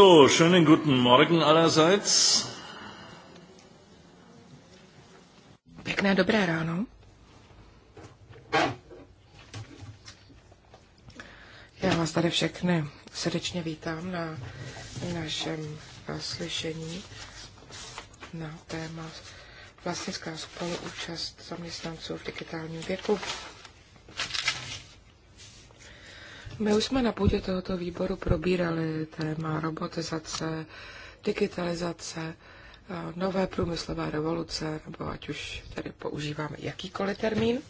So, schönen guten Morgen allerseits. Pekné dobré ráno. Já vás tady všechny srdečně vítám na našem eh, slyšení na téma vlastnická spoluúčast zaměstnanců v digitálním věku. My už jsme na půdě tohoto výboru probírali téma robotizace, digitalizace, eh, nové průmyslové revoluce, nebo ať už tady používáme jakýkoliv termín.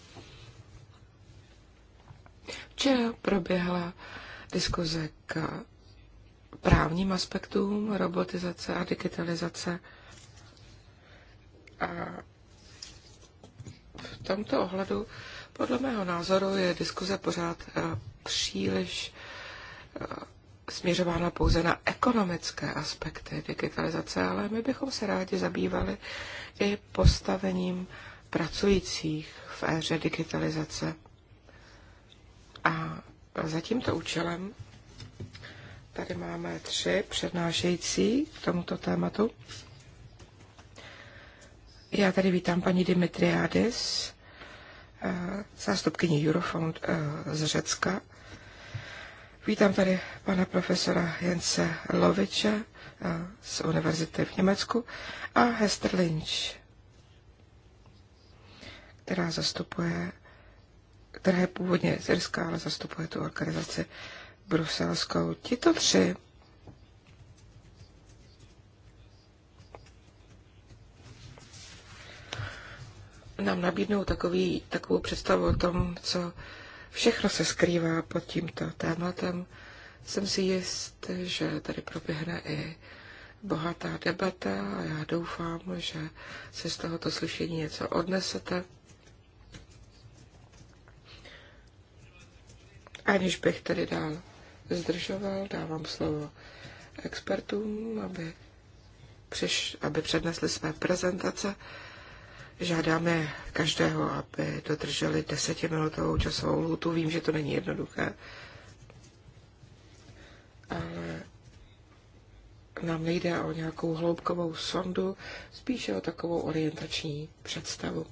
Včera proběhla diskuze k právním aspektům robotizace a digitalizace. A v tomto ohledu podle mého názoru je diskuze pořád eh, příliš eh, směřována pouze na ekonomické aspekty digitalizace, ale my bychom se rádi zabývali i postavením pracujících v éře digitalizace. A za tímto účelem tady máme tři přednášející k tomuto tématu. Já tady vítám paní Dimitriadis, Eh, zástupkyni Eurofond eh, z Řecka. Vítám tady pana profesora Jense Loviče eh, z univerzity v Německu a Hester Lynch, která zastupuje, která je původně z Irska, ale zastupuje tu organizaci bruselskou. Tito tři nám nabídnou takový, takovou představu o tom, co všechno se skrývá pod tímto tématem. Jsem si jist, že tady proběhne i bohatá debata a já doufám, že si z tohoto slyšení něco odnesete. Aniž bych tedy dál zdržoval, dávám slovo expertům, aby, přiš, aby přednesli své prezentace. Žádáme každého, aby dodrželi desetiminutovou časovou lhutu. Vím, že to není jednoduché, ale nám nejde o nějakou hloubkovou sondu, spíše o takovou orientační představu.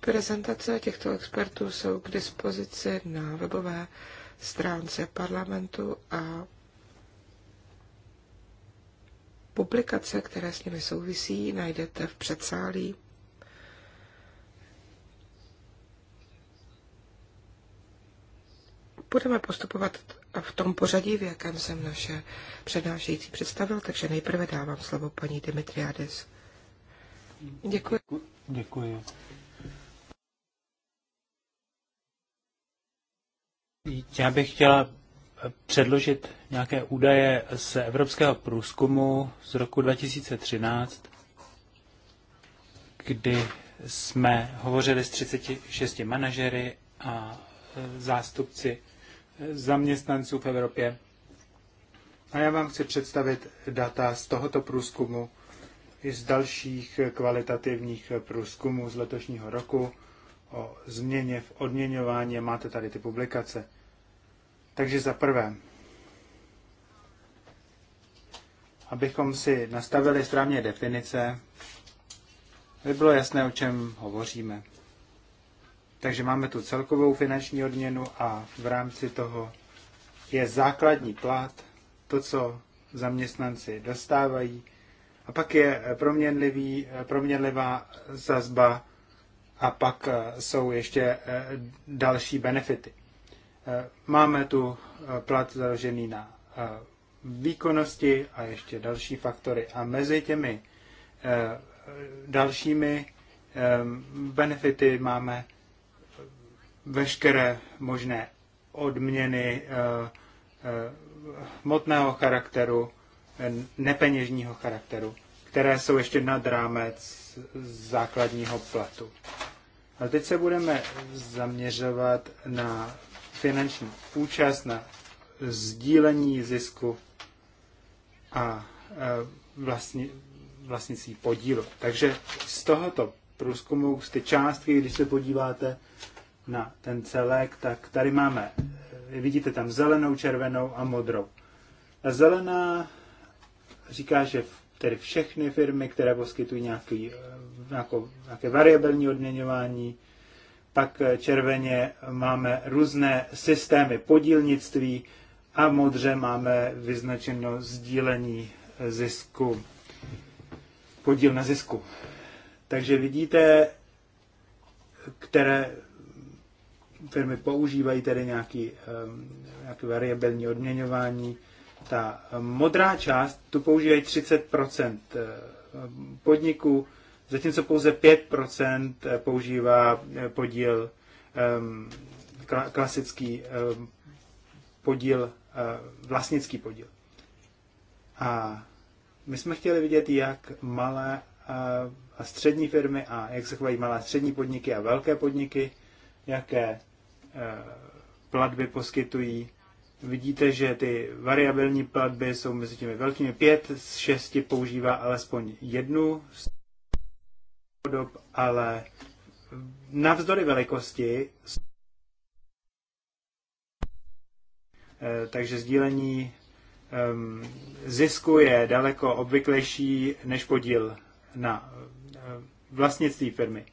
Prezentace těchto expertů jsou k dispozici na webové stránce parlamentu a Publikace, které s nimi souvisí, najdete v předsálí. Budeme postupovat v tom pořadí, v jakém jsem naše přednášející představil, takže nejprve dávám slovo paní Dimitriades. Děkuji. Děkuji. Já bych chtěla předložit nějaké údaje z evropského průzkumu z roku 2013, kdy jsme hovořili s 36 manažery a e, zástupci e, zaměstnanců v Evropě. A já vám chci představit data z tohoto průzkumu i z dalších kvalitativních průzkumů z letošního roku o změně v odměňování. Máte tady ty publikace. Takže za prvé, abychom si nastavili správně definice, aby bylo jasné, o čem hovoříme. Takže máme tu celkovou finanční odměnu a v rámci toho je základní plat, to, co zaměstnanci dostávají, a pak je proměnlivý, proměnlivá sazba a pak eh, jsou ještě eh, další benefity. Eh, máme tu eh, plat založený na eh, výkonnosti a ještě další faktory. A mezi těmi dalšími benefity máme veškeré možné odměny hmotného charakteru, nepeněžního charakteru, které jsou ještě nad rámec základního platu. A teď se budeme zaměřovat na finanční účast na sdílení zisku a e, vlastní, vlastnicí podílu. Takže z tohoto průzkumu, z ty částky, když se podíváte na ten celek, tak tady máme, e, vidíte tam zelenou, červenou a modrou. A zelená říká, že tedy všechny firmy, které poskytují nějaký, e, nějaké variabilní odměňování, tak červeně máme různé systémy podílnictví a modře máme vyznačeno sdílení zisku, podíl na zisku. Takže vidíte, které firmy používají tedy nějaký, ehm, variabilní odměňování. Ta modrá část, tu používají 30 ehm, podniků, zatímco pouze 5% eh, používá eh, podíl ehm, klasický ehm, podíl, eh, vlastnický podíl. A my jsme chtěli vidět, jak malé a střední firmy a jak se chovají malé a střední podniky a velké podniky, jaké platby poskytují. Vidíte, že ty variabilní platby jsou mezi těmi velkými. Pět z šesti používá alespoň jednu z podob, ale navzdory velikosti. Eh, takže sdílení ehm, zisku je daleko obvyklejší než podíl na eh, vlastnictví firmy.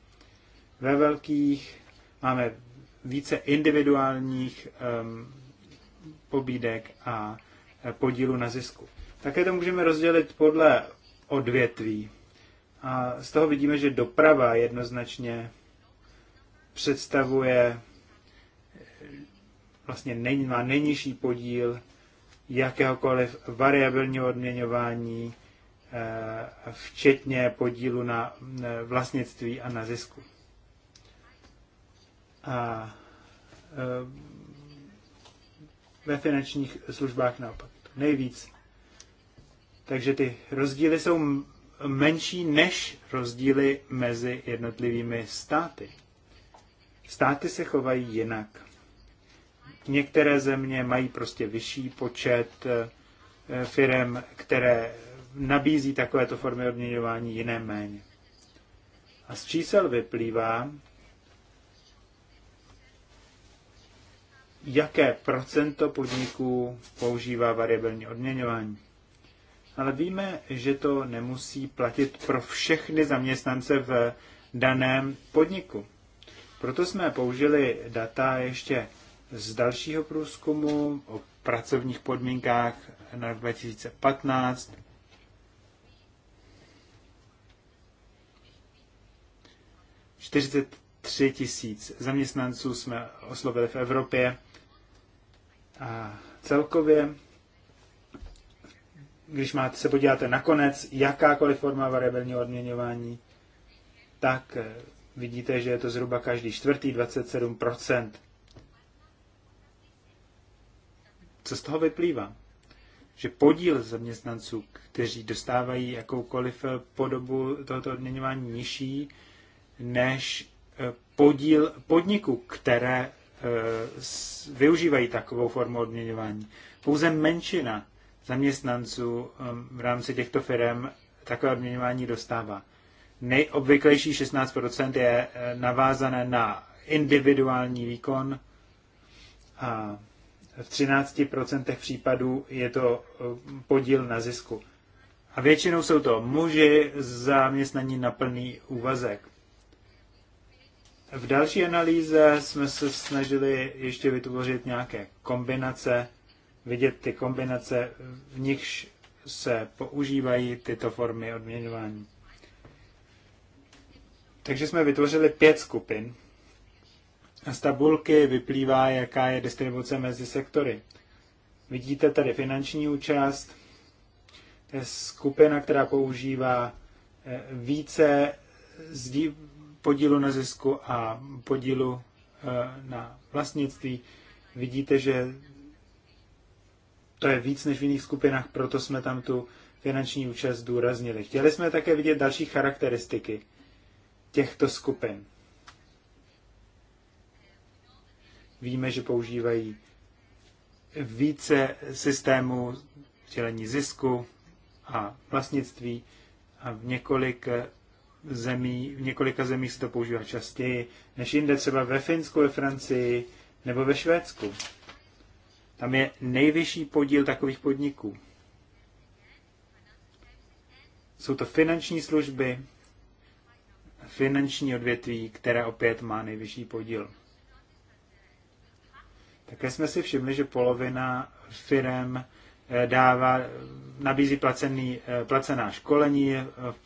Ve velkých máme více individuálních ehm, pobídek a eh, podílu na zisku. Také to můžeme rozdělit podle odvětví. A z toho vidíme, že doprava jednoznačně představuje vlastně nej, má nejnižší podíl jakéhokoliv variabilního odměňování, eh, včetně podílu na vlastnictví a na zisku. A eh, ve finančních službách naopak nejvíc. Takže ty rozdíly jsou menší než rozdíly mezi jednotlivými státy. Státy se chovají jinak. Některé země mají prostě vyšší počet eh, firm, které nabízí takovéto formy odměňování, jiné méně. A z čísel vyplývá, jaké procento podniků používá variabilní odměňování ale víme, že to nemusí platit pro všechny zaměstnance v daném podniku. Proto jsme použili data ještě z dalšího průzkumu o pracovních podmínkách na 2015. tři tisíc zaměstnanců jsme oslovili v Evropě a celkově když máte, se podíváte nakonec, jakákoliv forma variabilního odměňování, tak eh, vidíte, že je to zhruba každý čtvrtý 27%. Co z toho vyplývá? Že podíl zaměstnanců, kteří dostávají jakoukoliv eh, podobu tohoto odměňování nižší, než eh, podíl podniku, které využívají takovou formu odměňování. Pouze menšina zaměstnanců um, v rámci těchto firm takové odměňování dostává. Nejobvyklejší 16% je eh, navázané na individuální výkon a v 13% případů je to eh, podíl na zisku. A většinou jsou to muži zaměstnaní na plný úvazek. V další analýze jsme se snažili ještě vytvořit nějaké kombinace vidět ty kombinace, v nichž se používají tyto formy odměňování. Takže jsme vytvořili pět skupin. A z tabulky vyplývá, jaká je distribuce mezi sektory. Vidíte tady finanční účast, to je skupina, která používá eh, více podílu na zisku a podílu eh, na vlastnictví. Vidíte, že to je víc než v jiných skupinách, proto jsme tam tu finanční účast zdůraznili. Chtěli jsme také vidět další charakteristiky těchto skupin. Víme, že používají více systémů dělení zisku a vlastnictví a v několik zemí, v několika zemích se to používá častěji než jinde, třeba ve Finsku, ve Francii nebo ve Švédsku. Tam je nejvyšší podíl takových podniků. Jsou to finanční služby, finanční odvětví, které opět má nejvyšší podíl. Také jsme si všimli, že polovina firm eh, dává, nabízí placený, eh, placená školení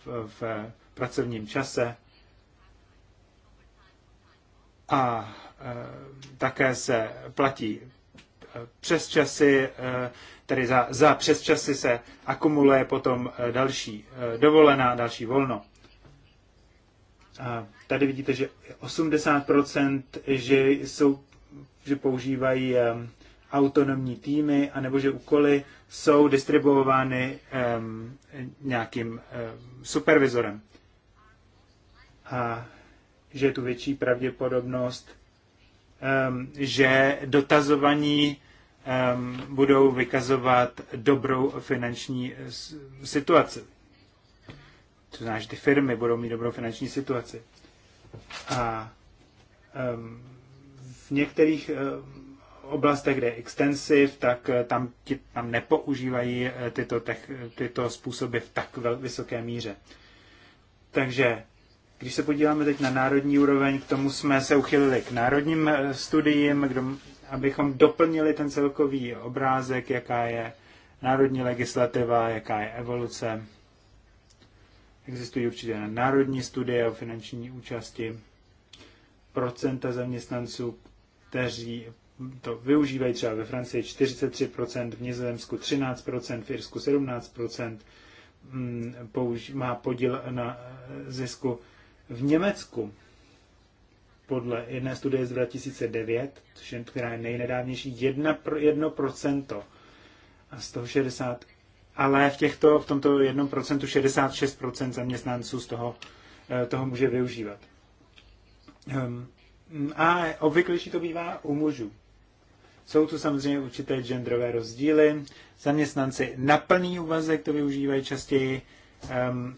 v, v pracovním čase a eh, také se platí přes časy, eh, tedy za, za přes časy se akumuluje potom eh, další eh, dovolená, další volno. A tady vidíte, že 80%, že, jsou, že používají ehm, autonomní týmy, anebo že úkoly jsou distribuovány um, nějakým um, supervizorem. A že je tu větší pravděpodobnost Um, že dotazovaní um, budou vykazovat dobrou finanční situaci. To znamená, že ty firmy budou mít dobrou finanční situaci. A um, v některých eh, oblastech, kde je extensiv, tak eh, tam, ti, tam nepoužívají eh, tyto, tech, tyto způsoby v tak vysoké míře. Takže když se podíváme teď na národní úroveň, k tomu jsme se uchylili k národním eh, studiím, kdo, abychom doplnili ten celkový obrázek, jaká je národní legislativa, jaká je evoluce. Existují určitě národní studie o finanční účasti, procenta zaměstnanců, kteří to využívají třeba ve Francii 43%, v Nizozemsku 13%, v Irsku 17%, mm, má podíl na eh, zisku v Německu podle jedné studie z 2009, což je, která je nejnedávnější, 1%, 1% a z toho 60, ale v, těchto, v tomto 1% 66% zaměstnanců z toho, eh, toho může využívat. Ehm, a obvyklejší to bývá u mužů. Jsou tu samozřejmě určité genderové rozdíly. Zaměstnanci na plný úvazek to využívají častěji,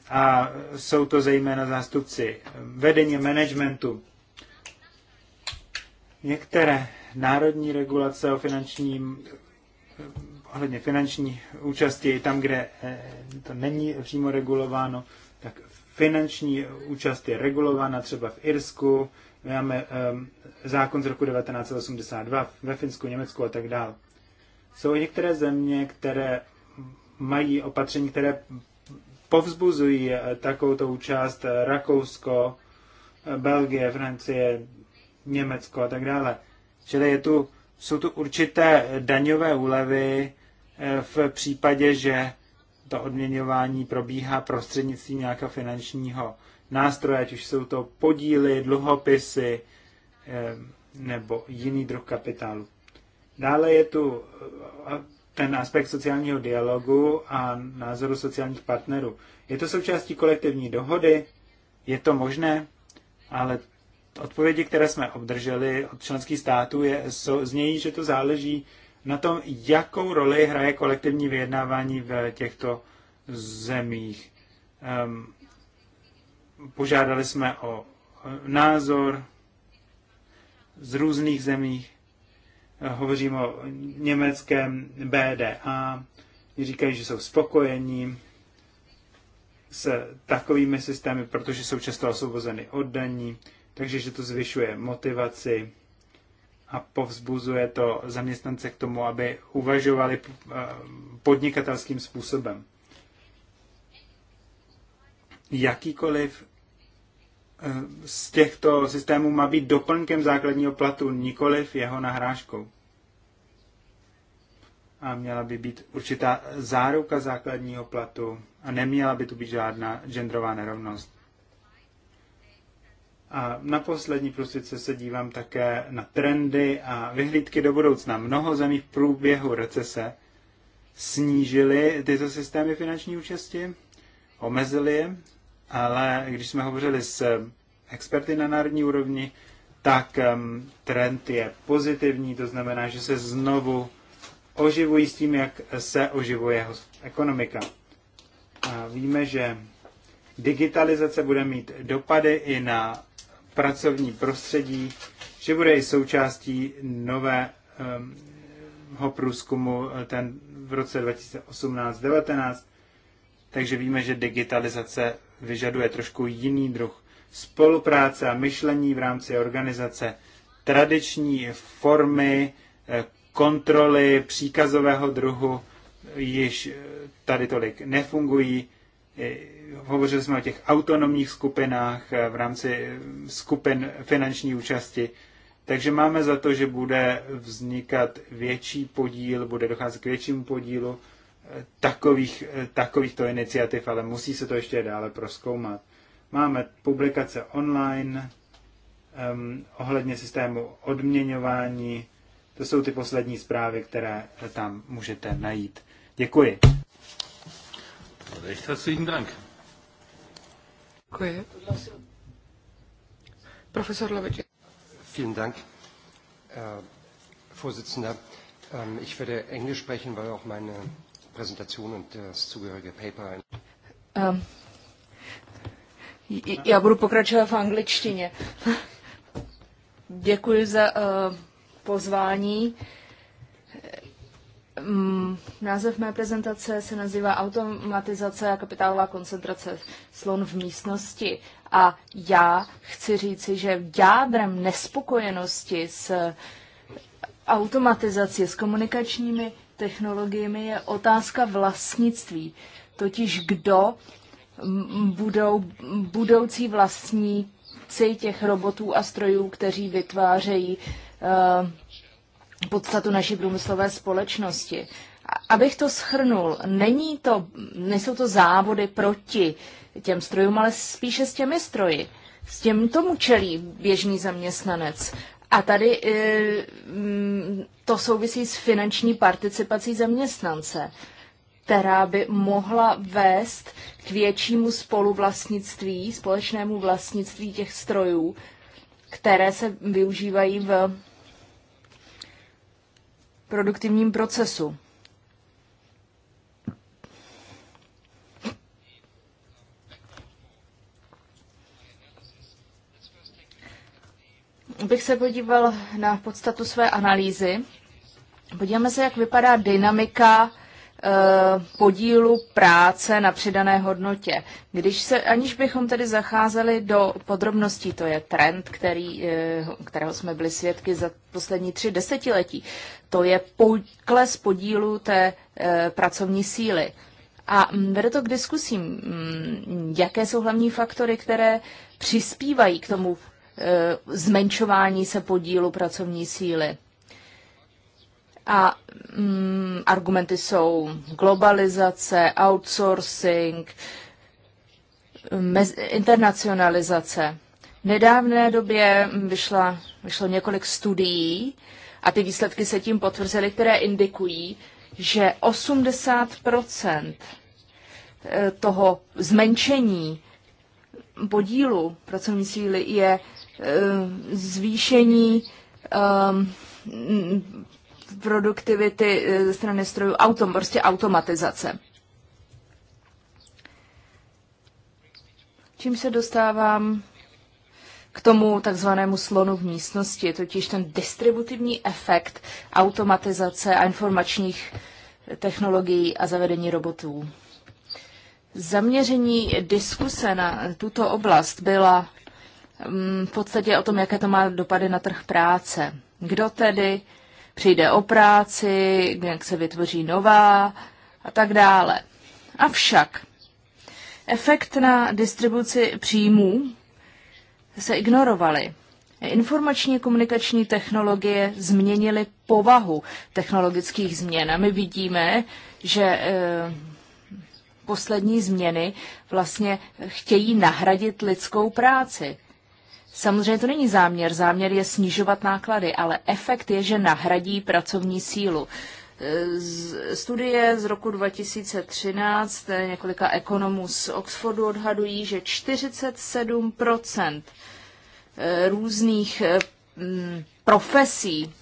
a jsou to zejména zástupci vedení managementu. Některé národní regulace o finančním ohledně finanční účasti, tam, kde eh, to není přímo regulováno, tak finanční účast je regulována třeba v Irsku, my máme um, zákon z roku 1982 ve Finsku, Německu a tak dále. Jsou některé země, které mají opatření, které povzbuzují eh, takovouto účast eh, Rakousko, eh, Belgie, Francie, Německo a tak dále. Čili je tu, jsou tu určité daňové úlevy v případě, že to odměňování probíhá prostřednictvím nějakého finančního nástroje, ať už jsou to podíly, dluhopisy nebo jiný druh kapitálu. Dále je tu ten aspekt sociálního dialogu a názoru sociálních partnerů. Je to součástí kolektivní dohody? Je to možné? Ale odpovědi, které jsme obdrželi od členských států, je, jsou, znějí, že to záleží na tom, jakou roli hraje kolektivní vyjednávání v těchto zemích. Um, požádali jsme o názor z různých zemích Hovořím o německém BDA, říkají, že jsou spokojení s takovými systémy, protože jsou často osvobozeny od daní, takže že to zvyšuje motivaci a povzbuzuje to zaměstnance k tomu, aby uvažovali eh, podnikatelským způsobem. Jakýkoliv Eh, z těchto systémů má být doplňkem základního platu, nikoliv jeho nahrážkou. A měla by být určitá záruka základního platu a neměla by tu být žádná genderová nerovnost. A na poslední prostředce se dívám také na trendy a vyhlídky do budoucna. Mnoho zemí v průběhu recese snížily tyto systémy finanční účasti, omezily je ale když jsme hovořili s eh, experty na národní úrovni, tak um, trend je pozitivní, to znamená, že se znovu oživují s tím, jak se oživuje ekonomika. A víme, že digitalizace bude mít dopady i na pracovní prostředí, že bude i součástí nového průzkumu eh, ten v roce 2018-19 takže víme, že digitalizace vyžaduje trošku jiný druh spolupráce a myšlení v rámci organizace. Tradiční formy eh, kontroly příkazového druhu již eh, tady tolik nefungují. Eh, hovořili jsme o těch autonomních skupinách v rámci skupin finanční účasti. Takže máme za to, že bude vznikat větší podíl, bude docházet k většímu podílu takových, eh, takovýchto iniciativ, ale musí se to ještě dále proskoumat. Máme publikace online um, ohledně systému odměňování. To jsou ty poslední zprávy, které tam můžete najít. Děkuji. Recht herzlichen Dank. Děkuji. Profesor Lovič. Vielen Dank, eh, Vorsitzender. Ähm, ich werde Englisch sprechen, weil auch meine Präsentation und das zugehörige Paper. Um, já budu pokračovat v angličtině. Děkuji za uh, pozvání. Um, název mé prezentace se nazývá Automatizace a kapitálová koncentrace slon v místnosti. A já chci říci, že jádrem nespokojenosti s automatizací, s komunikačními technologiemi je otázka vlastnictví, totiž kdo budou budoucí vlastníci těch robotů a strojů, kteří vytvářejí uh, podstatu naší průmyslové společnosti. Abych to schrnul, není to, nejsou to závody proti těm strojům, ale spíše s těmi stroji. S těm tomu čelí běžný zaměstnanec. A tady eh, mm, to souvisí s finanční participací zaměstnance, která by mohla vést k většímu spoluvlastnictví, společnému vlastnictví těch strojů, které se využívají v produktivním procesu. bych se podíval na podstatu své analýzy. Podíváme se, jak vypadá dynamika eh, podílu práce na přidané hodnotě. Když se, aniž bychom tedy zacházeli do podrobností, to je trend, který, eh, kterého jsme byli svědky za poslední tři desetiletí, to je pokles podílu té eh, pracovní síly. A mm, vede to k diskusím, mm, jaké jsou hlavní faktory, které přispívají k tomu Eh, zmenšování se podílu pracovní síly. A mm, argumenty jsou globalizace, outsourcing, mez, internacionalizace. V nedávné době vyšla, vyšlo několik studií a ty výsledky se tím potvrzily, které indikují, že 80 eh, toho zmenšení podílu pracovní síly je Eh, zvýšení ehm, produktivity eh, ze strany strojů, autom, prostě automatizace. Čím se dostávám k tomu takzvanému slonu v místnosti, totiž ten distributivní efekt automatizace a informačních technologií a zavedení robotů. Zaměření diskuse na tuto oblast byla Mm, v podstatě o tom, jaké to má dopady na trh práce. Kdo tedy přijde o práci, jak se vytvoří nová a tak dále. Avšak efekt na distribuci příjmů se ignorovaly. Informační komunikační technologie změnily povahu technologických změn a my vidíme, že e, poslední změny vlastně chtějí nahradit lidskou práci. Samozřejmě to není záměr. Záměr je snižovat náklady, ale efekt je, že nahradí pracovní sílu. E, z studie z roku 2013 e, několika ekonomů z Oxfordu odhadují, že 47 e, různých profesí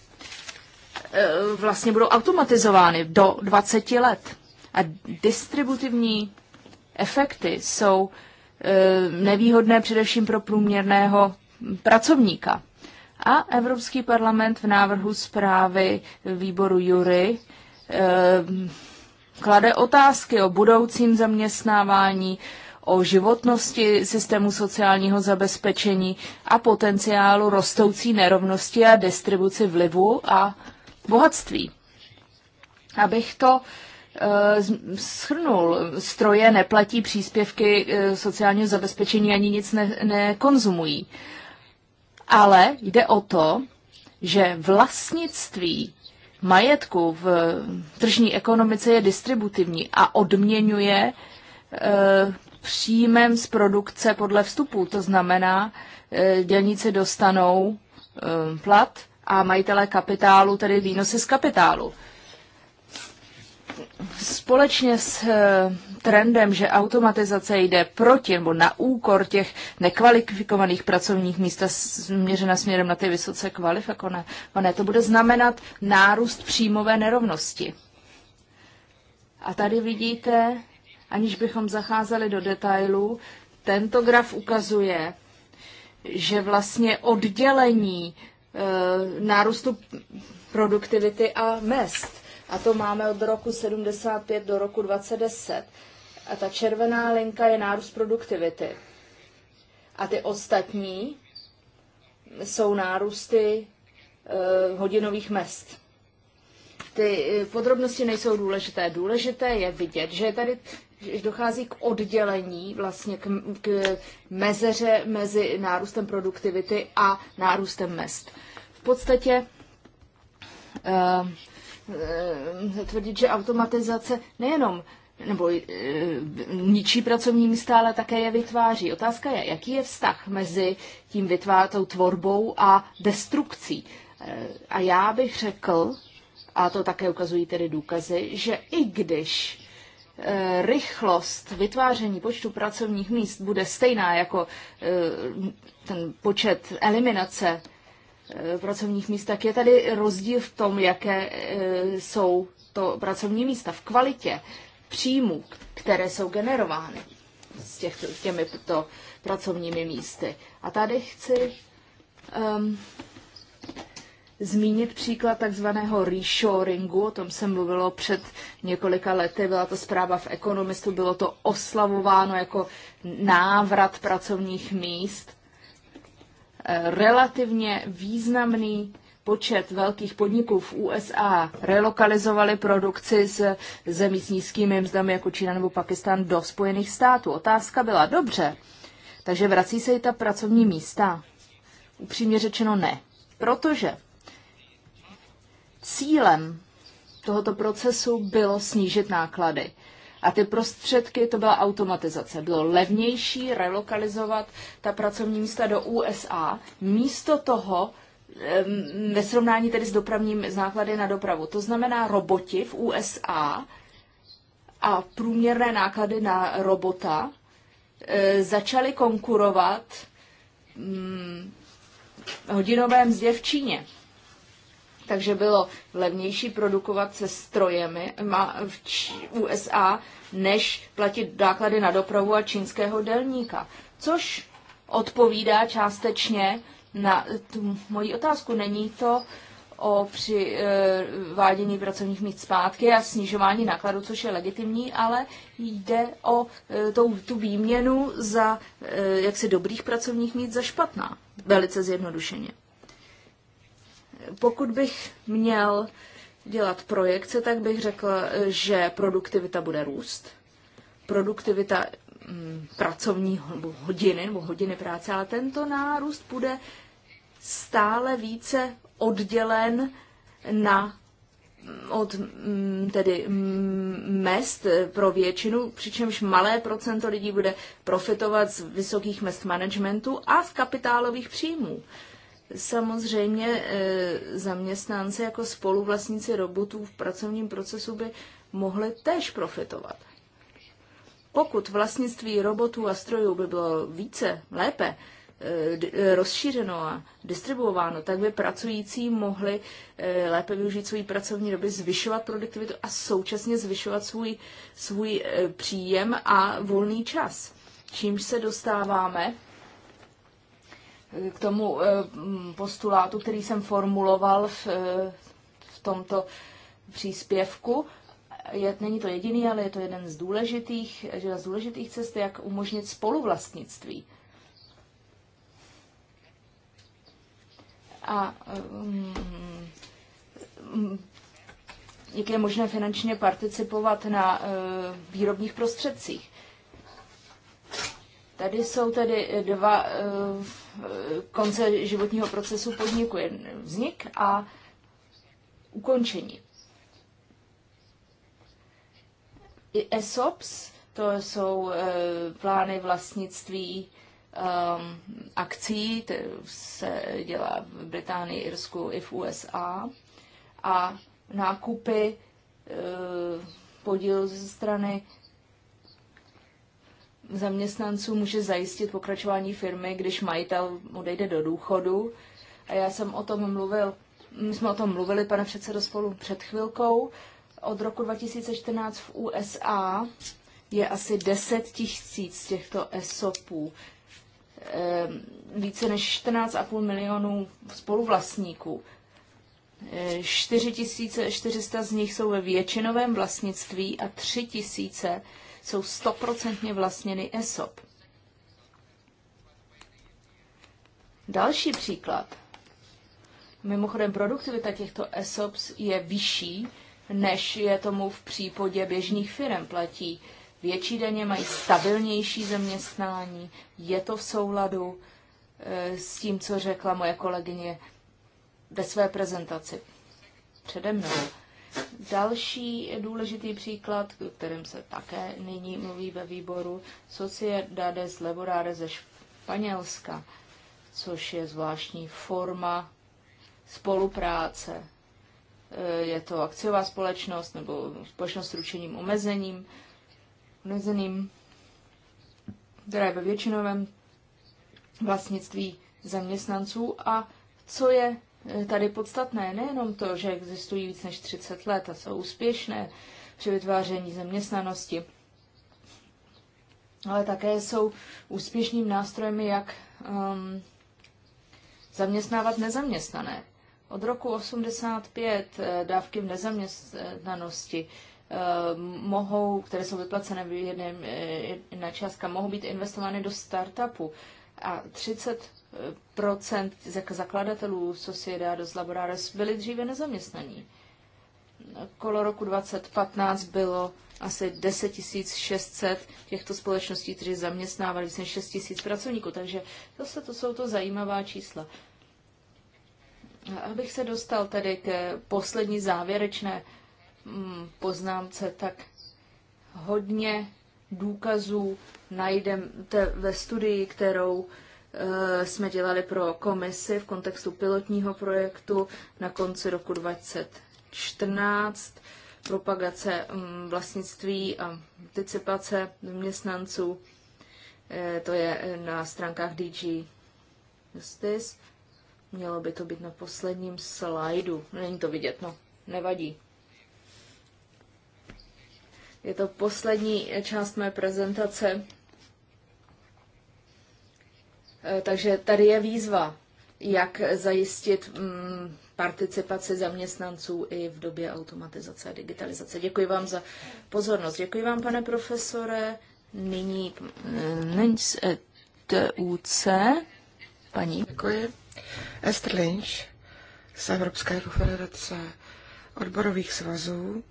vlastně budou automatizovány do 20 let. A distributivní efekty jsou nevýhodné především pro průměrného pracovníka. A Evropský parlament v návrhu zprávy výboru Jury eh, klade otázky o budoucím zaměstnávání, o životnosti systému sociálního zabezpečení a potenciálu rostoucí nerovnosti a distribuci vlivu a bohatství. Abych to e, eh, schrnul, stroje neplatí příspěvky eh, sociálního zabezpečení ani nic nekonzumují. Ne ale jde o to, že vlastnictví majetku v tržní ekonomice je distributivní a odměňuje e, příjmem z produkce podle vstupu. To znamená, e, dělníci dostanou e, plat a majitelé kapitálu tedy výnosy z kapitálu společně s eh, trendem, že automatizace jde proti nebo na úkor těch nekvalifikovaných pracovních míst a změřena směrem na ty vysoce kvalifikované, to bude znamenat nárůst příjmové nerovnosti. A tady vidíte, aniž bychom zacházeli do detailů, tento graf ukazuje, že vlastně oddělení e, nárůstu produktivity a mest a to máme od roku 75 do roku 2010. A ta červená linka je nárůst produktivity. A ty ostatní jsou nárůsty e, hodinových mest. Ty eh, podrobnosti nejsou důležité. Důležité je vidět, že tady dochází k oddělení, vlastně k, k mezeře mezi nárůstem produktivity a nárůstem mest. V podstatě eh, Eh, tvrdit, že automatizace nejenom nebo eh, ničí pracovní místa, ale také je vytváří. Otázka je, jaký je vztah mezi tím vytvářenou tvorbou a destrukcí. Eh, a já bych řekl, a to také ukazují tedy důkazy, že i když rychlost vytváření počtu pracovních míst bude stejná jako ten počet eliminace Eh, pracovních míst, tak je tady rozdíl v tom, jaké eh, jsou to pracovní místa v kvalitě příjmů, které jsou generovány s těchto, těmito pracovními místy. A tady chci um, zmínit příklad takzvaného reshoringu, o tom se mluvilo před několika lety, byla to zpráva v Ekonomistu, bylo to oslavováno jako návrat pracovních míst relativně významný počet velkých podniků v USA relokalizovali produkci z zemí s nízkými mzdami jako Čína nebo Pakistan do Spojených států. Otázka byla dobře, takže vrací se i ta pracovní místa? Upřímně řečeno ne, protože cílem tohoto procesu bylo snížit náklady. A ty prostředky, to byla automatizace. Bylo levnější relokalizovat ta pracovní místa do USA, místo toho ve srovnání tedy s dopravním s náklady na dopravu. To znamená roboti v USA a průměrné náklady na robota e, začaly konkurovat mm, hodinové mzdě v Číně takže bylo levnější produkovat se strojemi v USA, než platit náklady na dopravu a čínského delníka. Což odpovídá částečně na tu moji otázku. Není to o přivádění eh, pracovních míst zpátky a snižování nákladů, což je legitimní, ale jde o eh, tou, tu výměnu za eh, jaksi dobrých pracovních míst za špatná. Velice zjednodušeně. Pokud bych měl dělat projekce, tak bych řekla, že produktivita bude růst. Produktivita mm, pracovní hodiny nebo hodiny práce, ale tento nárůst bude stále více oddělen na mm, od mm, tedy mest pro většinu, přičemž malé procento lidí bude profitovat z vysokých mest managementu a z kapitálových příjmů. Samozřejmě e, zaměstnanci jako spoluvlastníci robotů v pracovním procesu by mohli též profitovat. Pokud vlastnictví robotů a strojů by bylo více, lépe e, e, rozšířeno a distribuováno, tak by pracující mohli lépe využít svoji pracovní doby, zvyšovat produktivitu a současně zvyšovat svůj, svůj příjem a volný čas. Čímž se dostáváme k tomu eh, postulátu, který jsem formuloval v, eh, v tomto příspěvku. Je, není to jediný, ale je to jeden z důležitých, jedna z důležitých cest, jak umožnit spoluvlastnictví. A um, jak je možné finančně participovat na uh, výrobních prostředcích. Tady jsou tedy dva uh, konce životního procesu podniku, vznik a ukončení. I ESOPs, to jsou e, plány vlastnictví um, akcí, to se dělá v Británii, Irsku i v USA, a nákupy e, podíl ze strany zaměstnanců může zajistit pokračování firmy, když majitel odejde do důchodu. A já jsem o tom mluvil, my jsme o tom mluvili, pane předsedo, spolu před chvilkou. Od roku 2014 v USA je asi 10 tisíc těchto ESOPů. Ehm, více než 14,5 milionů spoluvlastníků. 4400 ehm, z nich jsou ve většinovém vlastnictví a 3000 jsou stoprocentně vlastněny ESOP. Další příklad. Mimochodem, produktivita těchto ESOPs je vyšší, než je tomu v případě běžných firm. Platí větší daně, mají stabilnější zaměstnání, je to v souladu e, s tím, co řekla moje kolegyně ve své prezentaci přede mnou. Další důležitý příklad, o kterém se také nyní mluví ve výboru, Sociedades Laborare ze Španělska, což je zvláštní forma spolupráce. E, je to akciová společnost nebo společnost s ručením omezením, omezeným, která je ve většinovém vlastnictví zaměstnanců a co je tady podstatné nejenom to, že existují víc než 30 let a jsou úspěšné při vytváření zaměstnanosti, ale také jsou úspěšným nástrojem, jak um, zaměstnávat nezaměstnané. Od roku 85 eh, dávky v nezaměstnanosti eh, mohou, které jsou vyplacené v jedné, eh, jedna částka, mohou být investovány do startupu. A 30 procent zakladatelů Sociedad Laborales byli dříve nezaměstnaní. Kolo roku 2015 bylo asi 10 600 těchto společností, kteří zaměstnávali více než 6 000 pracovníků. Takže zase to jsou to zajímavá čísla. Abych se dostal tedy k poslední závěrečné mm, poznámce, tak hodně důkazů najdeme ve studii, kterou Eh, jsme dělali pro komisi v kontextu pilotního projektu na konci roku 2014 propagace mm, vlastnictví a participace zaměstnanců. Eh, to je na stránkách DG Justice. Mělo by to být na posledním slajdu. Není to vidět, no, nevadí. Je to poslední část mé prezentace. Eh, takže tady je výzva, jak zajistit mm, participaci zaměstnanců i v době automatizace a digitalizace. Děkuji vám za pozornost. Děkuji vám, pane profesore. Nyní mm, z eh, TUC. Paní. Děkuji. Esther Lynch z Evropské federace odborových svazů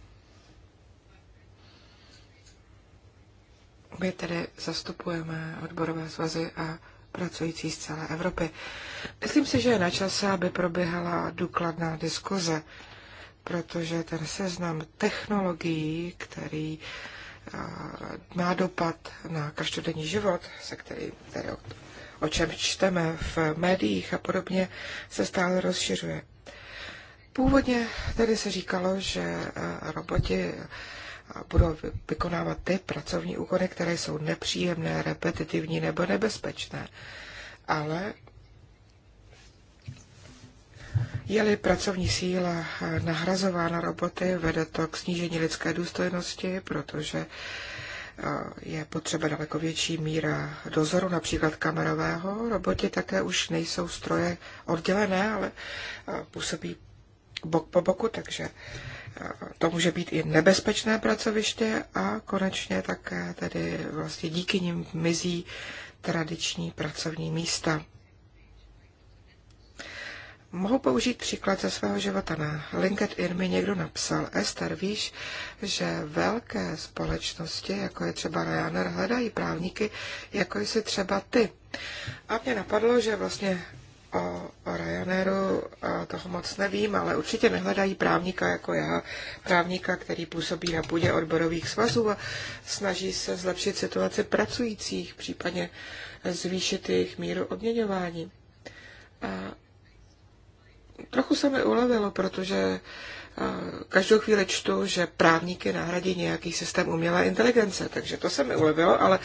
My tedy zastupujeme odborové svazy a pracující z celé Evropy. Myslím si, že je na čase, aby proběhala důkladná diskuze, protože ten seznam technologií, který eh, má dopad na každodenní život, se který, který o, o čem čteme v médiích a podobně, se stále rozšiřuje. Původně tedy se říkalo, že eh, roboti budou vykonávat ty pracovní úkony, které jsou nepříjemné, repetitivní nebo nebezpečné. Ale je-li pracovní síla nahrazována roboty, vede to k snížení lidské důstojnosti, protože je potřeba daleko větší míra dozoru, například kamerového. Roboti také už nejsou stroje oddělené, ale působí bok po boku, takže to může být i nebezpečné pracoviště a konečně také tedy vlastně díky nim mizí tradiční pracovní místa. Mohu použít příklad ze svého života. Na LinkedIn mi někdo napsal, Ester, víš, že velké společnosti, jako je třeba Ryanair, hledají právníky, jako jsi třeba ty. A mě napadlo, že vlastně o Ryanairu toho moc nevím, ale určitě nehledají právníka jako já, právníka, který působí na půdě odborových svazů a snaží se zlepšit situaci pracujících, případně zvýšit jejich míru odměňování. A trochu se mi ulevilo, protože každou chvíli čtu, že právníky nahradí nějaký systém umělé inteligence, takže to se mi ulevilo, ale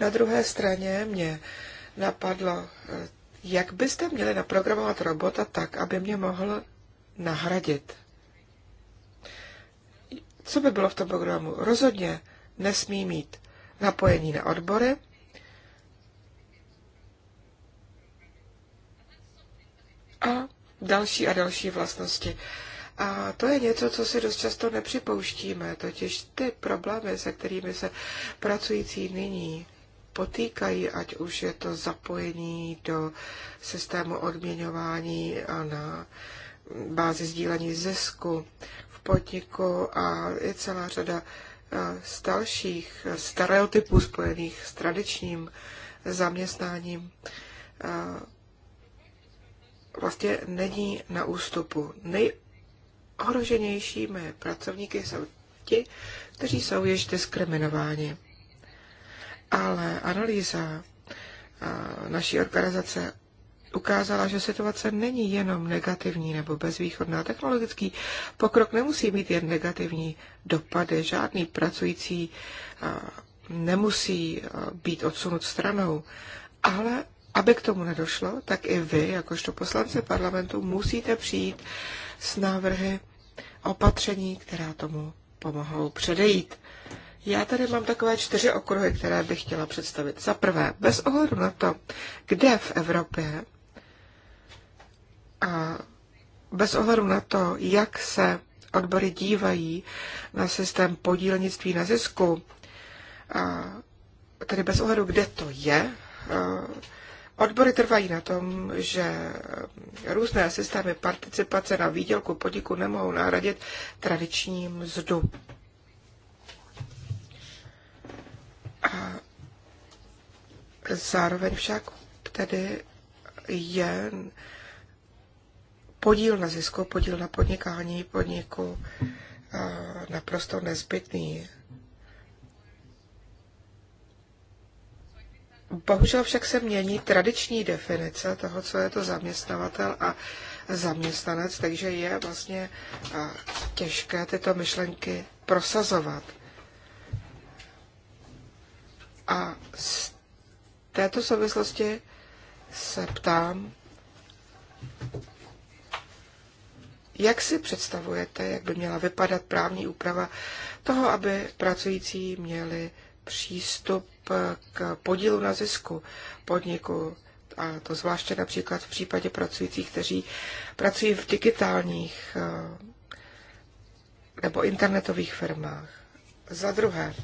na druhé straně mě napadlo jak byste měli naprogramovat robota tak, aby mě mohl nahradit? Co by bylo v tom programu? Rozhodně nesmí mít napojení na odbory, a další a další vlastnosti. A to je něco, co si dost často nepřipouštíme, totiž ty problémy, se kterými se pracující nyní potýkají, ať už je to zapojení do systému odměňování a na bázi sdílení zisku v podniku a je celá řada eh, z dalších stereotypů spojených s tradičním zaměstnáním eh, vlastně není na ústupu. Nejohroženějšími pracovníky jsou ti, kteří jsou již diskriminováni ale analýza naší organizace ukázala, že situace není jenom negativní nebo bezvýchodná. Technologický pokrok nemusí mít jen negativní dopady. Žádný pracující nemusí být odsunut stranou. Ale aby k tomu nedošlo, tak i vy, jakožto poslanci parlamentu, musíte přijít s návrhy opatření, která tomu pomohou předejít. Já tady mám takové čtyři okruhy, které bych chtěla představit. Za prvé, bez ohledu na to, kde v Evropě a bez ohledu na to, jak se odbory dívají na systém podílnictví na zisku, a tedy bez ohledu, kde to je, Odbory trvají na tom, že různé systémy participace na výdělku podniku nemohou nahradit tradiční mzdu. A zároveň však tedy je podíl na zisku, podíl na podnikání podniku naprosto nezbytný. Bohužel však se mění tradiční definice toho, co je to zaměstnavatel a zaměstnanec, takže je vlastně těžké tyto myšlenky prosazovat. A z této souvislosti se ptám, jak si představujete, jak by měla vypadat právní úprava toho, aby pracující měli přístup k podílu na zisku podniku, a to zvláště například v případě pracujících, kteří pracují v digitálních eh, nebo internetových firmách. Za druhé,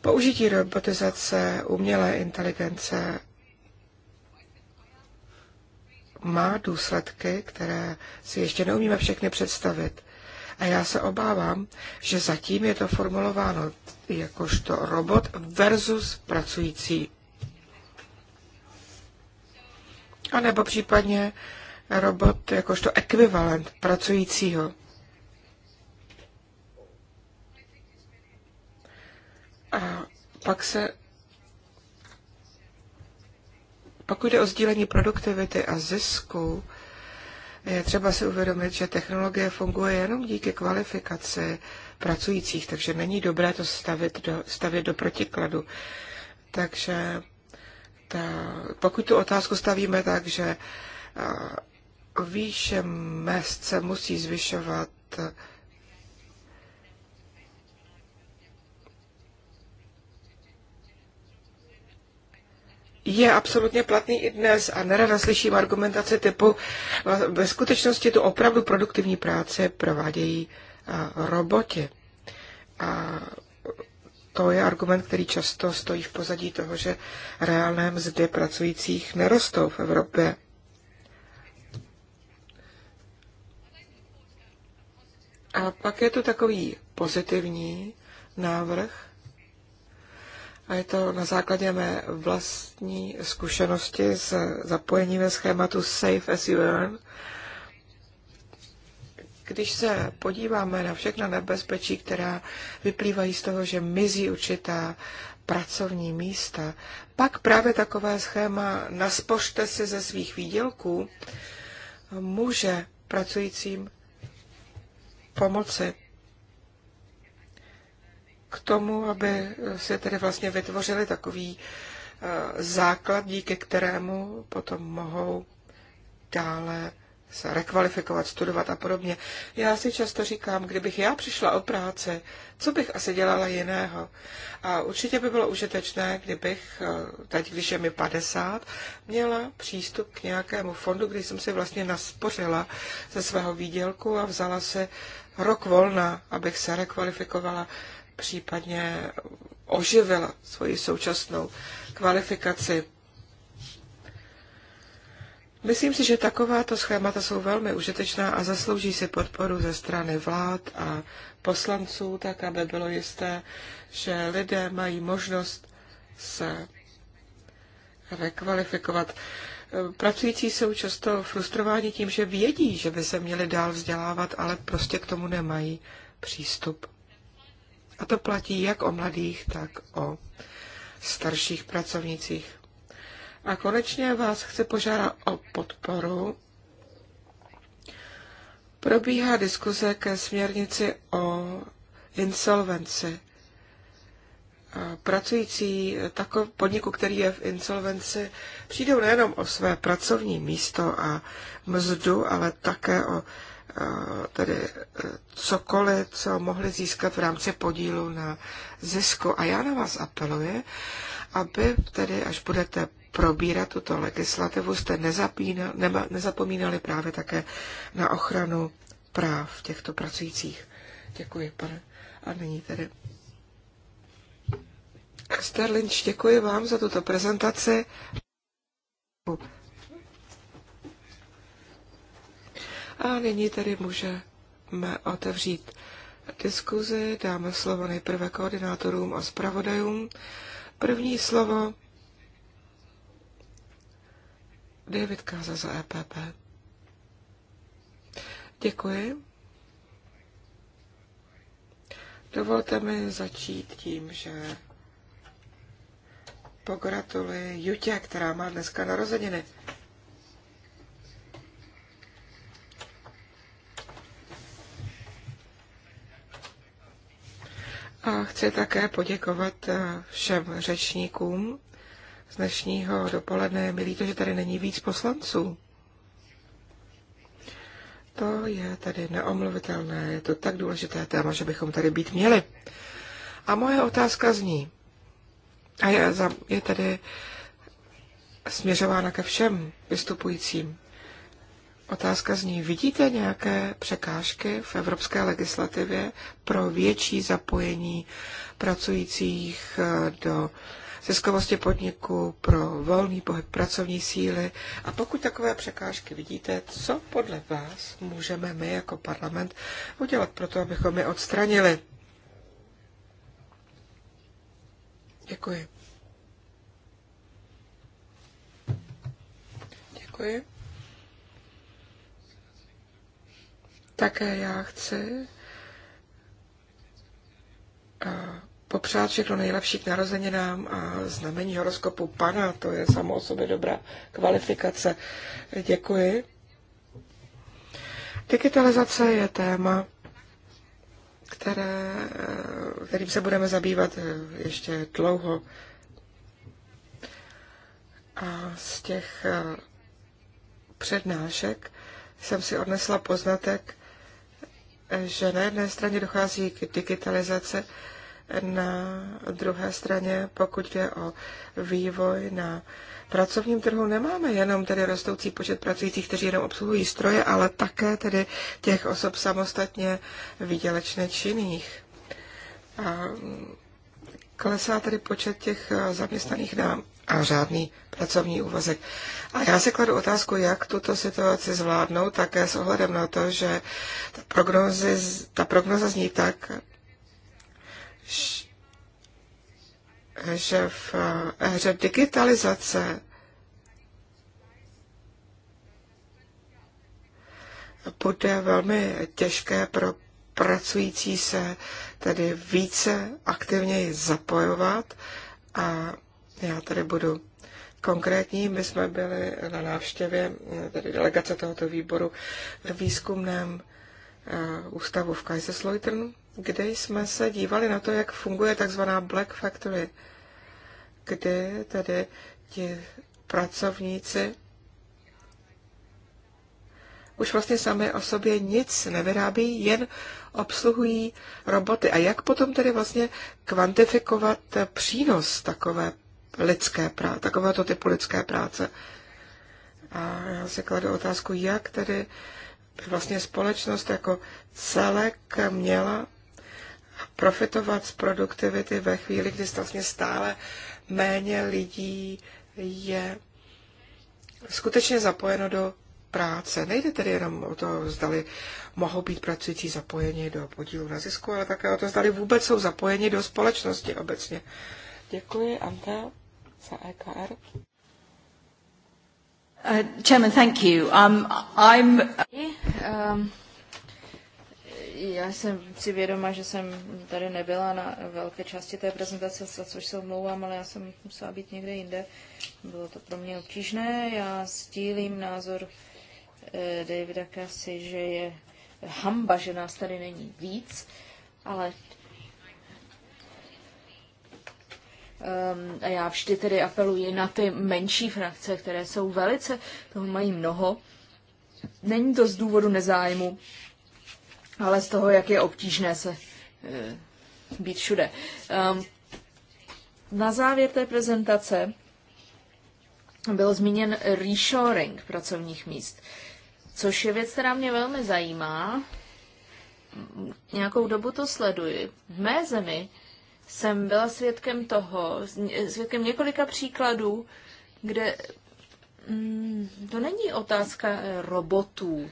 Použití robotizace, umělé inteligence má důsledky, které si ještě neumíme všechny představit. A já se obávám, že zatím je to formulováno jakožto robot versus pracující. A nebo případně robot jakožto ekvivalent pracujícího. A pak se pokud jde o sdílení produktivity a zisku, je třeba si uvědomit, že technologie funguje jenom díky kvalifikaci pracujících, takže není dobré to stavit do, stavět do protikladu. Takže ta, pokud tu otázku stavíme tak, že výše mest se musí zvyšovat je absolutně platný i dnes a nerada slyším argumentace typu, ve skutečnosti tu opravdu produktivní práce provádějí roboti. A to je argument, který často stojí v pozadí toho, že reálné mzdy pracujících nerostou v Evropě. A pak je tu takový pozitivní návrh, a je to na základě mé vlastní zkušenosti s zapojením ve schématu Safe as you earn. Když se podíváme na všechna nebezpečí, která vyplývají z toho, že mizí určitá pracovní místa, pak právě takové schéma naspořte si ze svých výdělků může pracujícím pomoci k tomu, aby se tedy vlastně vytvořili takový eh, základ, díky kterému potom mohou dále se rekvalifikovat, studovat a podobně. Já si často říkám, kdybych já přišla o práci, co bych asi dělala jiného. A určitě by bylo užitečné, kdybych, eh, teď když je mi 50, měla přístup k nějakému fondu, kdy jsem si vlastně naspořila ze svého výdělku a vzala se rok volna, abych se rekvalifikovala případně oživila svoji současnou kvalifikaci. Myslím si, že takováto schémata jsou velmi užitečná a zaslouží si podporu ze strany vlád a poslanců, tak aby bylo jisté, že lidé mají možnost se rekvalifikovat. Pracující jsou často frustrováni tím, že vědí, že by se měli dál vzdělávat, ale prostě k tomu nemají přístup. A to platí jak o mladých, tak o starších pracovnicích. A konečně vás chci požádat o podporu. Probíhá diskuze ke směrnici o insolvenci. Pracující takov, podniku, který je v insolvenci, přijdou nejenom o své pracovní místo a mzdu, ale také o Eh, tedy eh, cokoliv, co mohli získat v rámci podílu na zisku. A já na vás apeluji, aby tedy, až budete probírat tuto legislativu, jste nezapomínali právě také na ochranu práv těchto pracujících. Děkuji, pane. A nyní tedy. Sterlinč, děkuji vám za tuto prezentaci. A nyní tedy můžeme otevřít diskuzi. Dáme slovo nejprve koordinátorům a zpravodajům. První slovo David Káza za EPP. Děkuji. Dovolte mi začít tím, že pogratuluji Jutě, která má dneska narozeniny. A chci také poděkovat eh, všem řečníkům z dnešního dopoledne. Je mi líto, že tady není víc poslanců. To je tady neomluvitelné, je to tak důležité téma, že bychom tady být měli. A moje otázka zní, a je, je tady směřována ke všem vystupujícím. Otázka zní, vidíte nějaké překážky v evropské legislativě pro větší zapojení pracujících eh, do ziskovosti podniku, pro volný pohyb pracovní síly? A pokud takové překážky vidíte, co podle vás můžeme my jako parlament udělat pro to, abychom je odstranili? Děkuji. Děkuji. Také já chci eh, popřát všechno nejlepší k narozeninám a znamení horoskopu pana, to je samo o sobě dobrá kvalifikace. Děkuji. Digitalizace je téma, které, eh, kterým se budeme zabývat eh, ještě dlouho. A z těch přednášek jsem si odnesla poznatek, že na jedné straně dochází k digitalizaci, na druhé straně, pokud jde o vývoj na pracovním trhu, nemáme jenom tedy rostoucí počet pracujících, kteří jenom obsluhují stroje, ale také tedy těch osob samostatně výdělečně činných. A klesá tedy počet těch zaměstnaných na a řádný pracovní úvazek. A já se kladu otázku, jak tuto situaci zvládnout, také s ohledem na to, že ta, prognozy, ta prognoza zní tak, že v éře eh, digitalizace bude velmi těžké pro pracující se tedy více aktivněji zapojovat a já tady budu konkrétní. My jsme byli na návštěvě, eh, tady delegace tohoto výboru, v výzkumném eh, ústavu v Kaiserslautern, kde jsme se dívali na to, jak funguje takzvaná Black Factory, kdy tedy ti pracovníci už vlastně sami o sobě nic nevyrábí, jen obsluhují roboty. A jak potom tedy vlastně kvantifikovat přínos takové lidské práce, takovéto typu lidské práce. A já si kladu otázku, jak tedy by vlastně společnost jako celek měla profitovat z produktivity ve chvíli, kdy vlastně stále méně lidí je skutečně zapojeno do práce. Nejde tedy jenom o to, zdali mohou být pracující zapojeni do podílu na zisku, ale také o to, zdali vůbec jsou zapojeni do společnosti obecně. Děkuji, Ante, za EKR. Uh, chairman, thank you. Um, I'm... Um, já jsem si vědoma, že jsem tady nebyla na velké části té prezentace, za což se omlouvám, ale já jsem musela být někde jinde. Bylo to pro mě obtížné. Já sdílím názor eh, Davida Kasi, že je hamba, že nás tady není víc, ale Um, a já vždy tedy apeluji na ty menší frakce, které jsou velice, toho mají mnoho. Není to z důvodu nezájmu, ale z toho, jak je obtížné se uh, být všude. Um, na závěr té prezentace byl zmíněn reshoring pracovních míst, což je věc, která mě velmi zajímá. Nějakou dobu to sleduji. V mé zemi jsem byla svědkem toho, svědkem několika příkladů, kde mm, to není otázka robotů,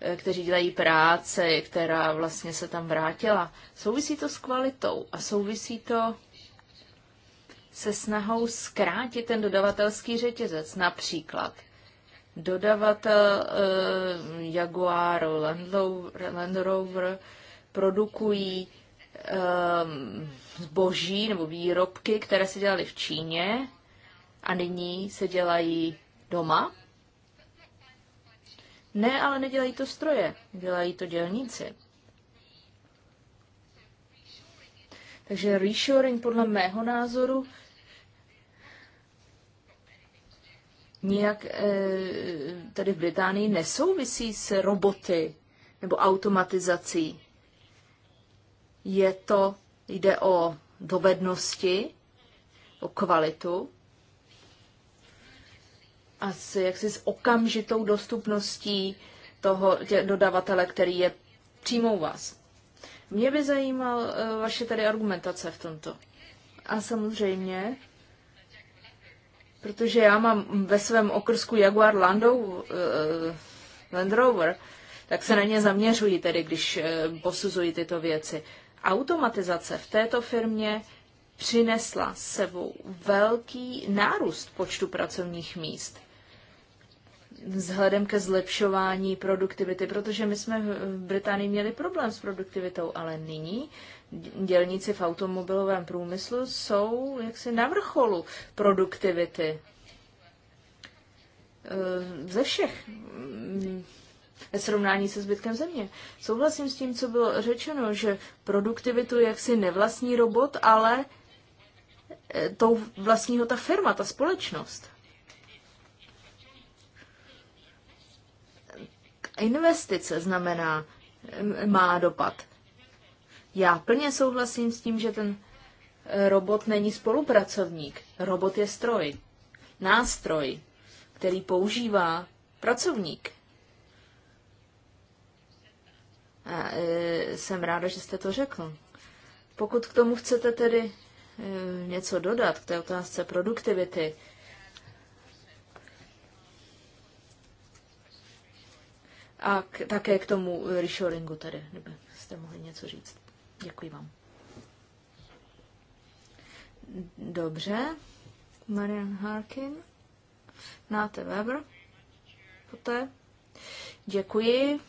eh, kteří dělají práce, která vlastně se tam vrátila. Souvisí to s kvalitou a souvisí to se snahou zkrátit ten dodavatelský řetězec. Například dodavatel uh, Jaguar, Land Rover, Land Rover produkují Ehm, zboží nebo výrobky, které se dělaly v Číně a nyní se dělají doma. Ne, ale nedělají to stroje, dělají to dělníci. Takže reshoring podle mého názoru nijak eh, tady v Británii nesouvisí s roboty nebo automatizací je to, jde o dovednosti, o kvalitu a s, jaksi s okamžitou dostupností toho tě, dodavatele, který je přímo u vás. Mě by zajímal uh, vaše tady argumentace v tomto. A samozřejmě, protože já mám ve svém okrsku Jaguar Lando, uh, eh, Land Rover, tak se na ně zaměřuji tedy, když uh, posuzuji tyto věci. Automatizace v této firmě přinesla sebou velký nárůst počtu pracovních míst vzhledem ke zlepšování produktivity, protože my jsme v Británii měli problém s produktivitou, ale nyní dělníci v automobilovém průmyslu jsou jaksi na vrcholu produktivity ehm, ze všech mm, ve srovnání se zbytkem země. Souhlasím s tím, co bylo řečeno, že produktivitu jaksi nevlastní robot, ale e, tou vlastního ta firma, ta společnost. Investice znamená, má dopad. Já plně souhlasím s tím, že ten e, robot není spolupracovník. Robot je stroj, nástroj, který používá pracovník. A e, jsem ráda, že jste to řekl. Pokud k tomu chcete tedy e, něco dodat k té otázce produktivity, a k, také k tomu reshoringu tedy, kdybyste mohli něco říct. Děkuji vám. Dobře. Marian Harkin. Náte Weber. Poté. Děkuji.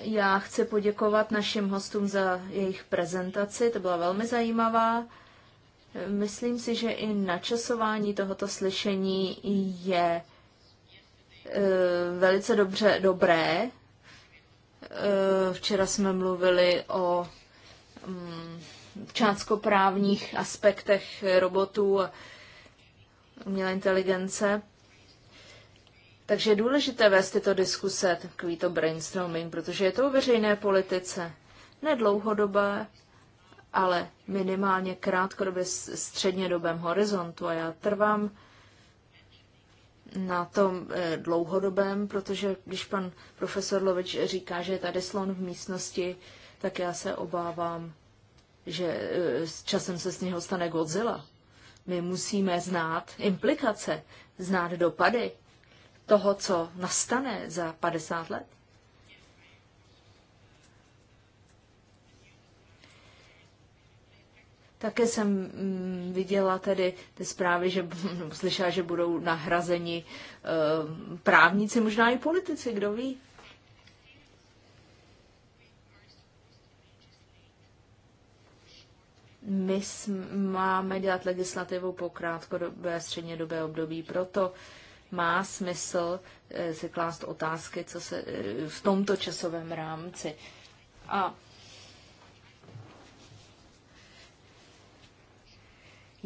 Já chci poděkovat našim hostům za jejich prezentaci, to byla velmi zajímavá. Myslím si, že i načasování tohoto slyšení je e, velice dobře dobré. E, včera jsme mluvili o mm, částkoprávních aspektech robotů a umělé inteligence. Takže je důležité vést tyto diskuse, to brainstorming, protože je to o veřejné politice. Ne dlouhodobé, ale minimálně krátkodobě střednědobém horizontu. A já trvám na tom eh, dlouhodobém, protože když pan profesor Lovič říká, že je tady slon v místnosti, tak já se obávám, že eh, s časem se z něho stane Godzilla. My musíme znát implikace, znát dopady, toho, co nastane za 50 let? Také jsem mm, viděla tedy ty zprávy, že slyšela, že budou nahrazeni eh, právníci, možná i politici, kdo ví. My máme dělat legislativu po krátkodobé, střednědobé období, proto uh, má smysl eh, si klást otázky, co se eh, v tomto časovém rámci. A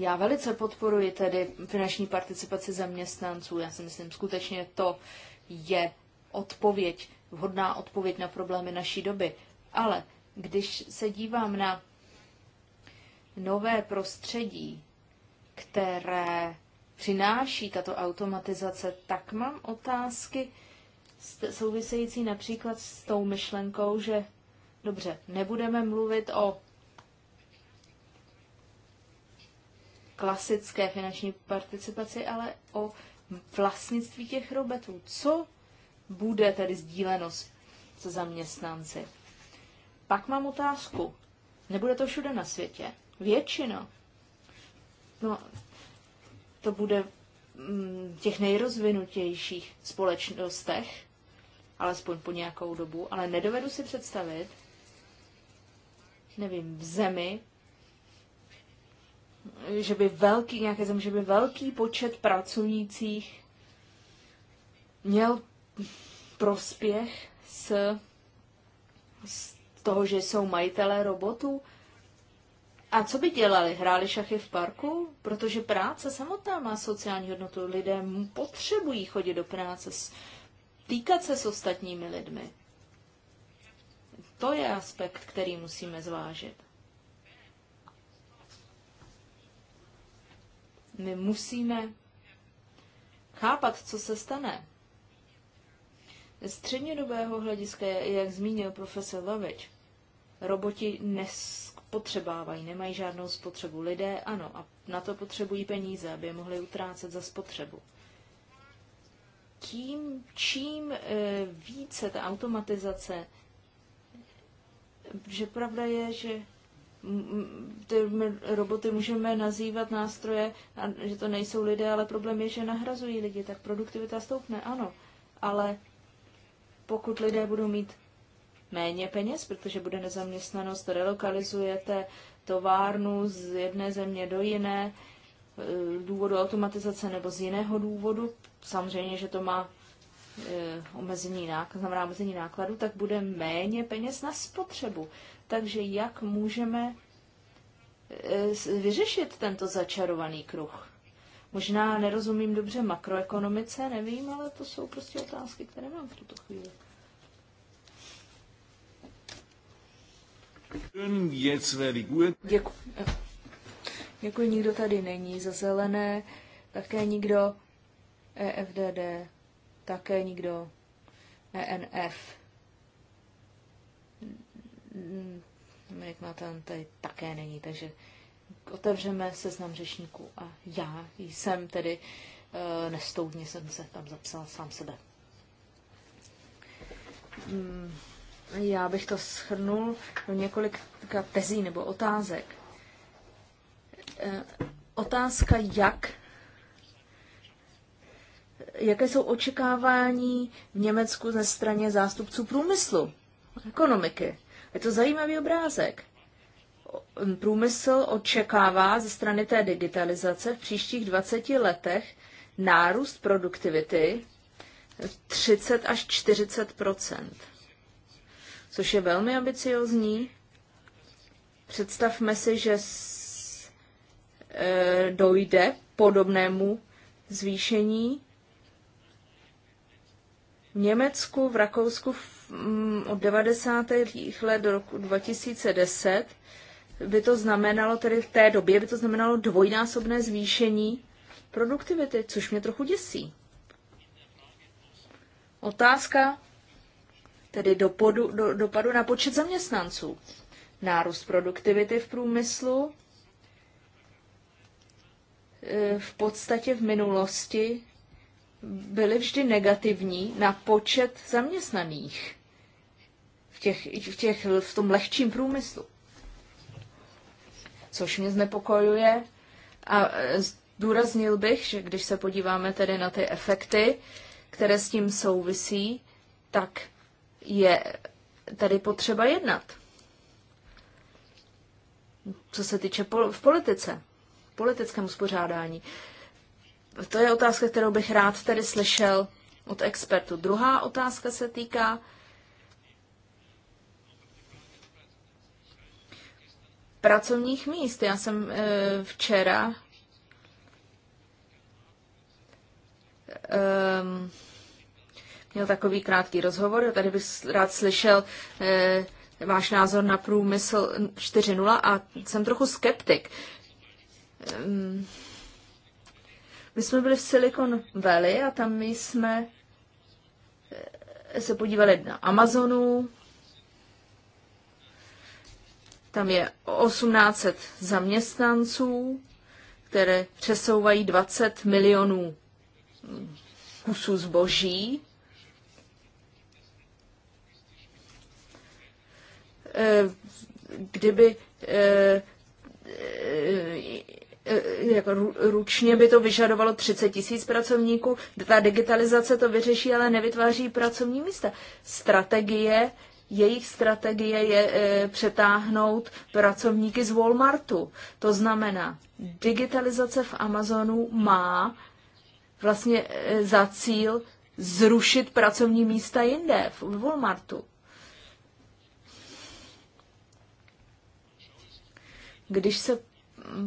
Já velice podporuji tedy finanční participaci zaměstnanců. Já si myslím, skutečně to je odpověď, vhodná odpověď na problémy naší doby. Ale když se dívám na nové prostředí, které přináší tato automatizace, tak mám otázky související například s tou myšlenkou, že dobře, nebudeme mluvit o klasické finanční participaci, ale o vlastnictví těch robotů. Co bude tedy sdíleno se zaměstnanci? Pak mám otázku. Nebude to všude na světě. Většina. No, to bude mm, v těch nejrozvinutějších společnostech, alespoň po nějakou dobu, ale nedovedu si představit, nevím, v zemi, že by velký, nějaké zemi, že by velký počet pracujících měl prospěch s, z toho, že jsou majitelé robotů. A co by dělali? Hráli šachy v parku? Protože práce samotná má sociální hodnotu. Lidé potřebují chodit do práce, týkat se s ostatními lidmi. To je aspekt, který musíme zvážit. My musíme chápat, co se stane. Z střednědobého hlediska, jak zmínil profesor Lavič, roboti nes spotřebávají, nemají žádnou spotřebu. Lidé ano, a na to potřebují peníze, aby je mohli utrácet za spotřebu. Tím, čím e, více ta automatizace, že pravda je, že ty roboty můžeme nazývat nástroje, že to nejsou lidé, ale problém je, že nahrazují lidi, tak produktivita stoupne, ano. Ale pokud lidé budou mít méně peněz, protože bude nezaměstnanost, relokalizujete továrnu z jedné země do jiné, eh, důvodu automatizace nebo z jiného důvodu, samozřejmě, že to má eh, omezení nákladů, znamená omezení nákladů, tak bude méně peněz na spotřebu. Takže jak můžeme eh, vyřešit tento začarovaný kruh? Možná nerozumím dobře makroekonomice, nevím, ale to jsou prostě otázky, které mám v tuto chvíli. Děkuji. Děkuji, nikdo tady není za zelené, také nikdo EFDD, také nikdo ENF. Dominik Matan tady také není, takže otevřeme seznam řečníků a já jsem tedy e, nestoudně jsem se tam zapsal sám sebe. Hmm. Já bych to shrnul do několika tezí nebo otázek. E, otázka, jak jaké jsou očekávání v Německu ze straně zástupců průmyslu, ekonomiky. Je to zajímavý obrázek. Průmysl očekává ze strany té digitalizace v příštích 20 letech nárůst produktivity 30 až 40 což je velmi ambiciozní. Představme si, že s, e, dojde podobnému zvýšení v Německu, v Rakousku m, mm, od 90. let do roku 2010 by to znamenalo, tedy v té době by to znamenalo dvojnásobné zvýšení produktivity, což mě trochu děsí. Otázka tedy dopadu, do, dopadu na počet zaměstnanců. Nárůst produktivity v průmyslu e, v podstatě v minulosti byly vždy negativní na počet zaměstnaných v, těch, v, těch, v tom lehčím průmyslu. Což mě znepokojuje a e, zdůraznil bych, že když se podíváme tedy na ty efekty, které s tím souvisí, tak je tady potřeba jednat. Co se týče pol- v politice, v politickém uspořádání. To je otázka, kterou bych rád tady slyšel od expertu. Druhá otázka se týká pracovních míst. Já jsem e, včera ehm, měl takový krátký rozhovor. tady bych rád slyšel eh, váš názor na průmysl 4.0 a jsem trochu skeptik. Ehm, my jsme byli v Silicon Valley a tam my jsme eh, se podívali na Amazonu. Tam je 1800 zaměstnanců, které přesouvají 20 milionů kusů zboží Eh, kdyby eh, eh, jako ručně by to vyžadovalo 30 tisíc pracovníků. Ta digitalizace to vyřeší, ale nevytváří pracovní místa. Strategie, jejich strategie je přetáhnout pracovníky z Walmartu. To znamená, digitalizace v Amazonu má vlastně za cíl zrušit pracovní místa jinde, v Walmartu. Když se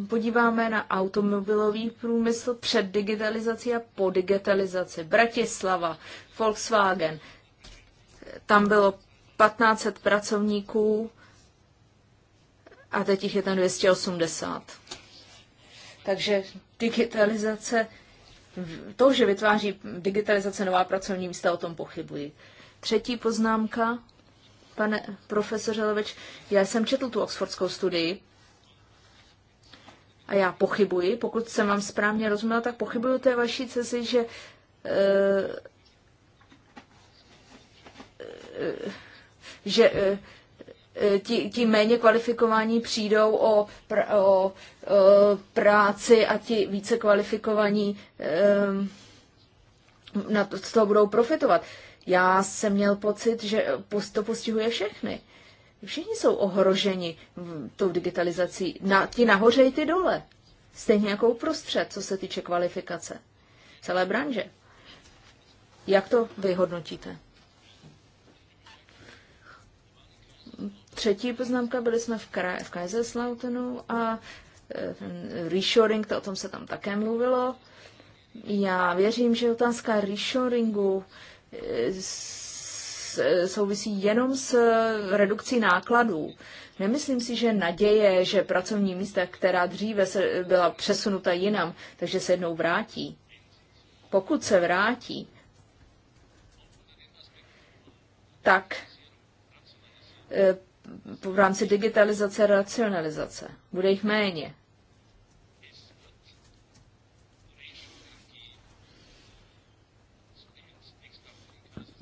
podíváme na automobilový průmysl před digitalizací a po digitalizaci, Bratislava, Volkswagen, tam bylo 1500 pracovníků a teď jich je tam 280. Takže digitalizace, to, že vytváří digitalizace nová pracovní místa, o tom pochybuji. Třetí poznámka, pane profesore Leveč, já jsem četl tu oxfordskou studii, a já pochybuji, pokud jsem vám správně rozuměla, tak pochybuji té vaší cesty, že eh, eh, že eh, ti, ti méně kvalifikovaní přijdou o, pr, o, o práci a ti více kvalifikovaní na to, z toho budou profitovat. Já jsem měl pocit, že to postihuje všechny. Všichni jsou ohroženi tou digitalizací. Na, ti nahoře i ty dole. Stejně jako uprostřed, co se týče kvalifikace. Celé branže. Jak to vyhodnotíte? Třetí poznámka, byli jsme v, Kra- v Kaiserslautenu a e, reshoring, to o tom se tam také mluvilo. Já věřím, že otázka reshoringu e, s, souvisí jenom s redukcí nákladů. Nemyslím si, že naděje, že pracovní místa, která dříve se byla přesunuta jinam, takže se jednou vrátí. Pokud se vrátí, tak eh, v rámci digitalizace racionalizace. Bude jich méně.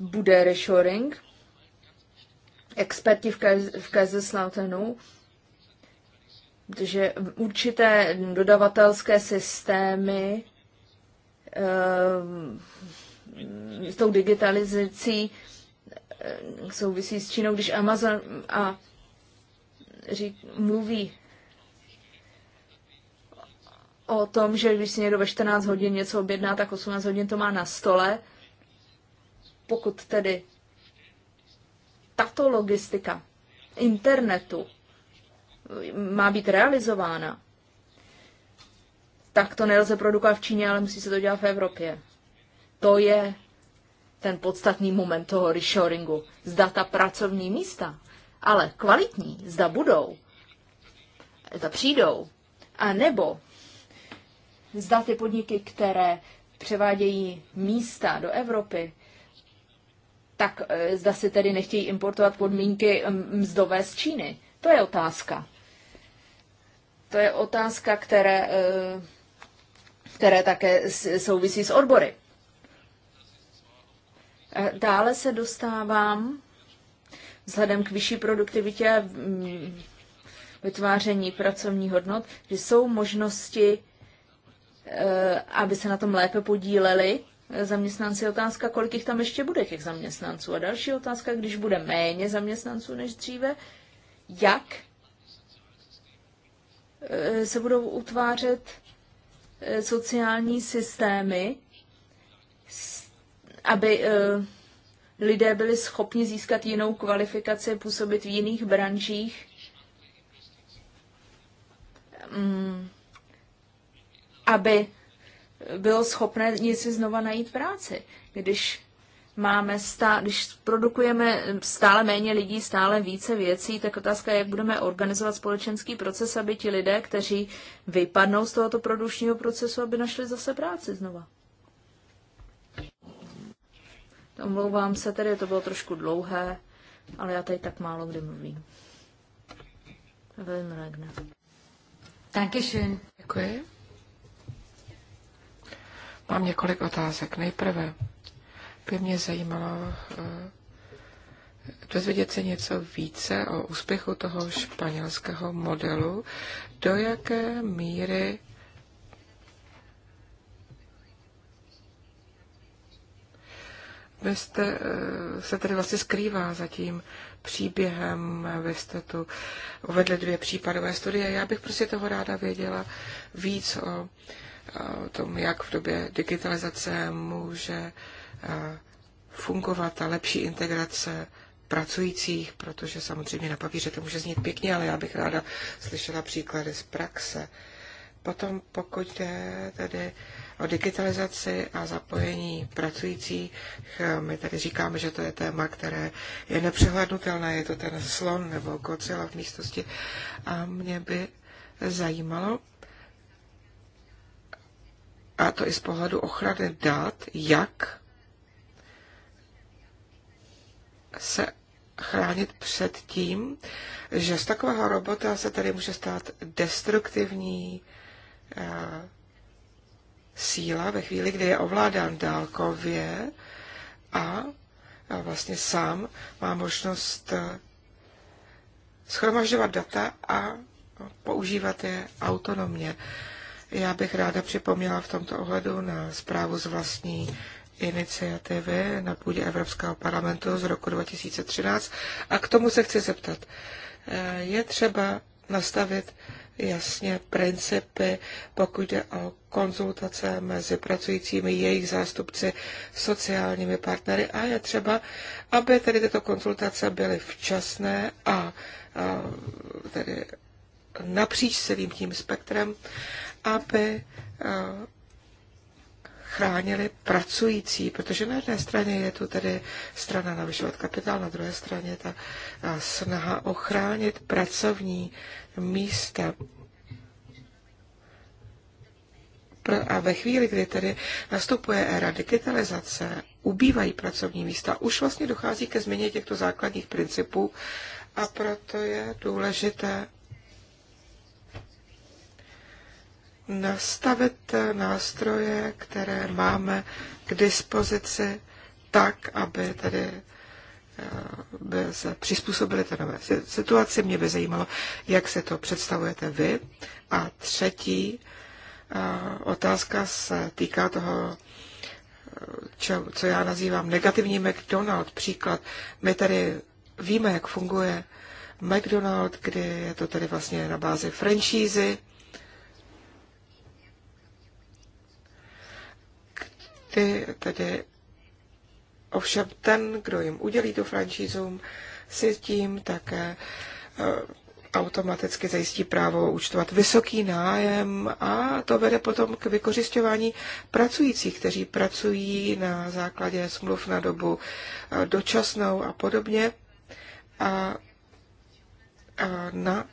bude reshoring. Experti v, Kaz- v Kazachstánu, určité dodavatelské systémy ehm, s tou digitalizací ehm, souvisí s Čínou, když Amazon a řík, mluví o tom, že když si někdo ve 14 hodin něco objedná, tak 18 hodin to má na stole, pokud tedy tato logistika internetu má být realizována, tak to nelze produkovat v Číně, ale musí se to dělat v Evropě. To je ten podstatný moment toho reshoringu. Zda ta pracovní místa, ale kvalitní, zda budou, zda přijdou, a nebo zda ty podniky, které převádějí místa do Evropy, tak e, zda si tedy nechtějí importovat podmínky mzdové z Číny. To je otázka. To je otázka, které, e, které také souvisí s odbory. E, dále se dostávám vzhledem k vyšší produktivitě mm, vytváření pracovní hodnot, že jsou možnosti, aby se na tom lépe podíleli zaměstnanci. Otázka, kolik jich tam ještě bude, těch zaměstnanců. A další otázka, když bude méně zaměstnanců než dříve, jak eh, se budou utvářet eh, sociální systémy, aby eh, lidé byli schopni získat jinou kvalifikaci, působit v jiných branžích. Mm, aby bylo schopné si znova najít práci. Když máme stále, když produkujeme stále méně lidí, stále více věcí, tak otázka je, jak budeme organizovat společenský proces, aby ti lidé, kteří vypadnou z tohoto produčního procesu, aby našli zase práci znova. Omlouvám se, tedy to bylo trošku dlouhé, ale já tady tak málo kdy mluvím. Velmi Dankeschön. Děkuji. Mám několik otázek. Nejprve by mě zajímalo eh, dozvědět se něco více o úspěchu toho španělského modelu, do jaké míry Vy jste, eh, se tedy vlastně skrývá za tím příběhem, vy jste tu uvedli dvě případové studie. Já bych prostě toho ráda věděla víc o tom, jak v době digitalizace může eh, fungovat ta lepší integrace pracujících, protože samozřejmě na papíře to může znít pěkně, ale já bych ráda slyšela příklady z praxe. Potom pokud jde tedy o digitalizaci a zapojení pracujících, eh, my tady říkáme, že to je téma, které je nepřehlednutelné, je to ten slon nebo kocela v místnosti a mě by zajímalo, a to i z pohledu ochrany dát, jak se chránit před tím, že z takového robota se tady může stát destruktivní eh, síla ve chvíli, kdy je ovládán dálkově a vlastně sám má možnost eh, schromažďovat data a používat je autonomně. Já bych ráda připomněla v tomto ohledu na zprávu z vlastní iniciativy na půdě Evropského parlamentu z roku 2013 a k tomu se chci zeptat. Eh, je třeba nastavit jasně principy, pokud jde o konzultace mezi pracujícími, jejich zástupci, sociálními partnery a je třeba, aby tedy tyto konzultace byly včasné a, a tedy napříč celým tím spektrem aby eh, chránili pracující, protože na jedné straně je tu tedy strana navyšovat kapitál, na druhé straně ta eh, snaha ochránit pracovní místa. A ve chvíli, kdy tedy nastupuje éra digitalizace, ubývají pracovní místa, už vlastně dochází ke změně těchto základních principů a proto je důležité nastavit nástroje, které máme k dispozici tak, aby tady eh, by se přizpůsobili té nové situaci. Mě by zajímalo, jak se to představujete vy. A třetí eh, otázka se týká toho, eh, co já nazývám negativní McDonald příklad. My tady víme, jak funguje McDonald, kdy je to tady vlastně na bázi franšízy, Ty tedy ovšem ten, kdo jim udělí tu franšízu, si tím také eh, automaticky zajistí právo účtovat vysoký nájem a to vede potom k vykořišťování pracujících, kteří pracují na základě smluv na dobu eh, dočasnou a podobně a, a na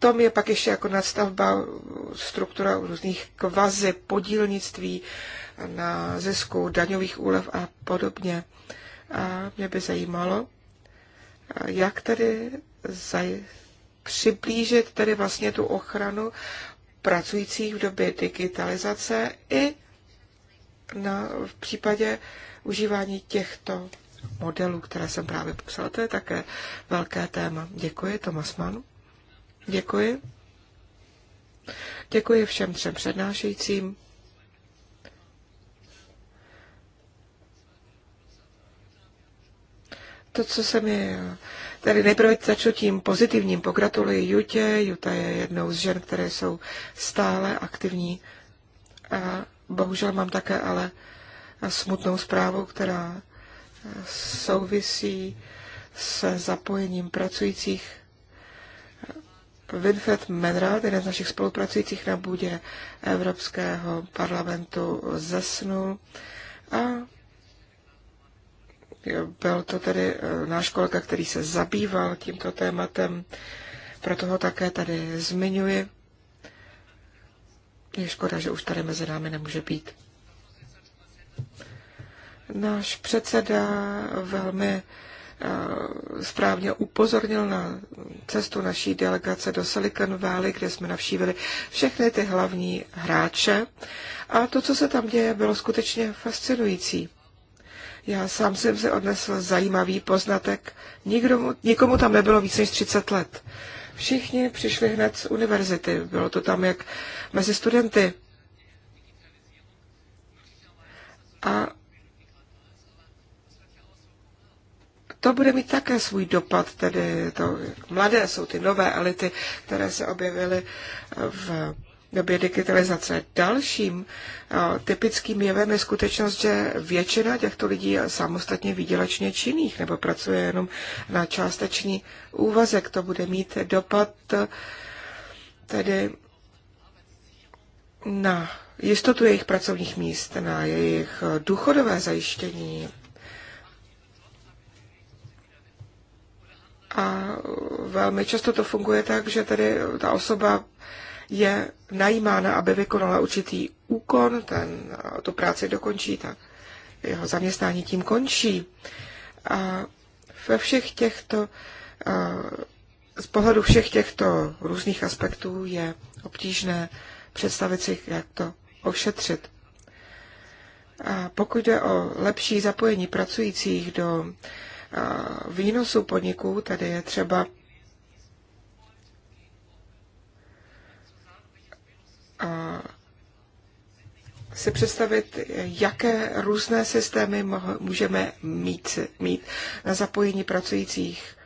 tom je pak ještě jako nadstavba struktura různých kvazy, podílnictví na zisku, daňových úlev a podobně. A mě by zajímalo, jak tedy zaj- přiblížit tedy vlastně tu ochranu pracujících v době digitalizace i na, v případě užívání těchto modelů, které jsem právě popsala. To je také velké téma. Děkuji, Tomas Manu. Děkuji. Děkuji všem třem přednášejícím. To, co se mi... Tady nejprve začnu tím pozitivním. Pogratuluji Jutě. Juta je jednou z žen, které jsou stále aktivní. A bohužel mám také ale smutnou zprávu, která souvisí se zapojením pracujících Winfred Menrad, jeden z našich spolupracujících na budě Evropského parlamentu, zesnul a byl to tedy eh, náš kolega, který se zabýval tímto tématem, proto ho také tady zmiňuji. Je škoda, že už tady mezi námi nemůže být. Náš předseda velmi Eh, správně upozornil na cestu naší delegace do Silicon Valley, kde jsme navštívili všechny ty hlavní hráče. A to, co se tam děje, bylo skutečně fascinující. Já sám jsem se odnesl zajímavý poznatek. Nikdo, nikomu tam nebylo víc než 30 let. Všichni přišli hned z univerzity. Bylo to tam jak mezi studenty. A to bude mít také svůj dopad, tedy to mladé jsou ty nové elity, které se objevily v době digitalizace. Dalším eh, typickým jevem je skutečnost, že většina těchto lidí je samostatně výdělečně činných nebo pracuje jenom na částečný úvazek. To bude mít dopad eh, tedy na jistotu jejich pracovních míst, na jejich eh, důchodové zajištění, A velmi často to funguje tak, že tedy ta osoba je najímána, aby vykonala určitý úkon, ten, tu práci dokončí, tak jeho zaměstnání tím končí. A ve všech těchto, z pohledu všech těchto různých aspektů je obtížné představit si, jak to ošetřit. A pokud jde o lepší zapojení pracujících do Eh, výnosu podniků, tedy je třeba eh, si představit, jaké různé systémy můžeme mít, mít na zapojení pracujících.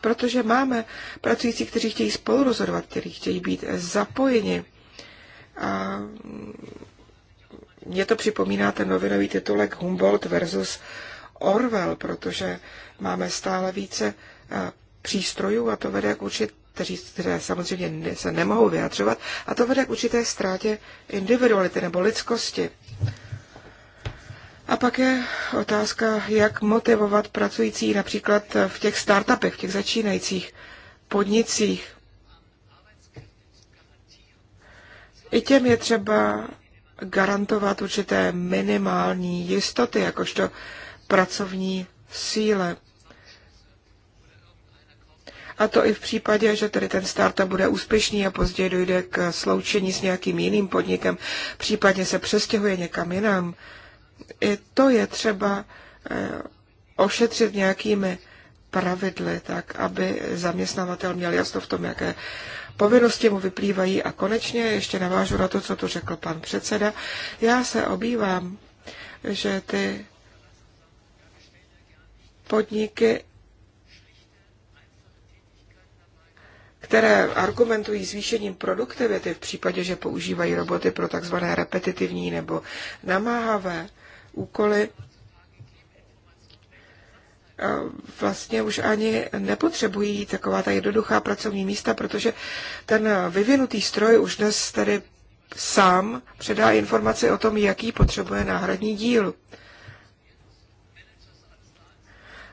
Protože máme pracující, kteří chtějí spolurozhodovat, kteří chtějí být zapojeni. A mě to připomíná ten novinový titulek Humboldt versus Orwell, protože máme stále více eh, přístrojů a to vede k určitě kteří, které samozřejmě se nemohou vyjadřovat, a to vede k určité ztrátě individuality nebo lidskosti. A pak je otázka, jak motivovat pracující například v těch startupech, v těch začínajících podnicích. I těm je třeba garantovat určité minimální jistoty, jakožto pracovní síle. A to i v případě, že tedy ten startup bude úspěšný a později dojde k sloučení s nějakým jiným podnikem, případně se přestěhuje někam jinam. I to je třeba eh, ošetřit nějakými pravidly, tak aby zaměstnavatel měl jasno v tom, jaké povinnosti mu vyplývají. A konečně ještě navážu na to, co tu řekl pan předseda. Já se obývám, že ty podniky které argumentují zvýšením produktivity v případě, že používají roboty pro takzvané repetitivní nebo namáhavé úkoly, vlastně už ani nepotřebují taková ta jednoduchá pracovní místa, protože ten vyvinutý stroj už dnes tady sám předá informaci o tom, jaký potřebuje náhradní díl.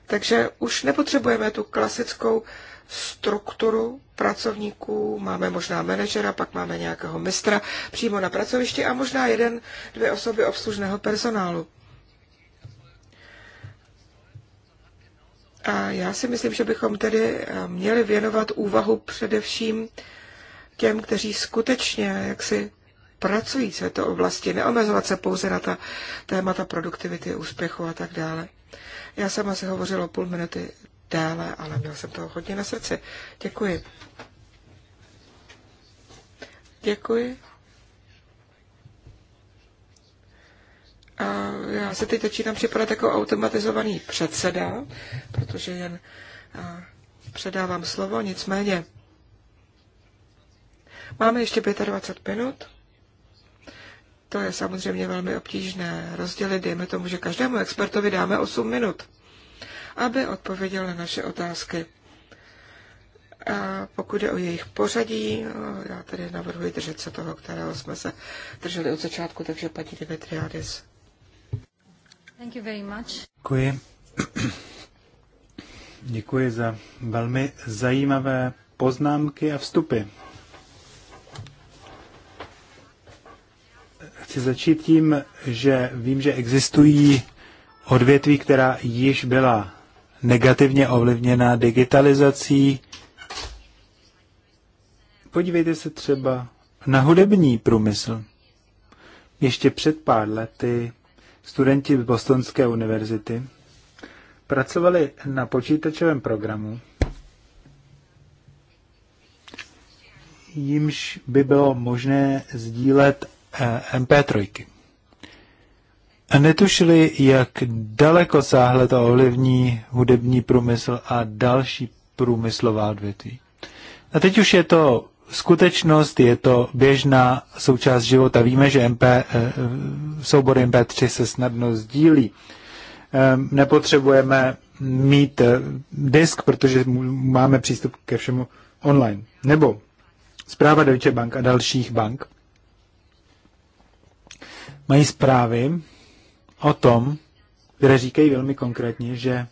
Takže už nepotřebujeme tu klasickou strukturu pracovníků, máme možná manažera, pak máme nějakého mistra přímo na pracovišti a možná jeden, dvě osoby obslužného personálu. A já si myslím, že bychom tedy eh, měli věnovat úvahu především těm, kteří skutečně jaksi pracují v této oblasti, neomezovat se pouze na ta témata produktivity, úspěchu a tak dále. Já jsem asi hovořila půl minuty déle, ale měl jsem toho hodně na srdci. Děkuji. Děkuji. A já se teď začínám připadat jako automatizovaný předseda, protože jen předávám slovo, nicméně máme ještě 25 minut. To je samozřejmě velmi obtížné rozdělit, dejme tomu, že každému expertovi dáme 8 minut, aby odpověděl na naše otázky. A pokud je o jejich pořadí, no, já tady navrhuji držet se toho, kterého jsme se drželi od začátku, takže paní Dimitriadis. Děkuji. Děkuji za velmi zajímavé poznámky a vstupy. Chci začít tím, že vím, že existují odvětví, která již byla negativně ovlivněna digitalizací. Podívejte se třeba na hudební průmysl. Ještě před pár lety studenti z Bostonské univerzity pracovali na počítačovém programu, jimž by bylo možné sdílet eh, MP3. A netušili, jak daleko sáhle to ovlivní hudební průmysl a další průmyslová odvětví. A teď už je to skutečnost, je to běžná součást života. Víme, že MP, eh, soubor MP3 se snadno sdílí. Ehm, nepotřebujeme mít eh, disk, protože máme přístup ke všemu online. Nebo zpráva Deutsche Bank a dalších bank mají zprávy o tom, které říkají velmi konkrétně, že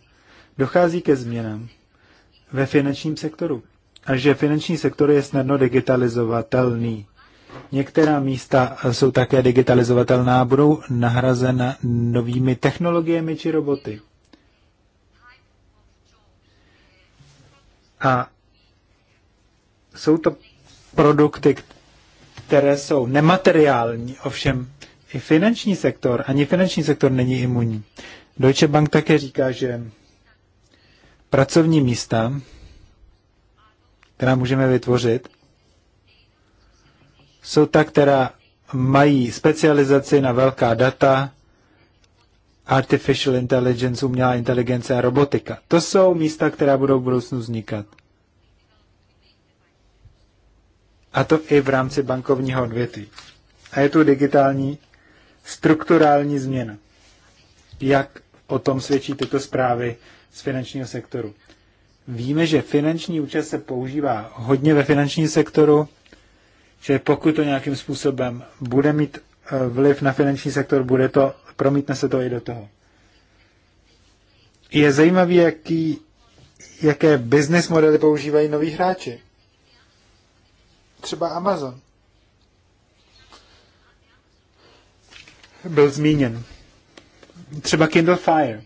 dochází ke změnám ve finančním sektoru a že finanční sektor je snadno digitalizovatelný. Některá místa jsou také digitalizovatelná a budou nahrazena novými technologiemi či roboty. A jsou to produkty, které jsou nemateriální, ovšem i finanční sektor, ani finanční sektor není imunní. Deutsche Bank také říká, že pracovní místa která můžeme vytvořit, jsou ta, která mají specializaci na velká data, artificial intelligence, umělá inteligence a robotika. To jsou místa, která budou v budoucnu vznikat. A to i v rámci bankovního odvětví. A je tu digitální strukturální změna. Jak o tom svědčí tyto zprávy z finančního sektoru. Víme, že finanční účet se používá hodně ve finančním sektoru, že pokud to nějakým způsobem bude mít eh, vliv na finanční sektor, bude to, promítne se to i do toho. Je zajímavé, jaký, jaké business modely používají noví hráči. Třeba Amazon. Byl zmíněn. Třeba Kindle Fire.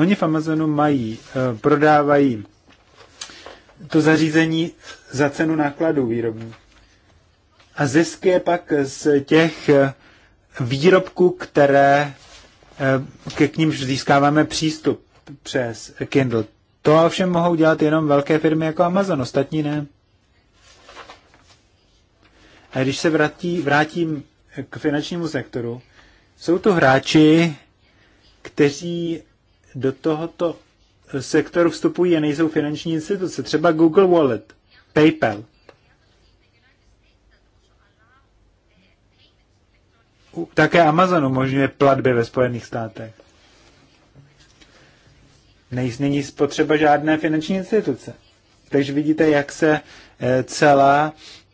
Oni v Amazonu mají, eh, prodávají to zařízení za cenu nákladů výrobní. A zisk je pak z těch eh, výrobků, které eh, ke k nímž získáváme přístup přes Kindle. To ovšem mohou dělat jenom velké firmy jako Amazon, ostatní ne. A když se vrátí, vrátím k finančnímu sektoru, jsou to hráči, kteří do tohoto sektoru vstupují a nejsou finanční instituce, třeba Google Wallet, PayPal. Také Amazon umožňuje platby ve Spojených státech. Není spotřeba žádné finanční instituce. Takže vidíte, jak se eh, celá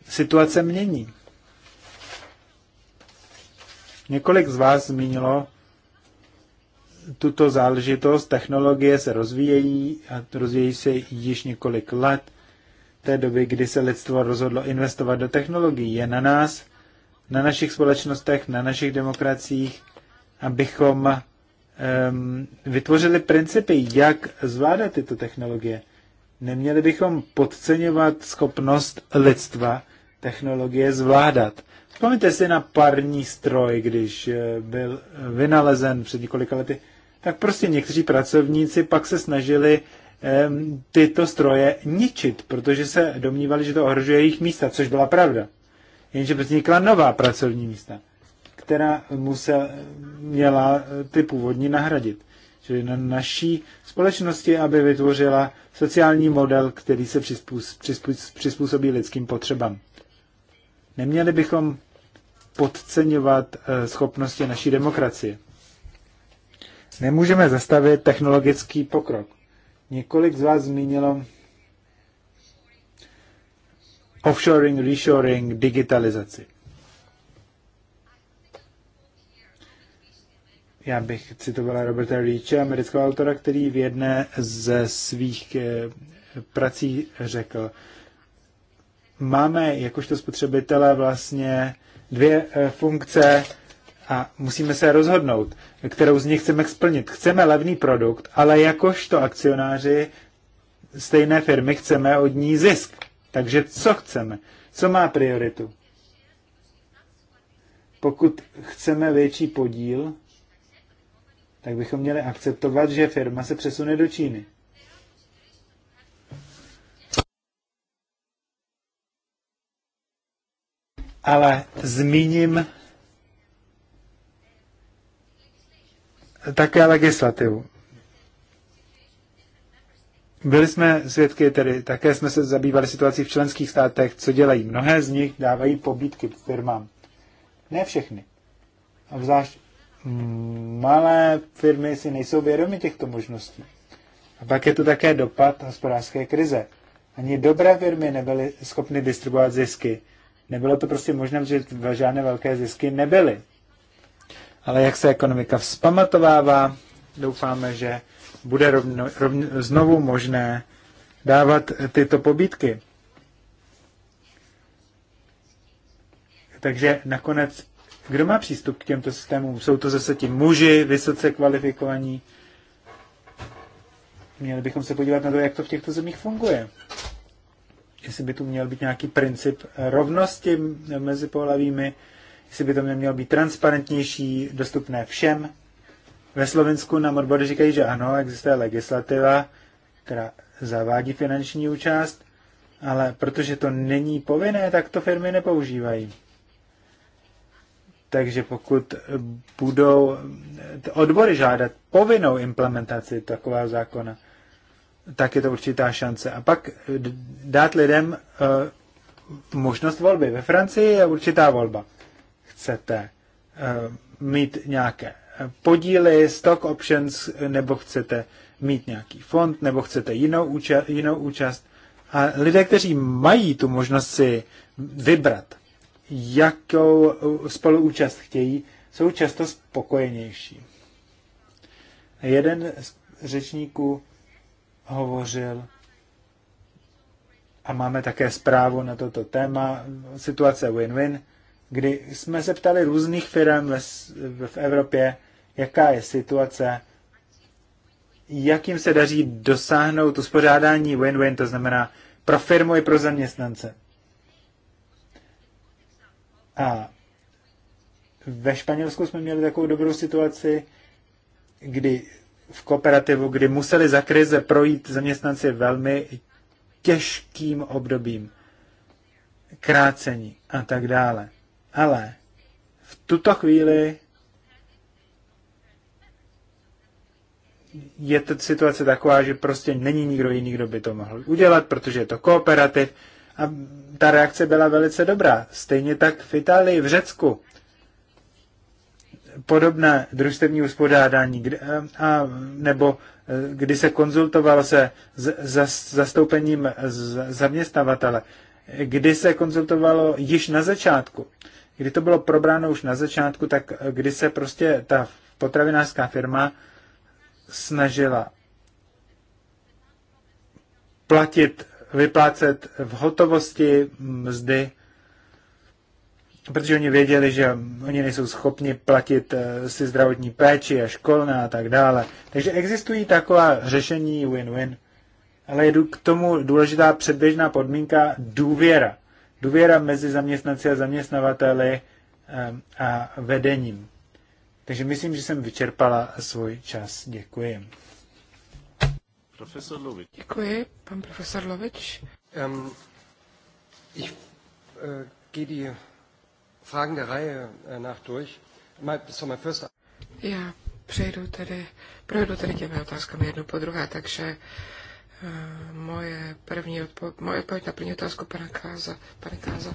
situace mění. Několik z vás zmínilo tuto záležitost. Technologie se rozvíjejí a rozvíjejí se již několik let. Té doby, kdy se lidstvo rozhodlo investovat do technologií, je na nás, na našich společnostech, na našich demokraciích, abychom um, vytvořili principy, jak zvládat tyto technologie. Neměli bychom podceňovat schopnost lidstva technologie zvládat. Vzpomněte si na parní stroj, když eh, byl vynalezen před několika lety tak prostě někteří pracovníci pak se snažili tyto stroje ničit, protože se domnívali, že to ohrožuje jejich místa, což byla pravda. Jenže prostě vznikla nová pracovní místa, která musel, měla eh, ty původní nahradit. Čili na naší společnosti, aby vytvořila sociální model, který se přizpůsobí lidským potřebám. Neměli bychom podceňovat eh, schopnosti naší demokracie. Nemůžeme zastavit technologický pokrok. Několik z vás zmínilo offshoring, reshoring, digitalizaci. Já bych citovala Roberta Reacha, amerického autora, který v jedné ze svých eh, prací řekl, máme jakožto spotřebitele vlastně dvě eh, funkce, a musíme se rozhodnout, kterou z nich chceme splnit. Chceme levný produkt, ale jakožto akcionáři stejné firmy chceme od ní zisk. Takže co chceme? Co má prioritu? Pokud chceme větší podíl, tak bychom měli akceptovat, že firma se přesune do Číny. Ale zmíním také legislativu. Byli jsme svědky, tedy také jsme se zabývali situací v členských státech, co dělají. Mnohé z nich dávají pobídky firmám. Ne všechny. A zvlášť malé firmy si nejsou vědomi těchto možností. A pak je tu také dopad hospodářské krize. Ani dobré firmy nebyly schopny distribuovat zisky. Nebylo to prostě možné, že žádné velké zisky nebyly ale jak se ekonomika vzpamatovává, doufáme, že bude rovno, rovno, znovu možné dávat tyto pobídky. Takže nakonec, kdo má přístup k těmto systémům? Jsou to zase ti muži, vysoce kvalifikovaní. Měli bychom se podívat na to, jak to v těchto zemích funguje. Jestli by tu měl být nějaký princip rovnosti mezi pohlavími, jestli by to mělo být transparentnější, dostupné všem. Ve Slovensku nám odbory říkají, že ano, existuje legislativa, která zavádí finanční účast, ale protože to není povinné, tak to firmy nepoužívají. Takže pokud budou odbory žádat povinnou implementaci takového zákona, tak je to určitá šance. A pak dát lidem uh, možnost volby. Ve Francii je určitá volba chcete eh, mít nějaké podíly, stock options, nebo chcete mít nějaký fond, nebo chcete jinou, úča- jinou účast. A lidé, kteří mají tu možnost si vybrat, jakou spoluúčast chtějí, jsou často spokojenější. Jeden z řečníků hovořil, a máme také zprávu na toto téma, situace win-win, kdy jsme se ptali různých firm v Evropě, jaká je situace, jakým se daří dosáhnout uspořádání win-win, to znamená pro firmu i pro zaměstnance. A ve Španělsku jsme měli takovou dobrou situaci, kdy v kooperativu, kdy museli za krize projít zaměstnanci velmi těžkým obdobím, krácení a tak dále. Hele, v tuto chvíli je ta situace taková, že prostě není nikdo jiný, kdo by to mohl udělat, protože je to kooperativ. A ta reakce byla velice dobrá. Stejně tak v Itálii, v Řecku. Podobné družstevní uspořádání, a, nebo eh, kdy se konzultovalo se z, z, zastoupením z, zaměstnavatele, kdy se konzultovalo již na začátku kdy to bylo probráno už na začátku, tak kdy se prostě ta potravinářská firma snažila platit, vyplácet v hotovosti mzdy, protože oni věděli, že oni nejsou schopni platit eh, si zdravotní péči a školné a tak dále. Takže existují taková řešení win-win, ale je k tomu důležitá předběžná podmínka důvěra důvěra mezi zaměstnanci a zaměstnavateli a vedením. Takže myslím, že jsem vyčerpala svůj čas. Děkuji. Profesor Lovič. Děkuji, pan profesor Lovič. Um, ich uh, gehe die Fragen der Reihe äh, nach durch. My, so my first... Já přejdu tedy, projdu tedy těmi otázkami jednu po druhé, takže uh, moje první odpo- moje odpověď na první otázku pana Káza. Pane Káza,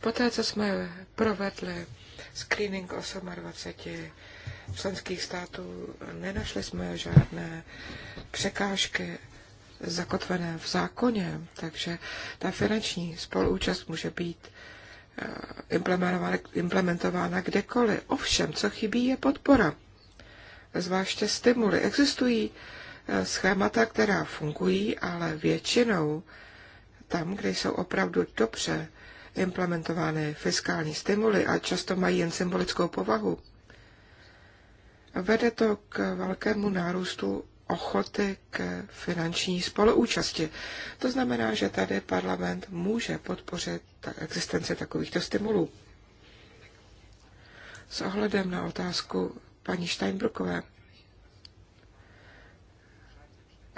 poté, co jsme provedli screening 28 členských států, nenašli jsme žádné překážky zakotvené v zákoně, takže ta finanční spoluúčast může být eh, implementována kdekoliv. Ovšem, co chybí, je podpora zvláště stimuly. Existují eh, schémata, která fungují, ale většinou tam, kde jsou opravdu dobře implementovány fiskální stimuly a často mají jen symbolickou povahu, vede to k velkému nárůstu ochoty k finanční spoluúčasti. To znamená, že tady parlament může podpořit existenci takovýchto stimulů. S ohledem na otázku paní Steinbrukové.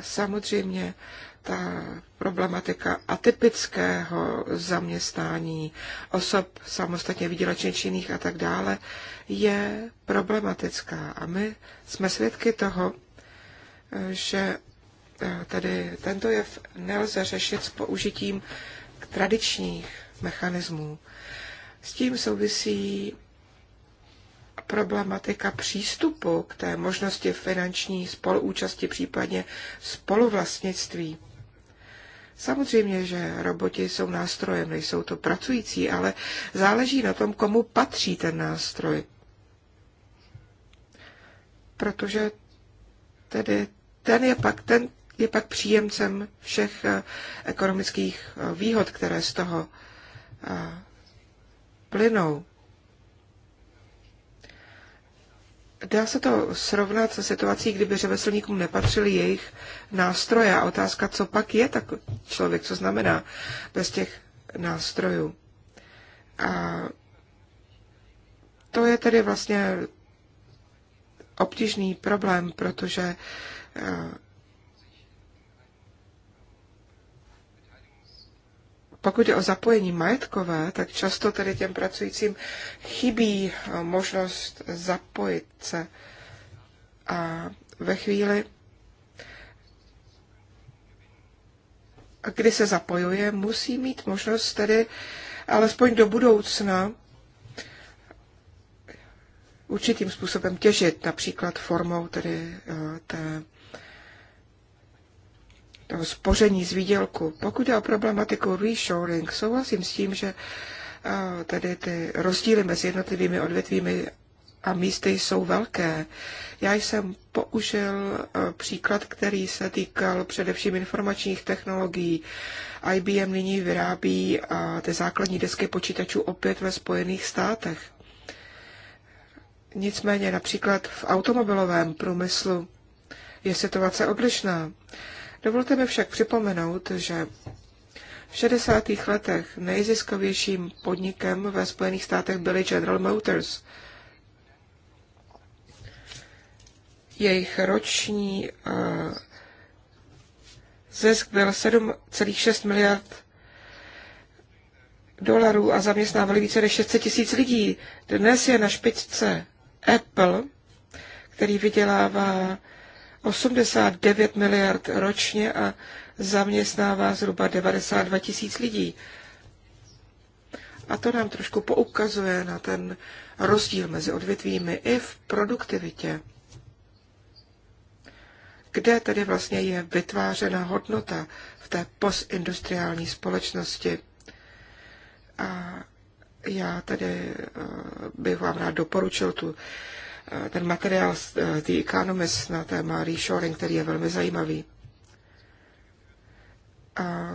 Samozřejmě ta problematika atypického zaměstnání osob samostatně výdělečně činných a tak dále je problematická. A my jsme svědky toho, že eh, tedy tento jev nelze řešit s použitím tradičních mechanismů. S tím souvisí problematika přístupu k té možnosti finanční spoluúčasti, případně spoluvlastnictví. Samozřejmě, že roboti jsou nástrojem, nejsou to pracující, ale záleží na tom, komu patří ten nástroj. Protože tedy ten je pak, ten je pak příjemcem všech eh, ekonomických eh, výhod, které z toho eh, plynou. Dá se to srovnat se situací, kdyby řemeslníkům nepatřili jejich nástroje a otázka, co pak je tak člověk, co znamená bez těch nástrojů. A to je tedy vlastně obtížný problém, protože eh, Pokud je o zapojení majetkové, tak často tedy těm pracujícím chybí eh, možnost zapojit se. A ve chvíli, kdy se zapojuje, musí mít možnost tedy alespoň do budoucna určitým způsobem těžit, například formou tedy eh, té toho spoření z výdělku. Pokud je o problematiku reshoring, souhlasím s tím, že eh, tedy ty rozdíly mezi jednotlivými odvětvími a místy jsou velké. Já jsem použil eh, příklad, který se týkal především informačních technologií. IBM nyní vyrábí eh, ty základní desky počítačů opět ve Spojených státech. Nicméně například v automobilovém průmyslu je situace odlišná. Dovolte mi však připomenout, že v 60. letech nejziskovějším podnikem ve Spojených státech byly General Motors. Jejich roční eh, zisk byl 7,6 miliard dolarů a zaměstnávali více než 600 tisíc lidí. Dnes je na špičce Apple, který vydělává 89 miliard ročně a zaměstnává zhruba 92 tisíc lidí. A to nám trošku poukazuje na ten rozdíl mezi odvětvími i v produktivitě. Kde tedy vlastně je vytvářena hodnota v té postindustriální společnosti? A já tedy eh, bych vám rád doporučil tu Eh, ten materiál eh, The Economist na téma reshoring, který je velmi zajímavý. A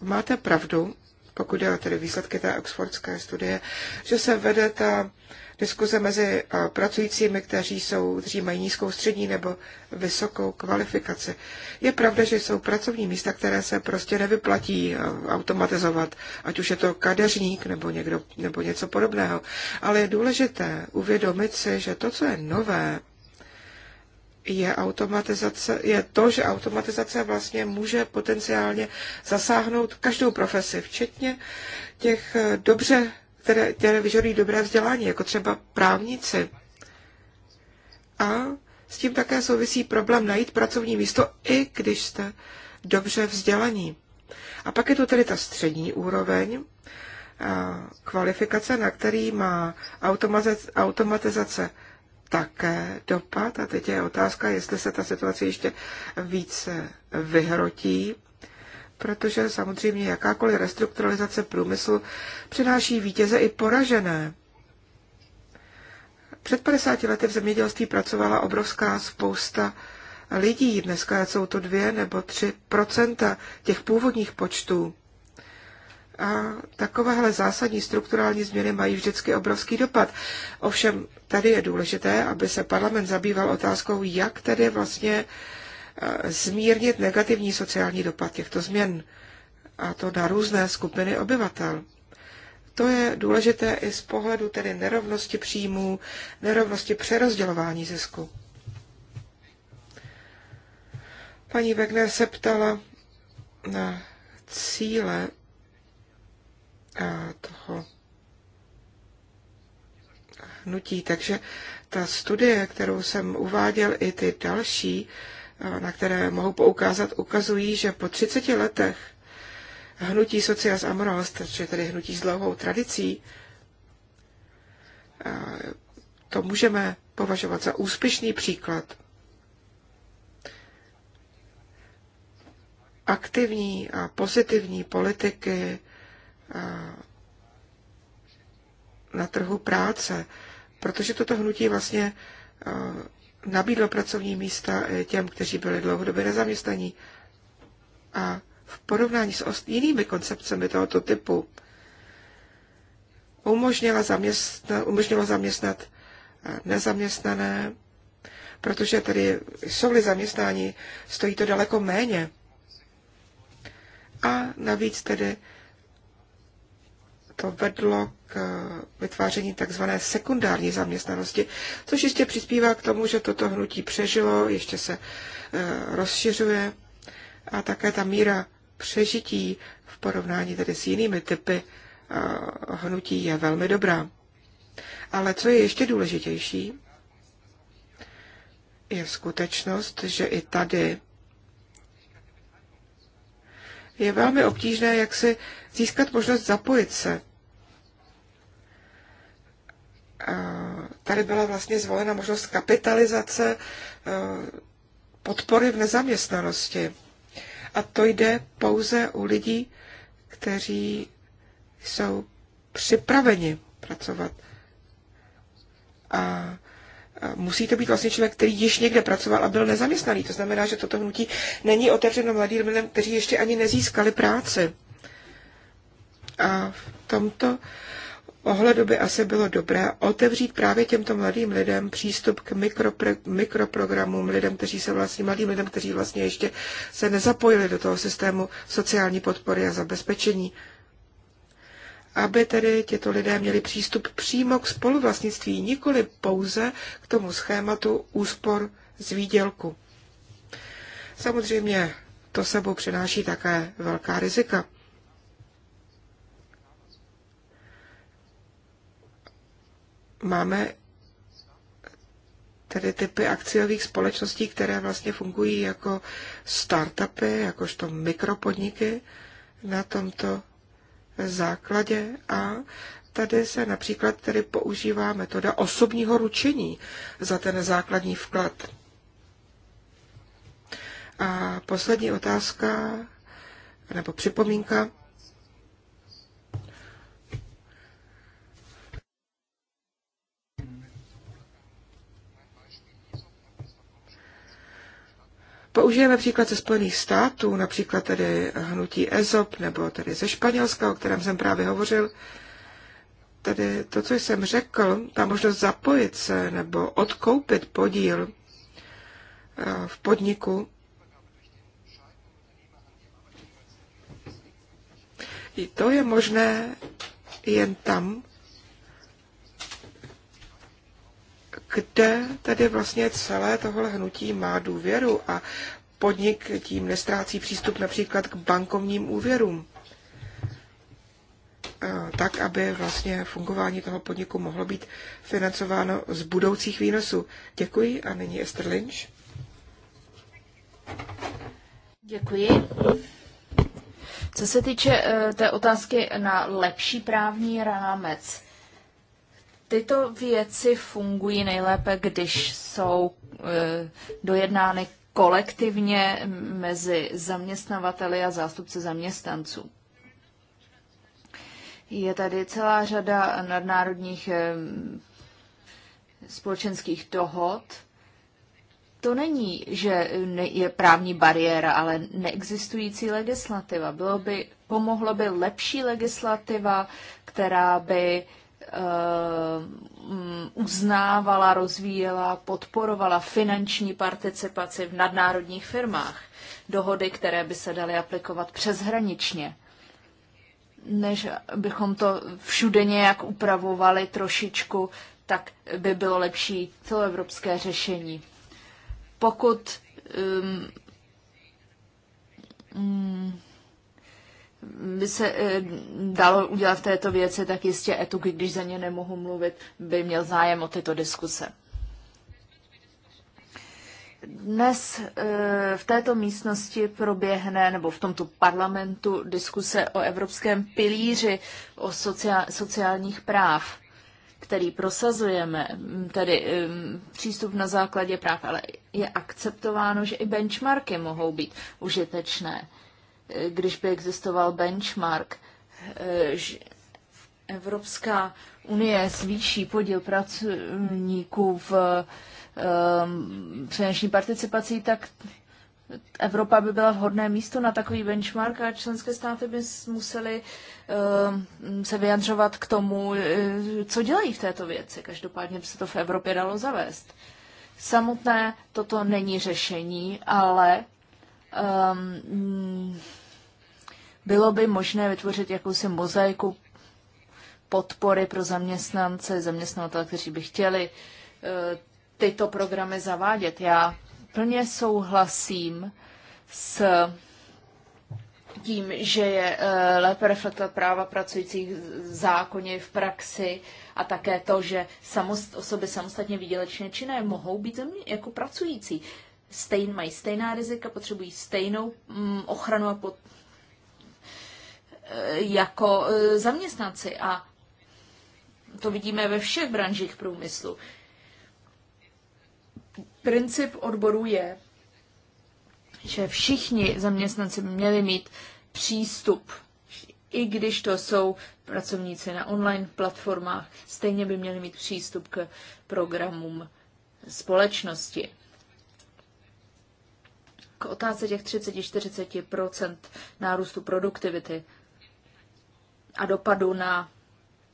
máte pravdu, pokud jde o tedy výsledky té oxfordské studie, že se vede ta diskuze mezi eh, pracujícími, kteří, jsou, kteří mají nízkou střední nebo vysokou kvalifikaci. Je pravda, že jsou pracovní místa, které se prostě nevyplatí eh, automatizovat, ať už je to kadeřník nebo, někdo, nebo něco podobného. Ale je důležité uvědomit si, že to, co je nové, je, automatizace, je to, že automatizace vlastně může potenciálně zasáhnout každou profesi, včetně těch eh, dobře které, které vyžadují dobré vzdělání, jako třeba právníci. A s tím také souvisí problém najít pracovní místo, i když jste dobře vzdělaní. A pak je tu tedy ta střední úroveň kvalifikace, na který má automatizace také dopad. A teď je otázka, jestli se ta situace ještě více vyhrotí protože samozřejmě jakákoliv restrukturalizace průmyslu přináší vítěze i poražené. Před 50 lety v zemědělství pracovala obrovská spousta lidí. Dneska jsou to dvě nebo tři procenta těch původních počtů. A takovéhle zásadní strukturální změny mají vždycky obrovský dopad. Ovšem, tady je důležité, aby se parlament zabýval otázkou, jak tedy vlastně uh, Eh, zmírnit negativní sociální dopad těchto změn, a to na různé skupiny obyvatel. To je důležité i z pohledu tedy nerovnosti příjmů, nerovnosti přerozdělování zisku. Paní Wegner se ptala na cíle eh, toho hnutí. Takže ta studie, kterou jsem uváděl, i ty další, na které mohu poukázat, ukazují, že po 30 letech hnutí Socias Amorost, či tedy hnutí s dlouhou tradicí, to můžeme považovat za úspěšný příklad aktivní a pozitivní politiky na trhu práce, protože toto hnutí vlastně nabídlo pracovní místa eh, těm, kteří byli dlouhodobě nezaměstnaní. A v porovnání s jinými koncepcemi tohoto typu umožnila zaměstnat, umožnilo zaměstnat eh, nezaměstnané, protože tedy jsou-li zaměstnání, stojí to daleko méně. A navíc tedy to vedlo k vytváření tzv. sekundární zaměstnanosti, což jistě přispívá k tomu, že toto hnutí přežilo, ještě se eh, rozšiřuje a také ta míra přežití v porovnání tedy s jinými typy eh, hnutí je velmi dobrá. Ale co je ještě důležitější, je skutečnost, že i tady je velmi obtížné, jak si získat možnost zapojit se. Eh, tady byla vlastně zvolena možnost kapitalizace eh, podpory v nezaměstnanosti. A to jde pouze u lidí, kteří jsou připraveni pracovat. A eh, musí to být vlastně člověk, který již někde pracoval a byl nezaměstnaný. To znamená, že toto hnutí není otevřeno mladým lidem, kteří ještě ani nezískali práci. A v tomto ohledu by asi bylo dobré otevřít právě těmto mladým lidem přístup k mikroprogramům, lidem, kteří se vlastně, mladým lidem, kteří vlastně ještě se nezapojili do toho systému sociální podpory a zabezpečení. Aby tedy těto lidé měli přístup přímo k spoluvlastnictví, nikoli pouze k tomu schématu úspor z výdělku. Samozřejmě to sebou přináší také velká rizika. máme tedy typy akciových společností, které vlastně fungují jako startupy, jakožto mikropodniky na tomto základě a tady se například tedy používá metoda osobního ručení za ten základní vklad. A poslední otázka nebo připomínka Použijeme příklad ze Spojených států, například tedy hnutí EZOP nebo tedy ze Španělska, o kterém jsem právě hovořil. Tedy to, co jsem řekl, ta možnost zapojit se nebo odkoupit podíl eh, v podniku, I to je možné jen tam, kde tedy vlastně celé tohle hnutí má důvěru a podnik tím nestrácí přístup například k bankovním úvěrům. Tak, aby vlastně fungování toho podniku mohlo být financováno z budoucích výnosů. Děkuji a nyní Esther Lynch. Děkuji. Co se týče eh, té otázky na lepší právní rámec, Tyto věci fungují nejlépe, když jsou e, dojednány kolektivně mezi zaměstnavateli a zástupci zaměstnanců. Je tady celá řada nadnárodních e, společenských dohod. To není, že je právní bariéra, ale neexistující legislativa. Bylo by, pomohlo by lepší legislativa, která by Eh, mm, uznávala, rozvíjela, podporovala finanční participaci v nadnárodních firmách, dohody, které by se daly aplikovat přeshraničně, než bychom to všude nějak upravovali trošičku, tak by bylo lepší celoevropské řešení. Pokud um, um, by se eh, dalo udělat v této věci, tak jistě Etuk, když za ně nemohu mluvit, by měl zájem o tyto diskuse. Dnes eh, v této místnosti proběhne, nebo v tomto parlamentu, diskuse o evropském pilíři o sociál, sociálních práv, který prosazujeme, tedy přístup na základě práv, ale je akceptováno, že i benchmarky mohou být užitečné když by existoval benchmark, eh, že Evropská unie zvýší podíl pracovníků v um, participací, participaci, tak Evropa by byla vhodné místo na takový benchmark a členské státy by museli ehm, se vyjadřovat k tomu, eh, co dělají v této věci. Každopádně by se to v Evropě dalo zavést. Samotné toto není řešení, ale um, bylo by možné vytvořit jakousi mozaiku podpory pro zaměstnance, zaměstnavatele, kteří by chtěli e, tyto programy zavádět. Já plně souhlasím s tím, že je e, lépe reflektovat práva pracujících zákoně v praxi a také to, že samost, osoby samostatně výdělečně činné mohou být země jako pracující. Stejn, mají stejná rizika, potřebují stejnou mm, ochranu a pod, jako e, zaměstnanci a to vidíme ve všech branžích průmyslu. Princip odboru je, že všichni zaměstnanci by měli mít přístup, i když to jsou pracovníci na online platformách, stejně by měli mít přístup k programům společnosti. K otázce těch 30-40 nárůstu produktivity a dopadu na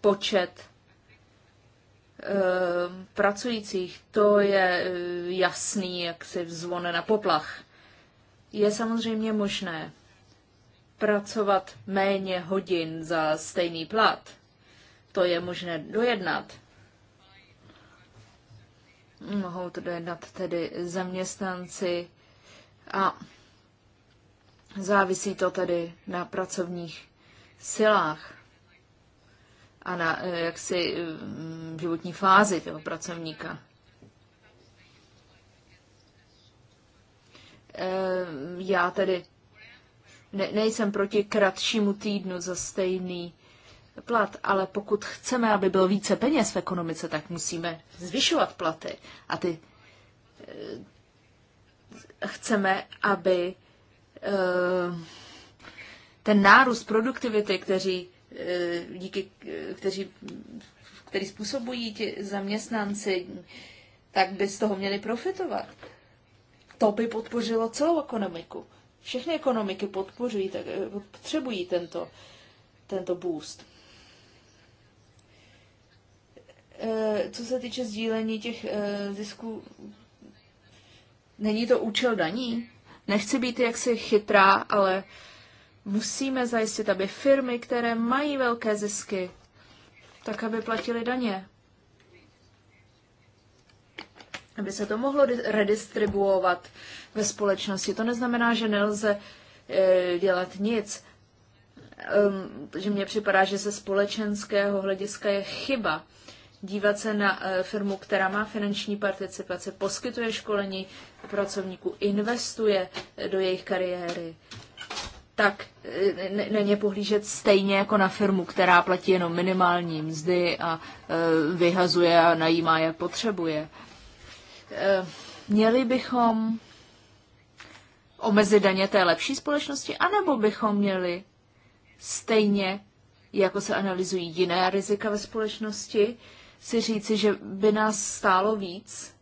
počet eh, pracujících, to je eh, jasný, jak si vzvone na poplach. Je samozřejmě možné pracovat méně hodin za stejný plat. To je možné dojednat. Mohou to dojednat tedy zaměstnanci a závisí to tedy na pracovních silách a na eh, jaksi mm, životní fázi toho pracovníka. Eh, já tedy ne, nejsem proti kratšímu týdnu za stejný plat, ale pokud chceme, aby bylo více peněz v ekonomice, tak musíme zvyšovat platy. A ty eh, chceme, aby ten nárůst produktivity, kteří, eh, díky, eh, kteří, který způsobují ti zaměstnanci, tak by z toho měli profitovat. To by podpořilo celou ekonomiku. Všechny ekonomiky podpořují, tak eh, potřebují tento, tento boost. Co se týče sdílení těch zisků, není to účel daní. Nechci být jaksi chytrá, ale Musíme zajistit, aby firmy, které mají velké zisky, tak aby platily daně. Aby se to mohlo redistribuovat ve společnosti. To neznamená, že nelze e, dělat nic. Že mně připadá, že ze společenského hlediska je chyba dívat se na e, firmu, která má finanční participace, poskytuje školení pracovníků, investuje do jejich kariéry tak na eh, ně pohlížet stejně jako na firmu, která platí jenom minimální mzdy a eh, vyhazuje a najímá, jak potřebuje. Eh, měli bychom omezit daně té lepší společnosti, anebo bychom měli stejně, jako se analyzují jiné rizika ve společnosti, si říci, že by nás stálo víc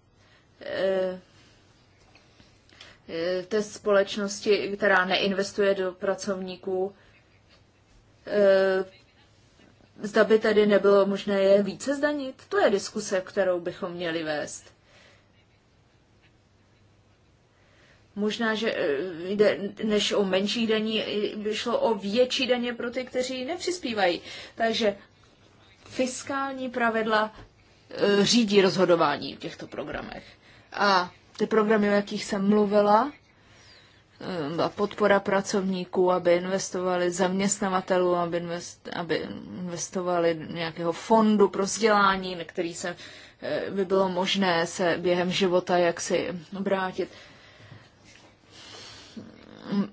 Eh, té společnosti, která neinvestuje do pracovníků, eh, zda by tedy nebylo možné je více zdanit? To je diskuse, kterou bychom měli vést. Možná, že eh, jde, než o menší daní, by šlo o větší daně pro ty, kteří nepřispívají. Takže fiskální pravidla řídí rozhodování v těchto programech. A ty programy, o jakých jsem mluvila, byla eh, podpora pracovníků, aby investovali zaměstnavatelů, aby, invest, aby investovali nějakého fondu pro vzdělání, na který se eh, by bylo možné se během života jaksi obrátit.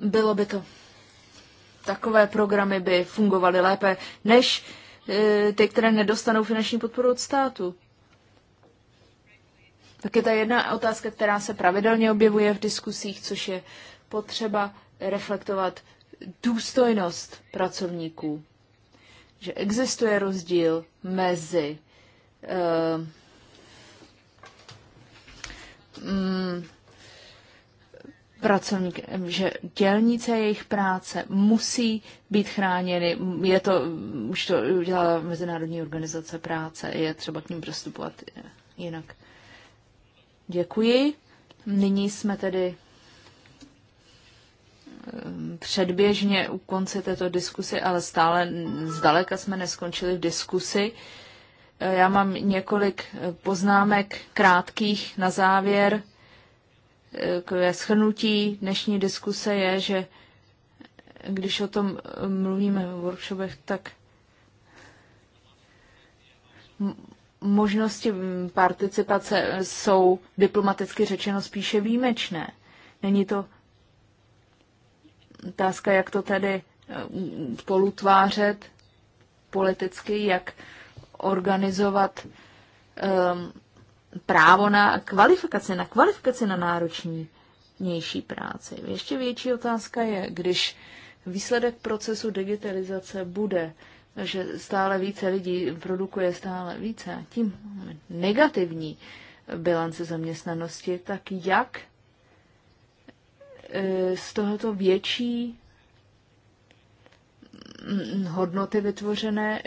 Bylo by to. Takové programy by fungovaly lépe než eh, ty, které nedostanou finanční podporu od státu. Tak je ta jedna otázka, která se pravidelně objevuje v diskusích, což je potřeba reflektovat důstojnost pracovníků. Že existuje rozdíl mezi uh, mm, pracovník, že dělnice jejich práce musí být chráněny. Je to, už to udělala Mezinárodní organizace práce, je třeba k ním přestupovat jinak. Děkuji. Nyní jsme tedy ehm, předběžně u konce této diskusy, ale stále zdaleka jsme neskončili v diskusi. Eh, já mám několik eh, poznámek krátkých na závěr. Takové eh, shrnutí dnešní diskuse je, že když o tom mluvíme v workshopech, tak možnosti participace jsou diplomaticky řečeno spíše výjimečné. Není to otázka, jak to tedy eh, polutvářet politicky, jak organizovat um, právo na kvalifikaci, na kvalifikaci na náročnější práci. Ještě větší otázka je, když výsledek procesu digitalizace bude že stále více lidí produkuje stále více a tím negativní bilance zaměstnanosti, tak jak e, z tohoto větší mm, hodnoty vytvořené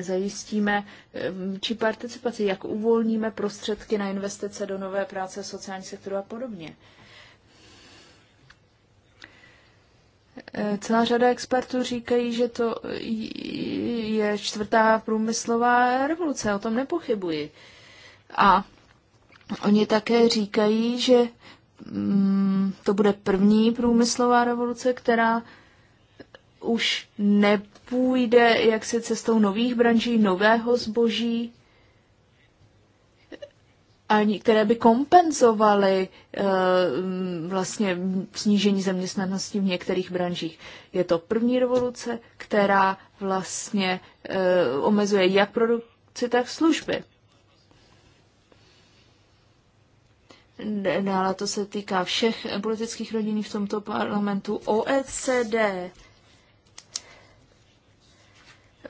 zajistíme e, či participaci, jak uvolníme prostředky na investice do nové práce sociální sektoru a podobně. Eh, celá řada expertů říkají, že to je čtvrtá průmyslová revoluce, o tom nepochybuji. A oni také říkají, že mm, to bude první průmyslová revoluce, která už nepůjde jak se cestou nových branží, nového zboží, ani, které by kompenzovaly eh, vlastně snížení zaměstnanosti v některých branžích. Je to první revoluce, která vlastně eh, omezuje jak produkci, tak služby. Dále to se týká všech politických rodin v tomto parlamentu. OECD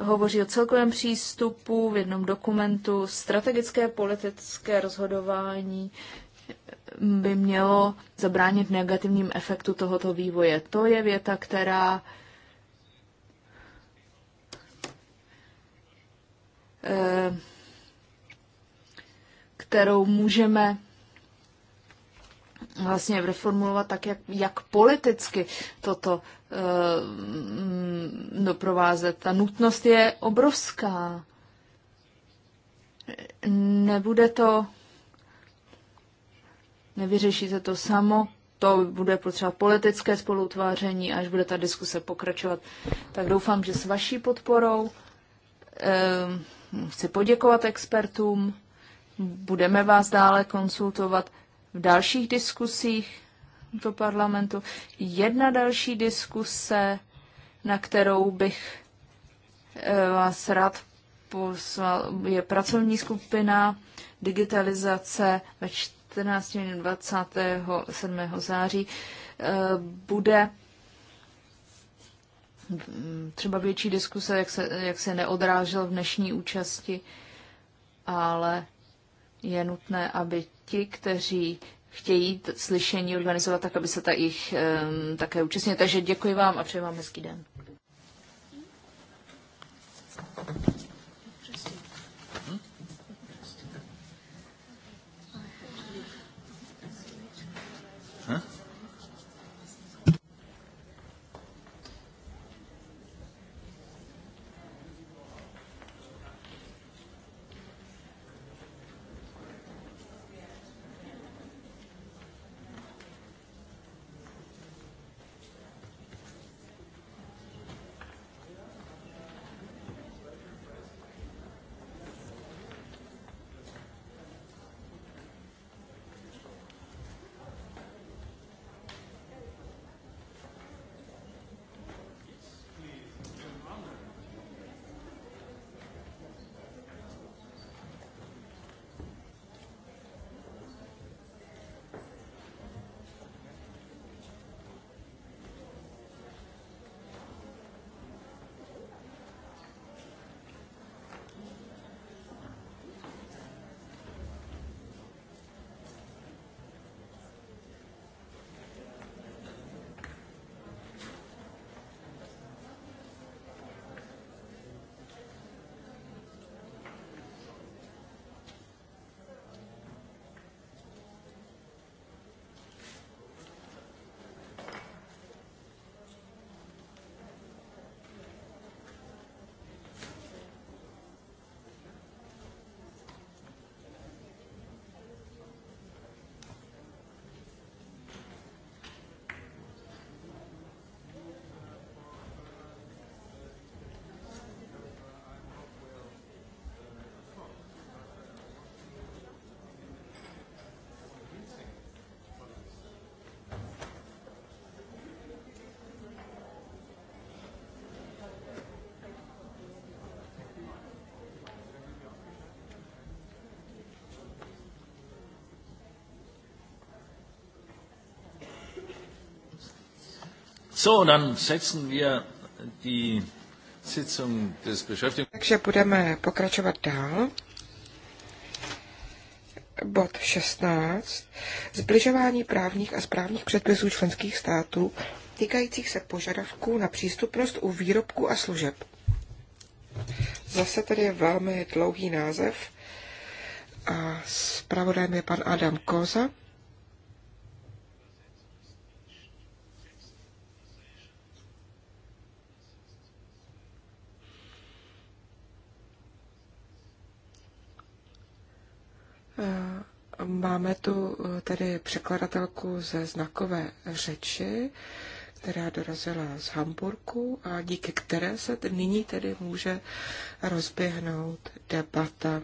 hovoří o celkovém přístupu v jednom dokumentu. Strategické politické rozhodování by mělo zabránit negativním efektu tohoto vývoje. To je věta, která eh, kterou můžeme vlastně reformulovat tak, jak, jak politicky toto Eh, doprovázet. Ta nutnost je obrovská. Nebude to, nevyřešíte to samo, to bude potřeba politické spolutváření, až bude ta diskuse pokračovat. Tak doufám, že s vaší podporou eh, chci poděkovat expertům, budeme vás dále konsultovat v dalších diskusích do parlamentu. Jedna další diskuse, na kterou bych eh, vás rád poslal, je pracovní skupina digitalizace ve 14. 27. září. Eh, bude třeba větší diskuse, jak se, jak se neodrážel v dnešní účasti, ale je nutné, aby ti, kteří chtějí slyšení organizovat tak, aby se ta jich um, také účastnili. Takže děkuji vám a přeji vám hezký den. So, dann setzen wir die Sitzung des Beschäftigungs... Takže budeme pokračovat dál. Bod 16. Zbližování právních a správních předpisů členských států týkajících se požadavků na přístupnost u výrobku a služeb. Zase tady je velmi dlouhý název a zpravodajem je pan Adam Koza. Máme tu eh, tedy překladatelku ze znakové řeči, která dorazila z Hamburku a díky které se nyní tedy může rozběhnout debata.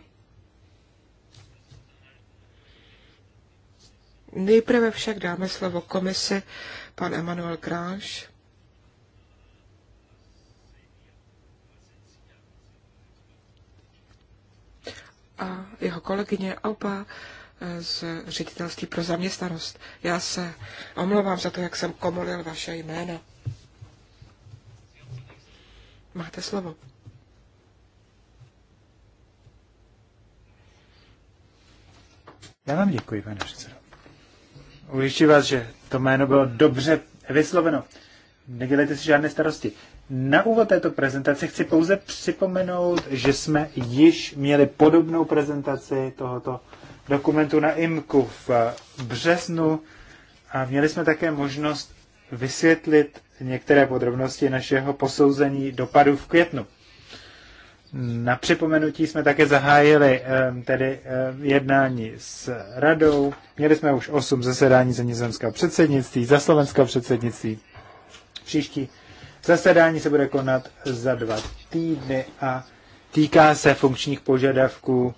Nejprve však dáme slovo komisi pan Emanuel Kráš. a jeho kolegyně oba z ředitelství pro zaměstnanost. Já se omlouvám za to, jak jsem komolil vaše jména. Máte slovo. Já vám děkuji, pane předsedo. Ujišťuji vás, že to jméno bylo dobře vysloveno. Nedělejte si žádné starosti. Na úvod této prezentace chci pouze připomenout, že jsme již měli podobnou prezentaci tohoto dokumentu na IMKU v březnu a měli jsme také možnost vysvětlit některé podrobnosti našeho posouzení dopadu v květnu. Na připomenutí jsme také zahájili tedy jednání s radou. Měli jsme už osm zasedání za nizozemského předsednictví, za slovenského předsednictví. Příští zasedání se bude konat za dva týdny a týká se funkčních požadavků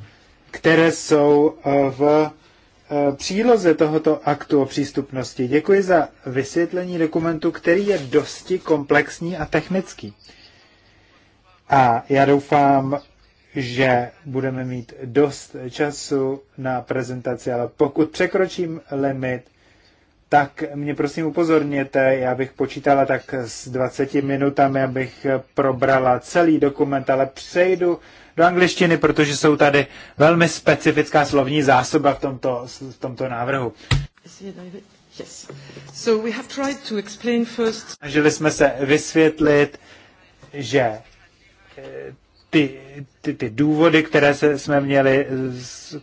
které jsou eh, v eh, příloze tohoto aktu o přístupnosti. Děkuji za vysvětlení dokumentu, který je dosti komplexní a technický. A já doufám, že budeme mít dost času na prezentaci, ale pokud překročím limit, tak mě prosím upozorněte, já bych počítala tak s 20 minutami, abych probrala celý dokument, ale přejdu do angličtiny, protože jsou tady velmi specifická slovní zásoba v tomto, v tomto návrhu. Snažili jsme se vysvětlit, že eh, ty, ty, ty důvody, které se, jsme měli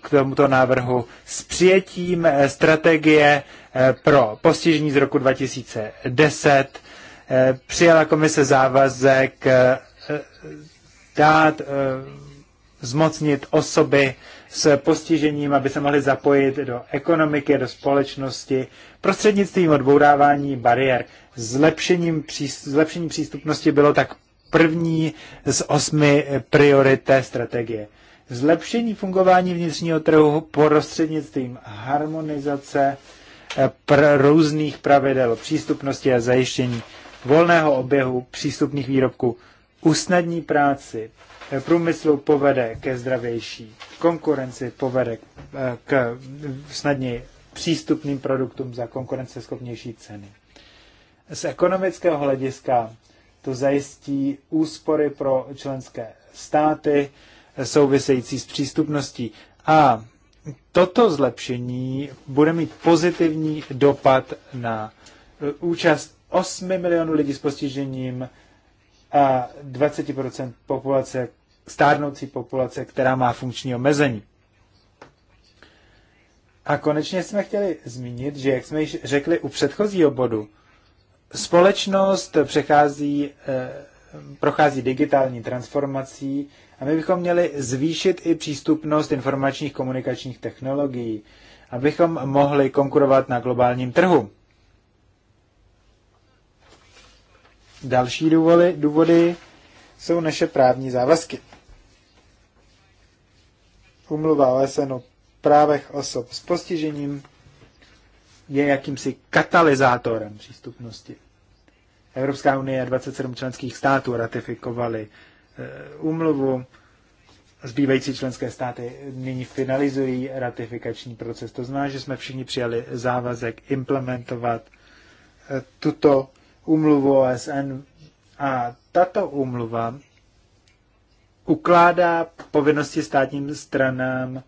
k tomuto návrhu s přijetím eh, strategie eh, pro postižení z roku 2010, přijala komise závazek dát zmocnit osoby s postižením, aby se mohly zapojit do ekonomiky, do společnosti, prostřednictvím odbourávání bariér. Zlepšením přístup, zlepšením přístupnosti bylo tak první z osmi priorit strategie. Zlepšení fungování vnitřního trhu prostřednictvím harmonizace eh, pr- různých pravidel přístupnosti a zajištění volného oběhu přístupných výrobků, usnadní práci průmyslu povede ke zdravější konkurenci, povede eh, k snadněji přístupným produktům za konkurenceschopnější ceny. Z ekonomického hlediska to zajistí úspory pro členské státy související s přístupností. A toto zlepšení bude mít pozitivní dopad na eh, účast 8 milionů lidí s postižením a 20% populace stárnoucí populace, která má funkční omezení. A konečně jsme chtěli zmínit, že jak jsme již řekli u předchozího bodu, společnost přechází, eh, prochází digitální transformací a my bychom měli zvýšit i přístupnost informačních komunikačních technologií, abychom mohli konkurovat na globálním trhu. Další důvody, důvody jsou naše právní závazky. Umluva OSN o právech osob s postižením je jakýmsi katalyzátorem přístupnosti. Evropská unie a 27 členských států ratifikovali eh, umluvu. Zbývající členské státy nyní finalizují ratifikační proces. To znamená, že jsme všichni přijali závazek implementovat eh, tuto umluvu OSN a tato umluva ukládá povinnosti státním stranám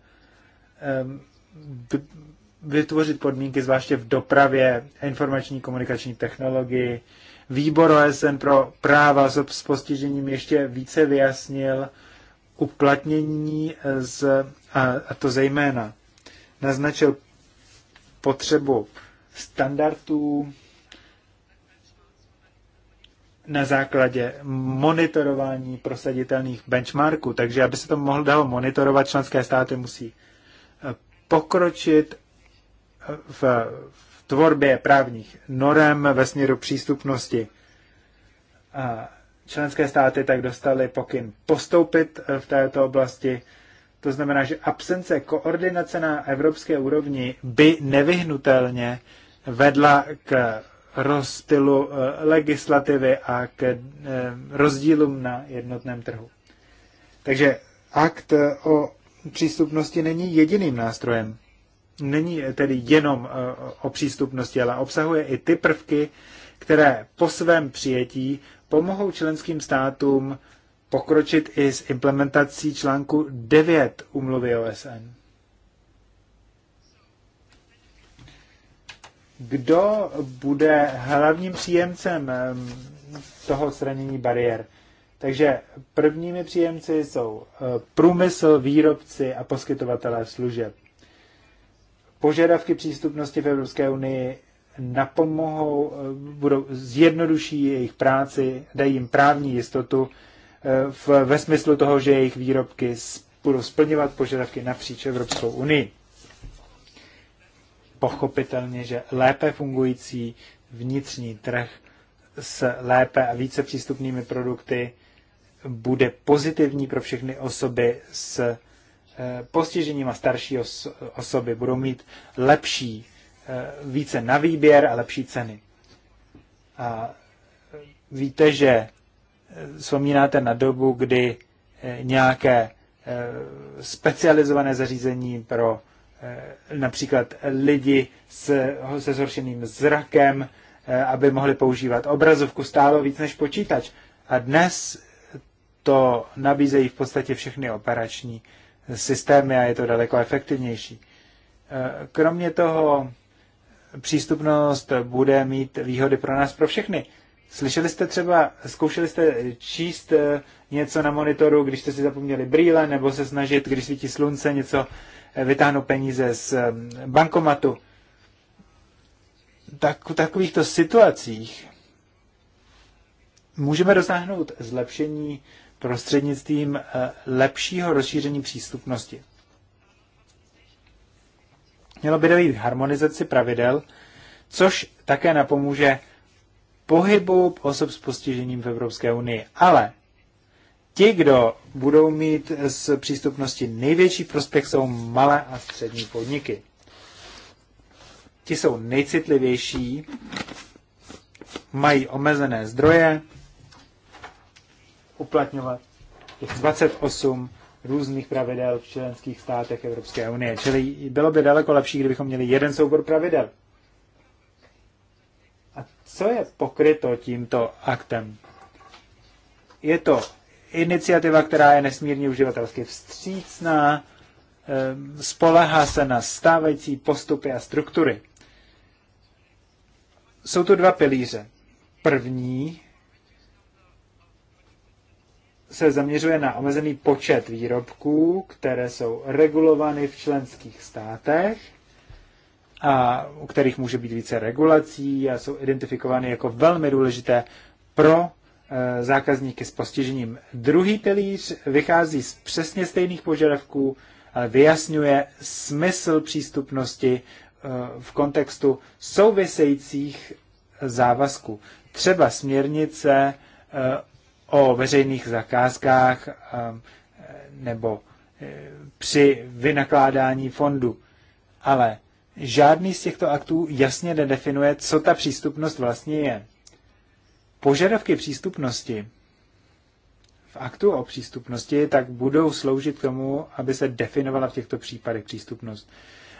vytvořit podmínky, zvláště v dopravě, informační komunikační technologii. Výbor OSN pro práva s postižením ještě více vyjasnil uplatnění e, z, a to zejména naznačil potřebu standardů na základě monitorování prosaditelných benchmarků. Takže aby se to mohlo dalo monitorovat, členské státy musí eh, pokročit eh, v, v tvorbě právních norem ve směru přístupnosti. A členské státy tak dostaly pokyn postoupit eh, v této oblasti. To znamená, že absence koordinace na evropské úrovni by nevyhnutelně vedla k rozstylu eh, legislativy a k eh, rozdílům na jednotném trhu. Takže akt eh, o přístupnosti není jediným nástrojem. Není tedy jenom o přístupnosti, ale obsahuje i ty prvky, které po svém přijetí pomohou členským státům pokročit i s implementací článku 9 umluvy OSN. kdo bude hlavním příjemcem ehm, toho stranění bariér. Takže prvními příjemci jsou eh, průmysl, výrobci a poskytovatelé služeb. Požadavky přístupnosti v Evropské unii napomohou, eh, budou zjednoduší jejich práci, dají jim právní jistotu eh, v, ve smyslu toho, že jejich výrobky budou splňovat požadavky napříč Evropskou unii pochopitelně, že lépe fungující vnitřní trh s lépe a více přístupnými produkty bude pozitivní pro všechny osoby s eh, postižením a starší os- osoby. Budou mít lepší, eh, více na výběr a lepší ceny. A víte, že eh, vzpomínáte na dobu, kdy nějaké specializované zařízení pro Eh, například lidi s, se zhoršeným zrakem, eh, aby mohli používat obrazovku, stálo víc než počítač. A dnes to nabízejí v podstatě všechny operační systémy a je to daleko efektivnější. Eh, kromě toho přístupnost bude mít výhody pro nás, pro všechny. Slyšeli jste třeba, zkoušeli jste číst něco na monitoru, když jste si zapomněli brýle, nebo se snažit, když svítí slunce, něco Vytáhnout peníze z bankomatu. Tak, v takovýchto situacích můžeme dosáhnout zlepšení prostřednictvím eh, lepšího rozšíření přístupnosti. Mělo by dojít harmonizaci pravidel, což také napomůže pohybu osob s postižením v Evropské unii. Ale ti, kdo budou mít z přístupnosti největší prospěch, jsou malé a střední podniky. Ti jsou nejcitlivější, mají omezené zdroje, uplatňovat těch 28 různých pravidel v členských státech Evropské unie. Čili bylo by daleko lepší, kdybychom měli jeden soubor pravidel. A co je pokryto tímto aktem? Je to iniciativa, která je nesmírně uživatelsky vstřícná, eh, spolehá se na stávající postupy a struktury. Jsou to dva pilíře. První se zaměřuje na omezený počet výrobků, které jsou regulovány v členských státech a u kterých může být více regulací a jsou identifikovány jako velmi důležité pro Eh, zákazníky s postižením. Druhý pilíř vychází z přesně stejných požadavků, ale vyjasňuje smysl přístupnosti eh, v kontextu souvisejících závazků. Třeba směrnice eh, o veřejných zakázkách nebo při vynakládání fondu. Ale žádný z těchto aktů jasně nedefinuje, co ta přístupnost vlastně je požadavky přístupnosti v aktu o přístupnosti tak budou sloužit k tomu, aby se definovala v těchto případech přístupnost.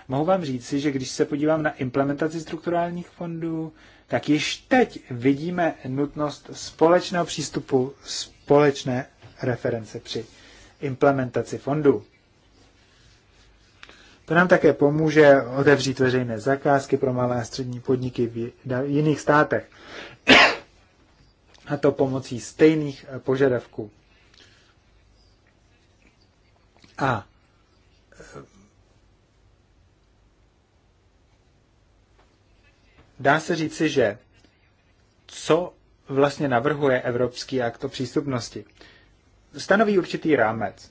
Mohu vám říci, že když se podívám na implementaci strukturálních fondů, tak již teď vidíme nutnost společného přístupu, společné reference při implementaci fondů. To nám také pomůže otevřít veřejné zakázky pro malé a střední podniky v jiných státech a to pomocí stejných eh, požadavků. A eh, dá se říci, že co vlastně navrhuje Evropský akt o přístupnosti? Stanoví určitý rámec.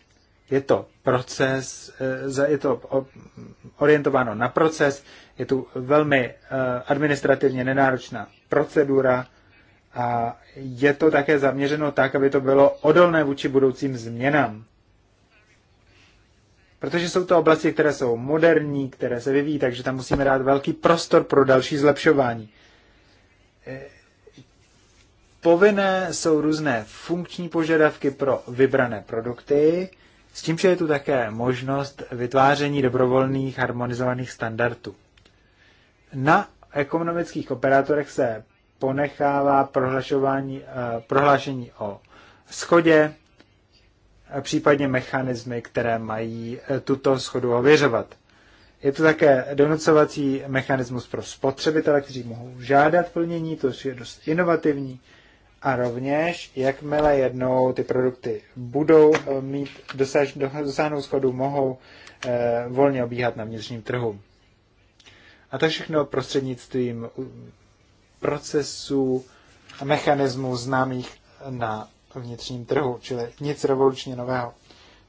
Je to proces, eh, je to orientováno na proces, je tu velmi administrativně nenáročná procedura, a je to také zaměřeno tak, aby to bylo odolné vůči budoucím změnám. Protože jsou to oblasti, které jsou moderní, které se vyvíjí, takže tam musíme dát velký prostor pro další zlepšování. E, povinné jsou různé funkční požadavky pro vybrané produkty, s tím, že je tu také možnost vytváření dobrovolných harmonizovaných standardů. Na ekonomických operátorech se ponechává prohlašování, eh, prohlášení o schodě, eh, případně mechanismy, které mají eh, tuto schodu ověřovat. Je to také donucovací mechanismus pro spotřebitele, kteří mohou žádat plnění, to je dost inovativní. A rovněž, jakmile jednou ty produkty budou mít dosaž, dosáhnout schodu, mohou eh, volně obíhat na vnitřním trhu. A to všechno prostřednictvím procesů a mechanismů známých na vnitřním trhu, čili nic revolučně nového.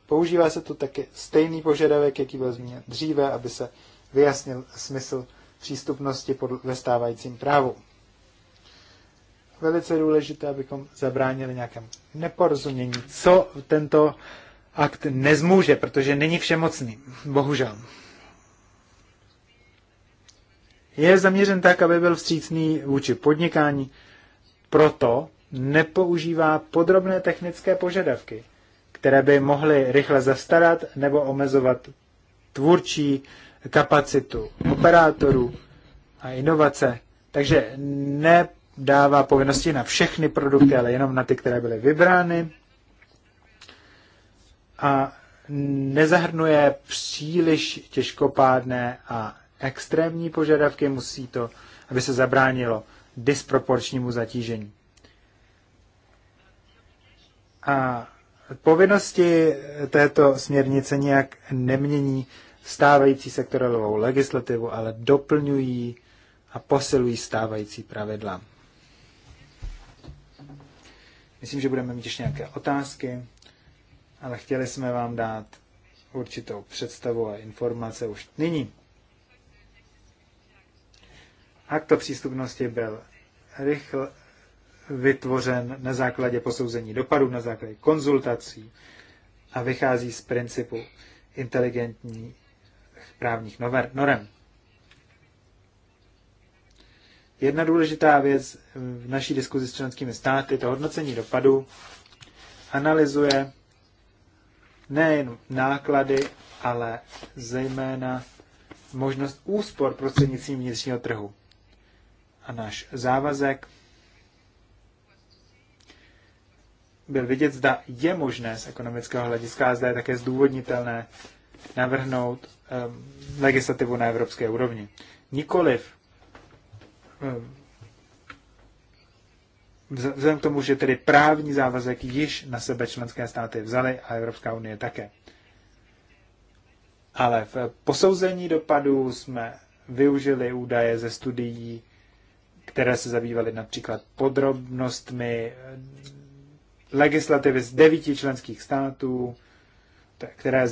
Používá se tu taky stejný požadavek, jaký byl zmíněn dříve, aby se vyjasnil smysl přístupnosti pod, ve stávajícím právu. Velice důležité, abychom zabránili nějakém neporozumění, co tento akt nezmůže, protože není všemocný, bohužel je zaměřen tak, aby byl vstřícný vůči podnikání, proto nepoužívá podrobné technické požadavky, které by mohly rychle zastarat nebo omezovat tvůrčí kapacitu operátorů a inovace. Takže nedává povinnosti na všechny produkty, ale jenom na ty, které byly vybrány. A nezahrnuje příliš těžkopádné a extrémní požadavky, musí to, aby se zabránilo disproporčnímu zatížení. A povinnosti této směrnice nějak nemění stávající sektorovou legislativu, ale doplňují a posilují stávající pravidla. Myslím, že budeme mít ještě nějaké otázky, ale chtěli jsme vám dát určitou představu a informace už nyní. Akt o přístupnosti byl rychle vytvořen na základě posouzení dopadů, na základě konzultací a vychází z principu inteligentních právních norem. Jedna důležitá věc v naší diskuzi s členskými státy, to hodnocení dopadu, analyzuje nejen náklady, ale zejména možnost úspor prostřednictvím vnitřního trhu a náš závazek byl vidět, zda je možné z ekonomického hlediska a zda je také zdůvodnitelné navrhnout um, legislativu na evropské úrovni. Nikoliv um, vzhledem k tomu, že tedy právní závazek již na sebe členské státy vzaly a Evropská unie také. Ale v posouzení dopadů jsme využili údaje ze studií které se zabývaly například podrobnostmi eh, legislativy z devíti členských států, které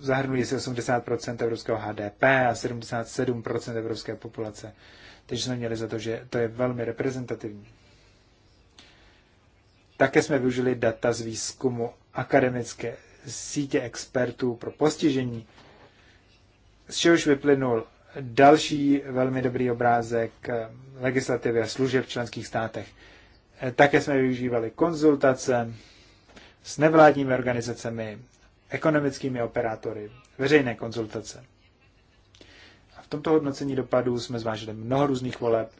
zahrnují se 80 evropského HDP a 77 evropské populace. Takže jsme měli za to, že to je velmi reprezentativní. Také jsme využili data z výzkumu akademické sítě expertů pro postižení, z čehož vyplynul další velmi dobrý obrázek eh, legislativy a služeb v členských státech. Eh, také jsme využívali konzultace s nevládními organizacemi, ekonomickými operátory, veřejné konzultace. A v tomto hodnocení dopadů jsme zvážili mnoho různých voleb,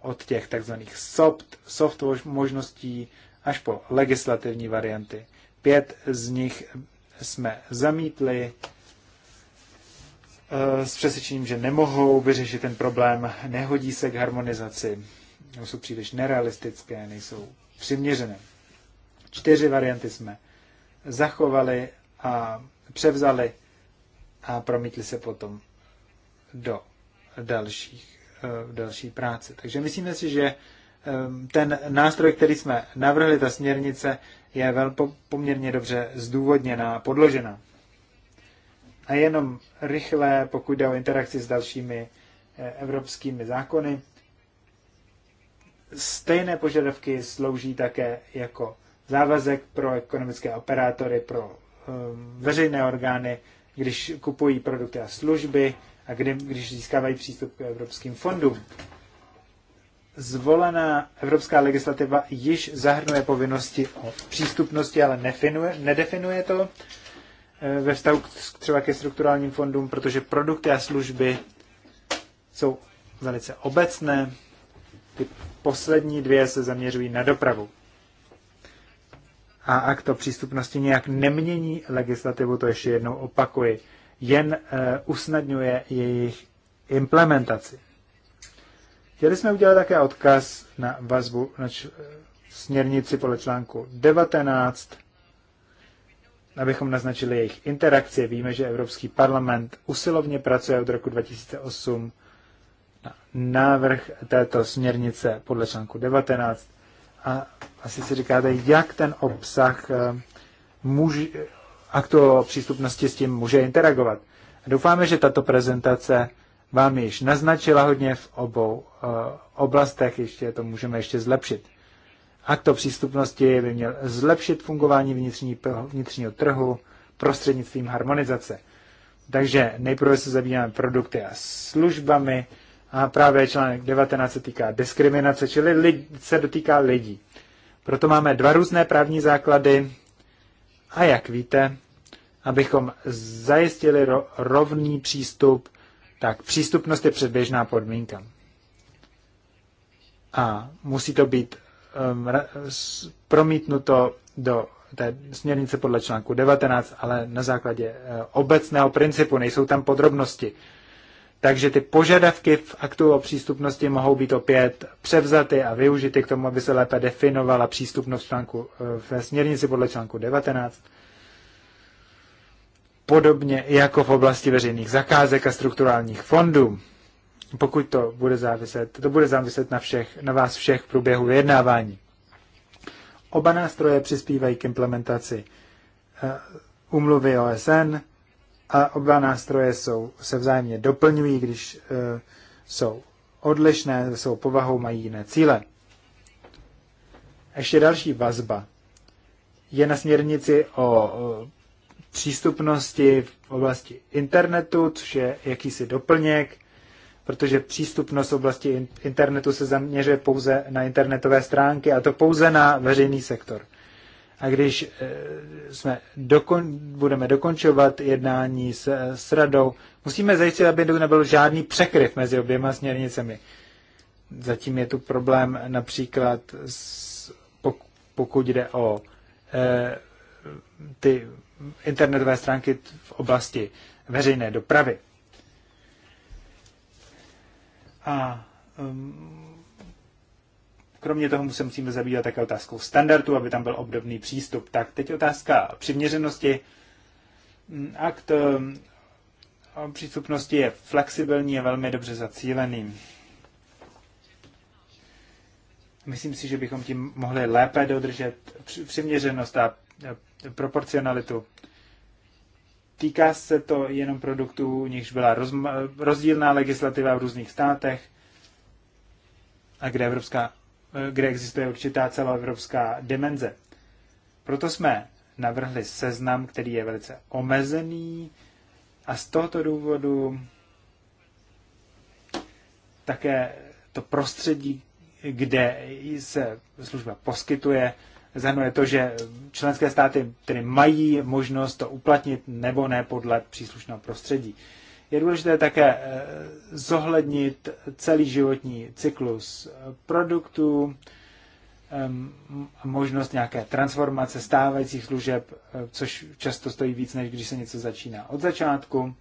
od těch tzv. soft, soft možností až po legislativní varianty. Pět z nich jsme zamítli, Eh, s přesvědčením, že nemohou vyřešit ten problém, nehodí se k harmonizaci, nebo jsou příliš nerealistické, nejsou přiměřené. Čtyři varianty jsme zachovali a převzali a promítli se potom do dalších, eh, další práce. Takže myslíme si, že ehm, ten nástroj, který jsme navrhli, ta směrnice, je velmi poměrně dobře zdůvodněná, podložená. A jenom rychle, pokud jde o interakci s dalšími eh, evropskými zákony, stejné požadavky slouží také jako závazek pro ekonomické operátory, pro ehm, veřejné orgány, když kupují produkty a služby a kdy, když získávají přístup k evropským fondům. Zvolená evropská legislativa již zahrnuje povinnosti o přístupnosti, ale nefinuje, nedefinuje to. Eh, ve vztahu k, třeba ke strukturálním fondům, protože produkty a služby jsou velice obecné. Ty poslední dvě se zaměřují na dopravu. A akt o přístupnosti nějak nemění legislativu, to ještě jednou opakuji, jen eh, usnadňuje jejich implementaci. Chtěli jsme udělat také odkaz na vazbu na směrnici podle článku 19 abychom naznačili jejich interakci. Víme, že Evropský parlament usilovně pracuje od roku 2008 na návrh této směrnice podle článku 19. A asi si říkáte, jak ten obsah eh, muž, aktu přístupnosti s tím může interagovat. Doufáme, že tato prezentace vám již naznačila hodně v obou eh, oblastech, ještě to můžeme ještě zlepšit. Akt o přístupnosti by měl zlepšit fungování vnitřní, vnitřního trhu prostřednictvím harmonizace. Takže nejprve se zabýváme produkty a službami a právě článek 19 se týká diskriminace, čili lid, se dotýká lidí. Proto máme dva různé právní základy a jak víte, abychom zajistili ro, rovný přístup, tak přístupnost je předběžná podmínka. A musí to být Um, promítnuto do té směrnice podle článku 19, ale na základě eh, obecného principu, nejsou tam podrobnosti. Takže ty požadavky v aktu o přístupnosti mohou být opět převzaty a využity k tomu, aby se lépe definovala přístupnost článku, eh, ve směrnici podle článku 19. Podobně jako v oblasti veřejných zakázek a strukturálních fondů pokud to bude záviset, to bude záviset na, všech, na vás všech v průběhu vyjednávání. Oba nástroje přispívají k implementaci umluvy eh, OSN a oba nástroje jsou, se vzájemně doplňují, když eh, jsou odlišné, svou povahou mají jiné cíle. Ještě další vazba je na směrnici o přístupnosti v oblasti internetu, což je jakýsi doplněk protože přístupnost oblasti internetu se zaměřuje pouze na internetové stránky a to pouze na veřejný sektor. A když eh, jsme dokon, budeme dokončovat jednání s, eh, s radou, musíme zajistit, aby tu nebyl žádný překryv mezi oběma směrnicemi. Zatím je tu problém například, s, pokud jde o e, ty internetové stránky v oblasti veřejné dopravy. A um, kromě toho se musíme zabývat také otázkou standardu, aby tam byl obdobný přístup. Tak teď otázka přiměřenosti. Mm, akt um, o přístupnosti je flexibilní a velmi dobře zacílený. Myslím si, že bychom tím mohli lépe dodržet přiměřenost a proporcionalitu. Týká se to jenom produktů, u nichž byla roz, rozdílná legislativa v různých státech a kde, Evropská, eh, kde existuje určitá celoevropská dimenze. Proto jsme navrhli seznam, který je velice omezený a z tohoto důvodu také to prostředí, kde se služba poskytuje, zahrnuje to, že členské státy tedy mají možnost to uplatnit nebo ne podle příslušného prostředí. Je důležité také eh, zohlednit celý životní cyklus produktů, ehm, možnost nějaké transformace stávajících služeb, eh, což často stojí víc, než když se něco začíná od začátku,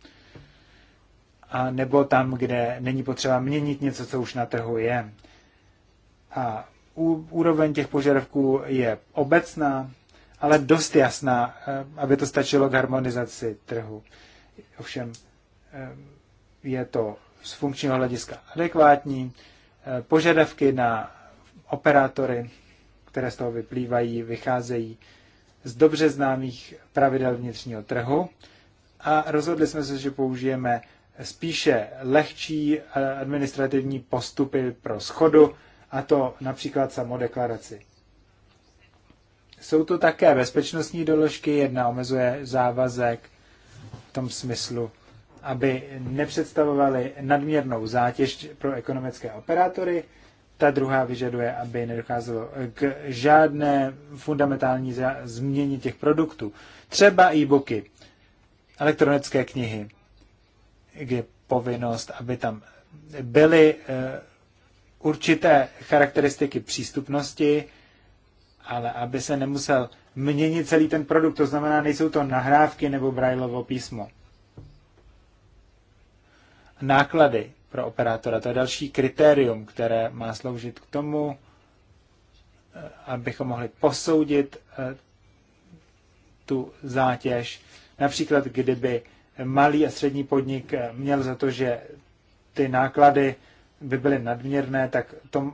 a nebo tam, kde není potřeba měnit něco, co už na trhu je. A úroveň těch požadavků je obecná, ale dost jasná, eh, aby to stačilo k harmonizaci trhu. Ovšem eh, je to z funkčního hlediska adekvátní. Eh, požadavky na operátory, které z toho vyplývají, vycházejí z dobře známých pravidel vnitřního trhu a rozhodli jsme se, že použijeme spíše lehčí administrativní postupy pro schodu a to například samodeklaraci. Jsou to také bezpečnostní doložky, jedna omezuje závazek v tom smyslu, aby nepředstavovaly nadměrnou zátěž pro ekonomické operátory, ta druhá vyžaduje, aby nedocházelo k žádné fundamentální změně těch produktů. Třeba e-booky, elektronické knihy, kde je povinnost, aby tam byly eh, určité charakteristiky přístupnosti, ale aby se nemusel měnit celý ten produkt, to znamená, nejsou to nahrávky nebo brajlovo písmo. Náklady pro operátora, to je další kritérium, které má sloužit k tomu, eh, abychom mohli posoudit eh, tu zátěž. Například, kdyby malý a střední podnik eh, měl za to, že ty náklady by byly nadměrné, tak to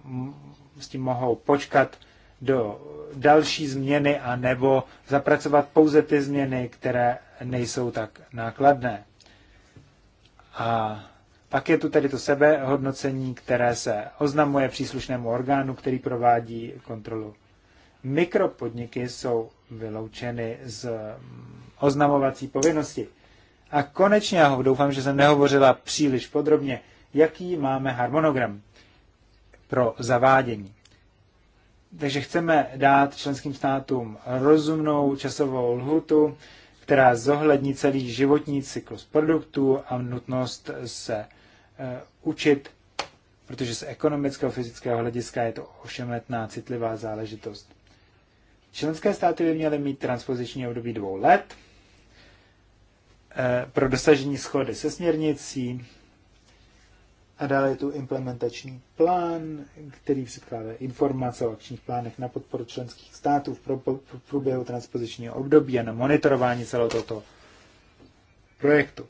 s tím mohou počkat do další změny a nebo zapracovat pouze ty změny, které nejsou tak nákladné. A pak je tu tedy to sebehodnocení, které se oznamuje příslušnému orgánu, který provádí kontrolu. Mikropodniky jsou vyloučeny z oznamovací povinnosti. A konečně, já doufám, že jsem nehovořila příliš podrobně, jaký máme harmonogram pro zavádění. Takže chceme dát členským státům rozumnou časovou lhutu, která zohlední celý životní cyklus produktů a nutnost se e, učit, protože z ekonomického fyzického hlediska je to ošemletná citlivá záležitost. Členské státy by měly mít transpoziční období dvou let e, pro dosažení schody se směrnicí a dále je tu implementační plán, který předkládá informace o akčních plánech na podporu členských států v průběhu transpozičního období a na monitorování celého tohoto projektu.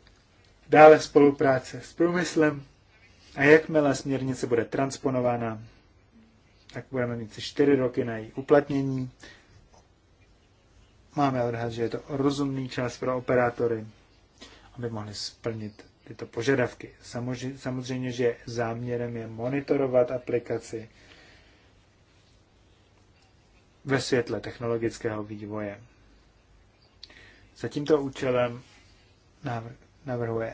Dále spolupráce s průmyslem a jakmile směrnice bude transponována, tak budeme mít si čtyři roky na její uplatnění. Máme odhad, že je to rozumný čas pro operátory, aby mohli splnit tyto požadavky. Samozřejmě, že záměrem je monitorovat aplikaci ve světle technologického vývoje. Za tímto účelem navrhuje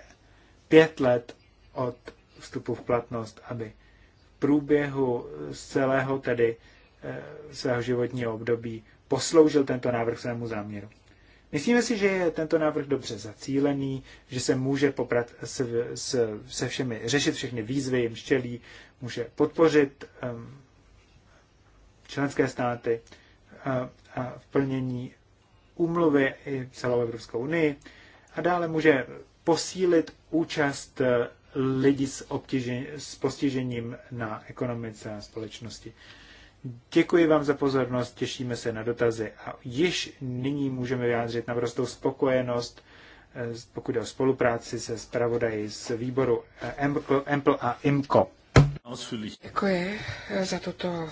pět let od vstupu v platnost, aby v průběhu z celého tedy eh, svého životního období posloužil tento návrh svému záměru. Myslíme si, že je tento návrh dobře zacílený, že se může poprat se, se, se všemi, řešit všechny výzvy, jim štělí, může podpořit um, členské státy a, uh, a v plnění úmluvy i celou Evropskou unii a dále může posílit účast uh, lidí s, s postižením na ekonomice a společnosti. Děkuji vám za pozornost, těšíme se na dotazy a již nyní můžeme vyjádřit naprostou spokojenost, eh, pokud jde o spolupráci se zpravodaji z výboru eh, EMPL a IMCO. Děkuji eh, za tuto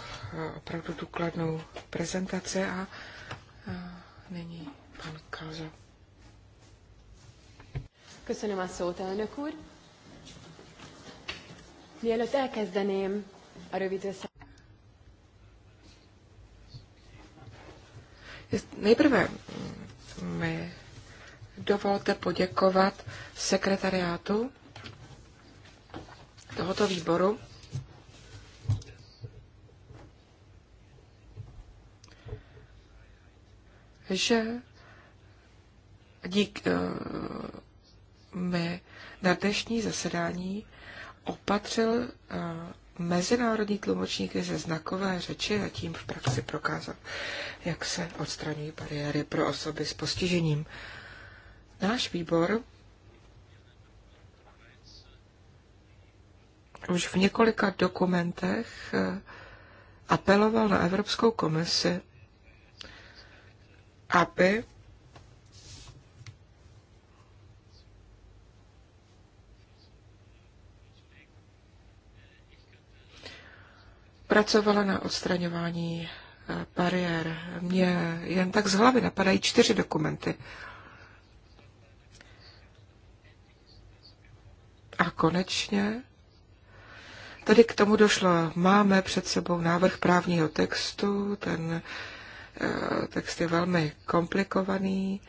opravdu důkladnou prezentaci a, a nyní pan Kalza. Köszönöm a szót, elnök úr. Mielőtt elkezdeném a rövid össze... Nejprve mm, mi dovolte poděkovat sekretariátu tohoto výboru, že dík uh, mi na dnešní zasedání opatřil uh, mezinárodní tlumočníky ze znakové řeči a tím v praxi prokázat, jak se odstraňují bariéry pro osoby s postižením. Náš výbor už v několika dokumentech eh, apeloval na Evropskou komisi, aby pracovala na odstraňování eh, bariér. Mě jen tak z hlavy napadají čtyři dokumenty. A konečně tady k tomu došlo. Máme před sebou návrh právního textu, ten eh, text je velmi komplikovaný,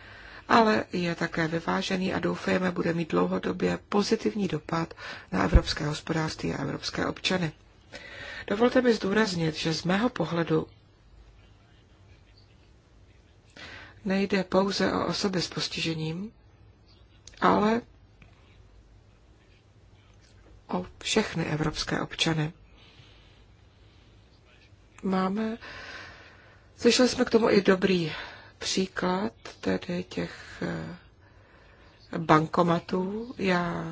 ale je také vyvážený a doufejme, bude mít dlouhodobě pozitivní dopad na evropské hospodářství a evropské občany. Dovolte mi zdůraznit, že z mého pohledu nejde pouze o osoby s postižením, ale o všechny evropské občany. Máme, slyšeli jsme k tomu i dobrý příklad, tedy těch eh, bankomatů. Já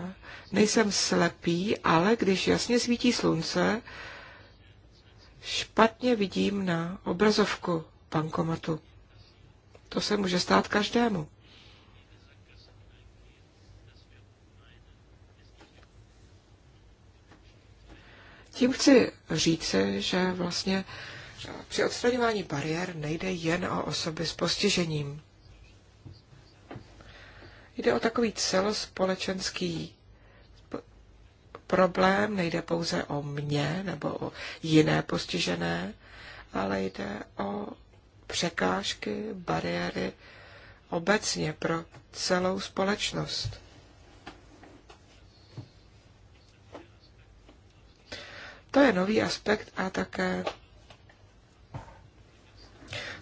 nejsem slepý, ale když jasně svítí slunce, Špatně vidím na obrazovku bankomatu. To se může stát každému. Tím chci říci, že vlastně při odstraňování bariér nejde jen o osoby s postižením. Jde o takový celospolečenský problém, nejde pouze o mě nebo o jiné postižené, ale jde o překážky, bariéry obecně pro celou společnost. To je nový aspekt a také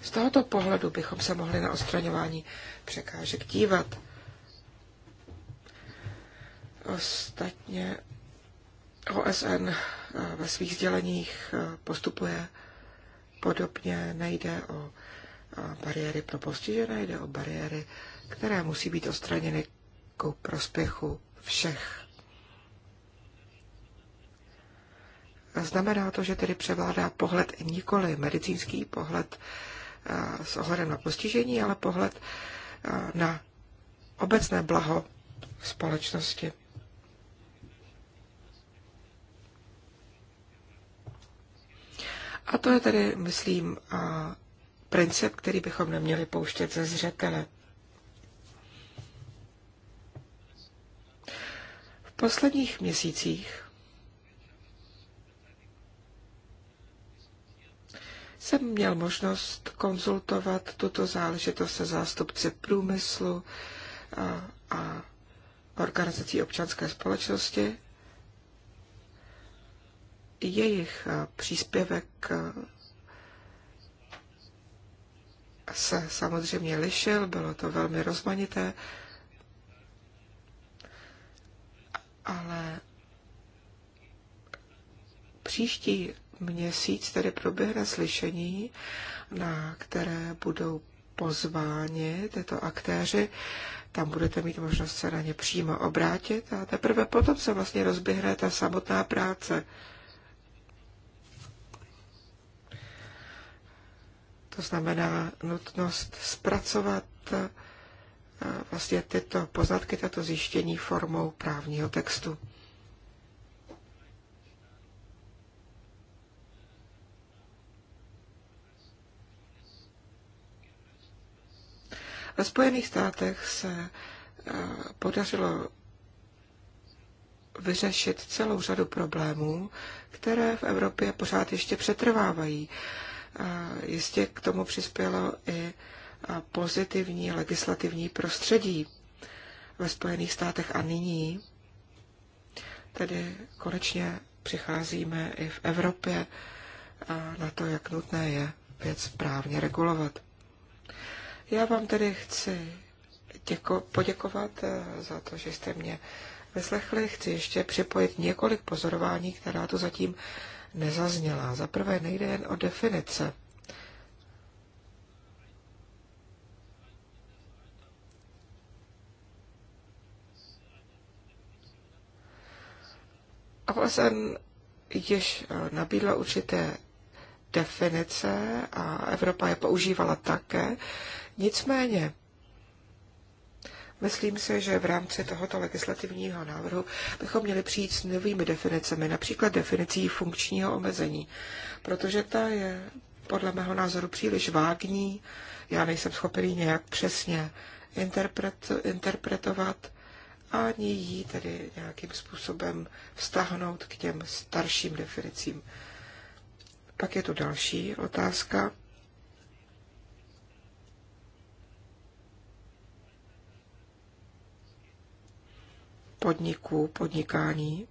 z tohoto pohledu bychom se mohli na odstraňování překážek dívat. Ostatně OSN eh, ve svých sděleních eh, postupuje podobně, nejde o eh, bariéry pro postižené, jde o bariéry, které musí být odstraněny ku prospěchu všech. Znamená to, že tedy převládá pohled nikoli medicínský pohled s ohledem na postižení, ale pohled na obecné blaho společnosti. A to je tedy, myslím, princip, který bychom neměli pouštět ze zřetele. V posledních měsících jsem měl možnost konzultovat tuto záležitost se zástupci průmyslu a, a organizací občanské společnosti jejich eh, příspěvek eh, se samozřejmě lišil, bylo to velmi rozmanité, ale příští měsíc tedy proběhne slyšení, na které budou pozváni tyto aktéři. Tam budete mít možnost se na ně přímo obrátit a teprve potom se vlastně rozběhne ta samotná práce. To znamená nutnost zpracovat eh, vlastně tyto poznatky, tato zjištění formou právního textu. Ve Spojených státech se eh, podařilo vyřešit celou řadu problémů, které v Evropě pořád ještě přetrvávají. Jistě k tomu přispělo i pozitivní legislativní prostředí ve Spojených státech a nyní tedy konečně přicházíme i v Evropě na to, jak nutné je věc správně regulovat. Já vám tedy chci děko- poděkovat e, za to, že jste mě vyslechli. Chci ještě připojit několik pozorování, která tu zatím nezazněla. Za prvé nejde jen o definice. A OSN již eh, nabídla určité definice a Evropa je používala také. Nicméně Myslím se, že v rámci tohoto legislativního návrhu bychom měli přijít s novými definicemi, například definicí funkčního omezení, protože ta je podle mého názoru příliš vágní, já nejsem schopen ji nějak přesně interpret, interpretovat, ani ji tedy nějakým způsobem vztahnout k těm starším definicím. Pak je tu další otázka. podniků, podnikání.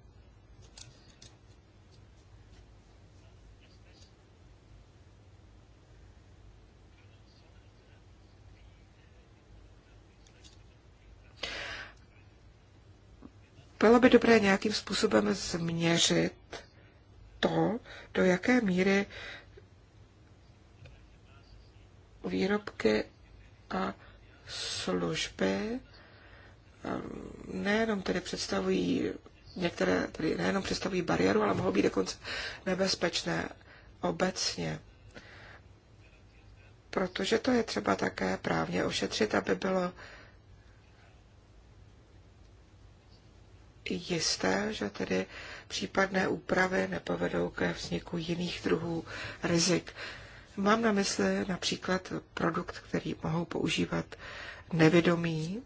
Bylo by dobré nějakým způsobem změřit to, do jaké míry výrobky a služby Ehm, nejenom tedy představují některé tedy nejenom představují bariéru, ale mohou být dokonce nebezpečné obecně. Protože to je třeba také právně ošetřit, aby bylo jisté, že tedy případné úpravy nepovedou ke vzniku jiných druhů rizik. Mám na mysli například produkt, který mohou používat nevědomí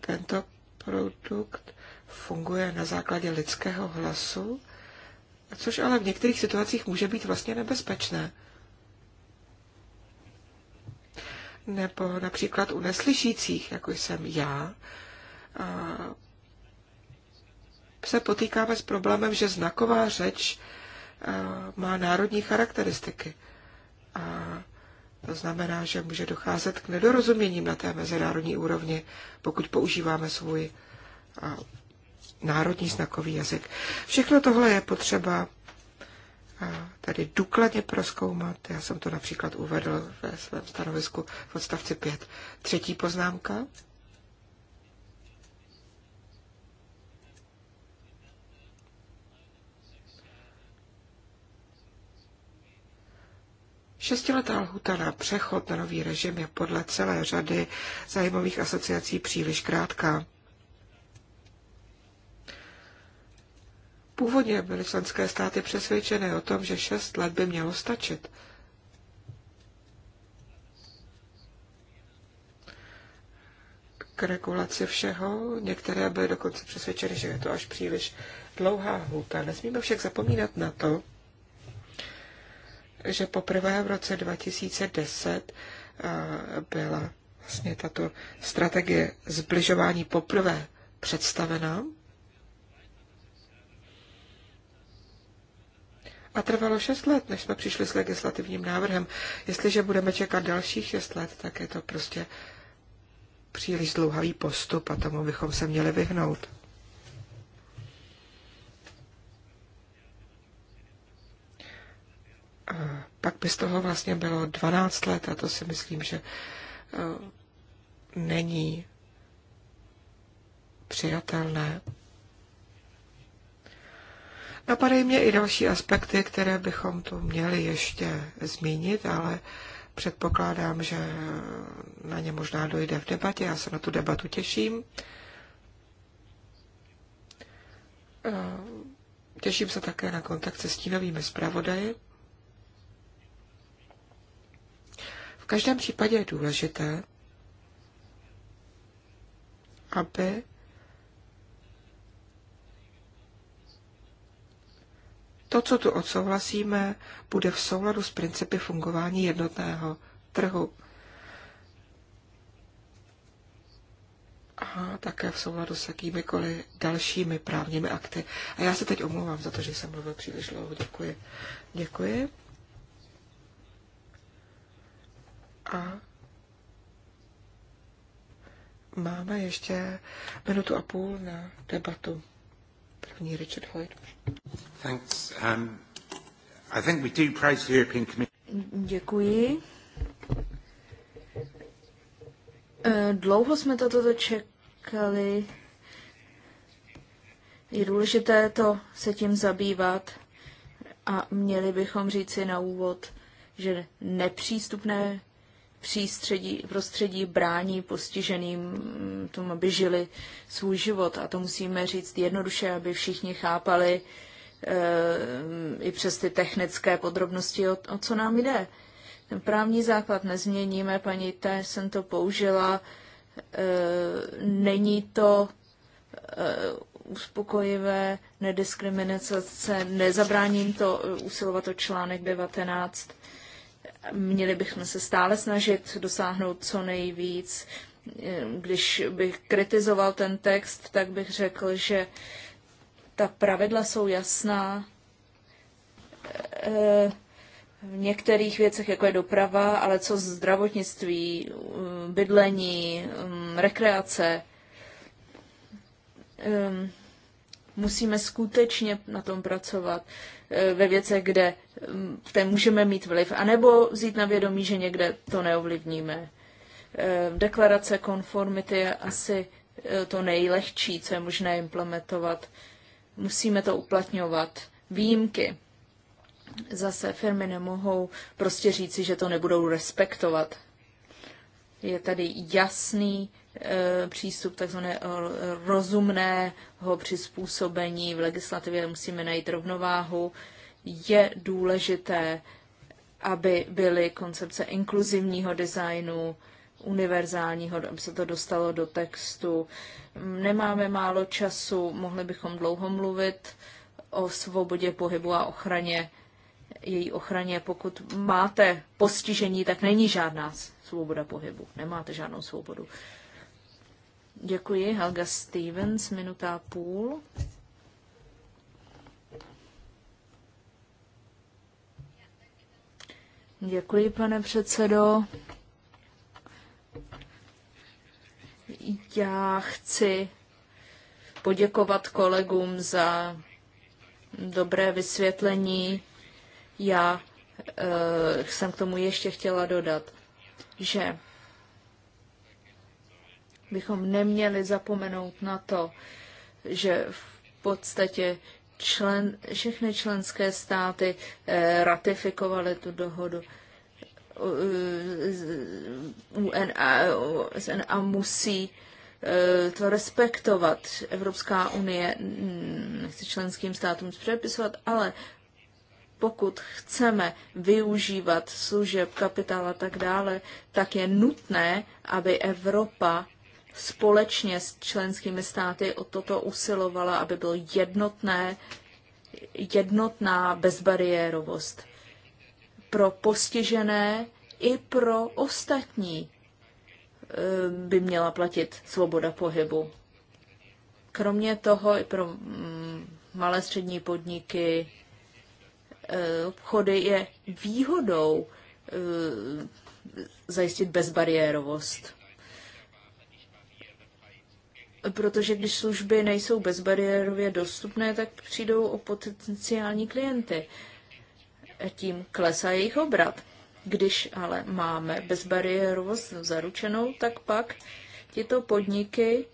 tento produkt funguje na základě lidského hlasu, což ale v některých situacích může být vlastně nebezpečné. Nebo například u neslyšících, jako jsem já, se potýkáme s problémem, že znaková řeč má národní charakteristiky. A to znamená, že může docházet k nedorozuměním na té mezinárodní úrovni, pokud používáme svůj národní znakový jazyk. Všechno tohle je potřeba tady důkladně proskoumat. Já jsem to například uvedl ve svém stanovisku v odstavci 5. Třetí poznámka. Šestiletá lhuta na přechod na nový režim je podle celé řady zájmových asociací příliš krátká. Původně byly členské státy přesvědčené o tom, že šest let by mělo stačit. K regulaci všeho některé byly dokonce přesvědčeny, že je to až příliš dlouhá hůta. Nesmíme však zapomínat na to, že poprvé v roce 2010 eh, byla vlastně tato strategie zbližování poprvé představena. A trvalo šest let, než jsme přišli s legislativním návrhem. Jestliže budeme čekat dalších šest let, tak je to prostě příliš dlouhavý postup a tomu bychom se měli vyhnout. pak by z toho vlastně bylo 12 let a to si myslím, že e, není přijatelné. Napadají mě i další aspekty, které bychom tu měli ještě zmínit, ale předpokládám, že na ně možná dojde v debatě. Já se na tu debatu těším. E, těším se také na kontakt se stínovými zpravodaji. každém případě je důležité, aby to, co tu odsouhlasíme, bude v souladu s principy fungování jednotného trhu. a také v souladu s jakýmikoliv dalšími právními akty. A já se teď omlouvám za to, že jsem mluvil příliš dlouho. Děkuji. Děkuji. A máme ještě minutu a půl na debatu. První Richard Hoyt. Thanks. Um, I think we do praise the European Commission. Děkuji. Eh, dlouho jsme toto čekali. Je důležité to se tím zabývat a měli bychom říci na úvod, že nepřístupné přístředí, prostředí brání postiženým tomu, aby žili svůj život. A to musíme říct jednoduše, aby všichni chápali e, i přes ty technické podrobnosti, o, o co nám jde. Ten právní základ nezměníme, paní T. jsem to použila. E, není to e, uspokojivé, nediskriminace nezabráním to usilovat o článek 19 Měli bychom se stále snažit dosáhnout co nejvíc. Když bych kritizoval ten text, tak bych řekl, že ta pravidla jsou jasná. E, v některých věcech, jako je doprava, ale co zdravotnictví, e, bydlení, e, rekreace, musíme skutečně na tom pracovat ve věcech, kde ten můžeme mít vliv, anebo vzít na vědomí, že někde to neovlivníme. E, deklarace konformity je asi e, to nejlehčí, co je možné implementovat. Musíme to uplatňovat. Výjimky. Zase firmy nemohou prostě říci, že to nebudou respektovat. Je tady jasný e, přístup takzvané rozumného přizpůsobení v legislativě. Musíme najít rovnováhu je důležité, aby byly koncepce inkluzivního designu, univerzálního, aby se to dostalo do textu. Nemáme málo času, mohli bychom dlouho mluvit o svobodě pohybu a ochraně, její ochraně. Pokud máte postižení, tak není žádná svoboda pohybu. Nemáte žádnou svobodu. Děkuji. Helga Stevens, minuta a půl. Děkuji, pane předsedo. Já chci poděkovat kolegům za dobré vysvětlení. Já e, jsem k tomu ještě chtěla dodat, že bychom neměli zapomenout na to, že v podstatě člen, všechny členské státy eh, ratifikovaly tu dohodu. UN eh, a musí eh, to respektovat. Evropská unie mm, nechce členským státům přepisovat, ale pokud chceme využívat služeb, kapitál a tak dále, tak je nutné, aby Evropa společně s členskými státy o toto usilovala, aby byl jednotné, jednotná bezbariérovost pro postižené i pro ostatní eh, by měla platit svoboda pohybu. Kromě toho i pro mm, malé střední podniky eh, obchody je výhodou eh, zajistit bezbariérovost protože když služby nejsou bezbariérově dostupné, tak přijdou o potenciální klienty. Tím klesá jejich obrat. Když ale máme bezbariérovost zaručenou, tak pak tyto podniky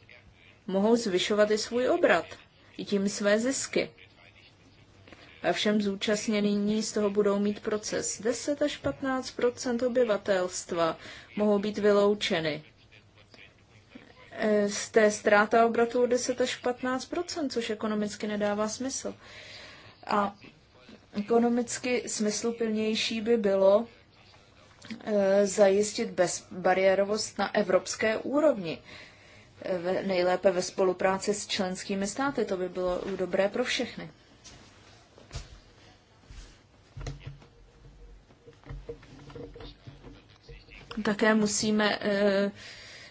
mohou zvyšovat i svůj obrat, i tím své zisky. A všem zúčastnění z toho budou mít proces. 10 až 15 obyvatelstva mohou být vyloučeny Eh, z té ztráta obratu 10 až 15 což ekonomicky nedává smysl. A ekonomicky smysluplnější by bylo eh, zajistit bezbariérovost na evropské úrovni. Eh, nejlépe ve spolupráci s členskými státy. To by bylo dobré pro všechny. Také musíme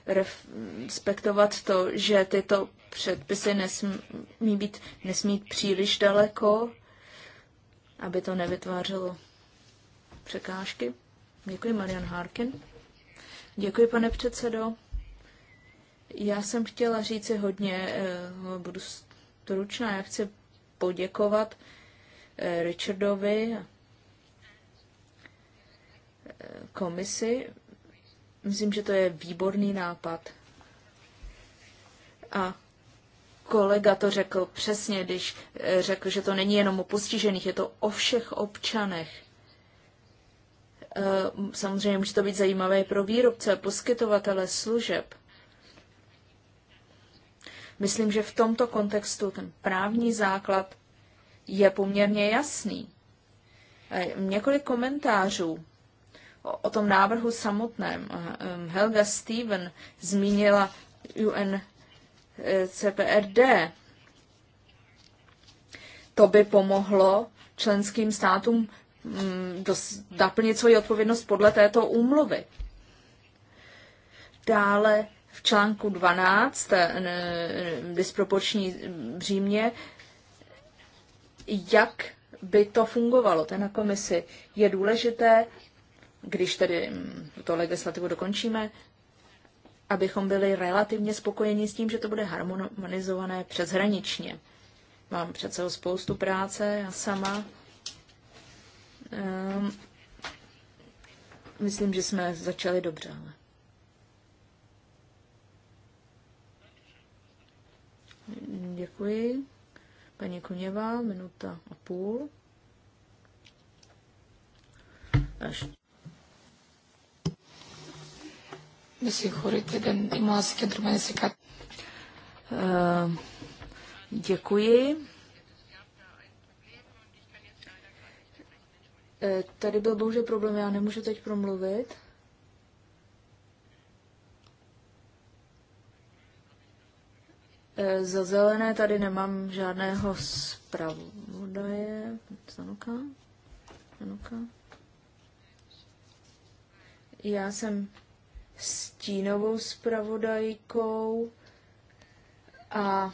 respektovat to, že tyto předpisy nesmí být, nesmí příliš daleko, aby to nevytvářelo překážky. Děkuji, Marian Harkin. Děkuji, pane předsedo. Já jsem chtěla říci hodně, eh, budu stručná, já chci poděkovat eh, Richardovi eh, komisi Myslím, že to je výborný nápad. A kolega to řekl přesně, když eh, řekl, že to není jenom o postižených, je to o všech občanech. Eh, samozřejmě může to být zajímavé pro výrobce poskytovatele služeb. Myslím, že v tomto kontextu ten právní základ je poměrně jasný. Eh, několik komentářů o tom návrhu samotném. Helga Steven zmínila UNCPRD. To by pomohlo členským státům mm, naplnit svoji odpovědnost podle této úmluvy. Dále v článku 12 disproporční břímě, jak by to fungovalo, Ten na komisi. Je důležité, když tedy mm, tuto legislativu dokončíme, abychom byli relativně spokojeni s tím, že to bude harmonizované přeshraničně. Mám přece spoustu práce, já sama. Um, myslím, že jsme začali dobře, ale... Děkuji. Paní Kuněva, minuta a půl. Až. Με συγχωρείτε, δεν ήμουν συγκεντρωμένη σε κάτι. Děkuji. Eh, tady byl bohužel problém, já nemůžu teď promluvit. Eh, za zelené tady nemám žádného zpravodaje. Zanuka? Zanuka? Já jsem stínovou zpravodajkou a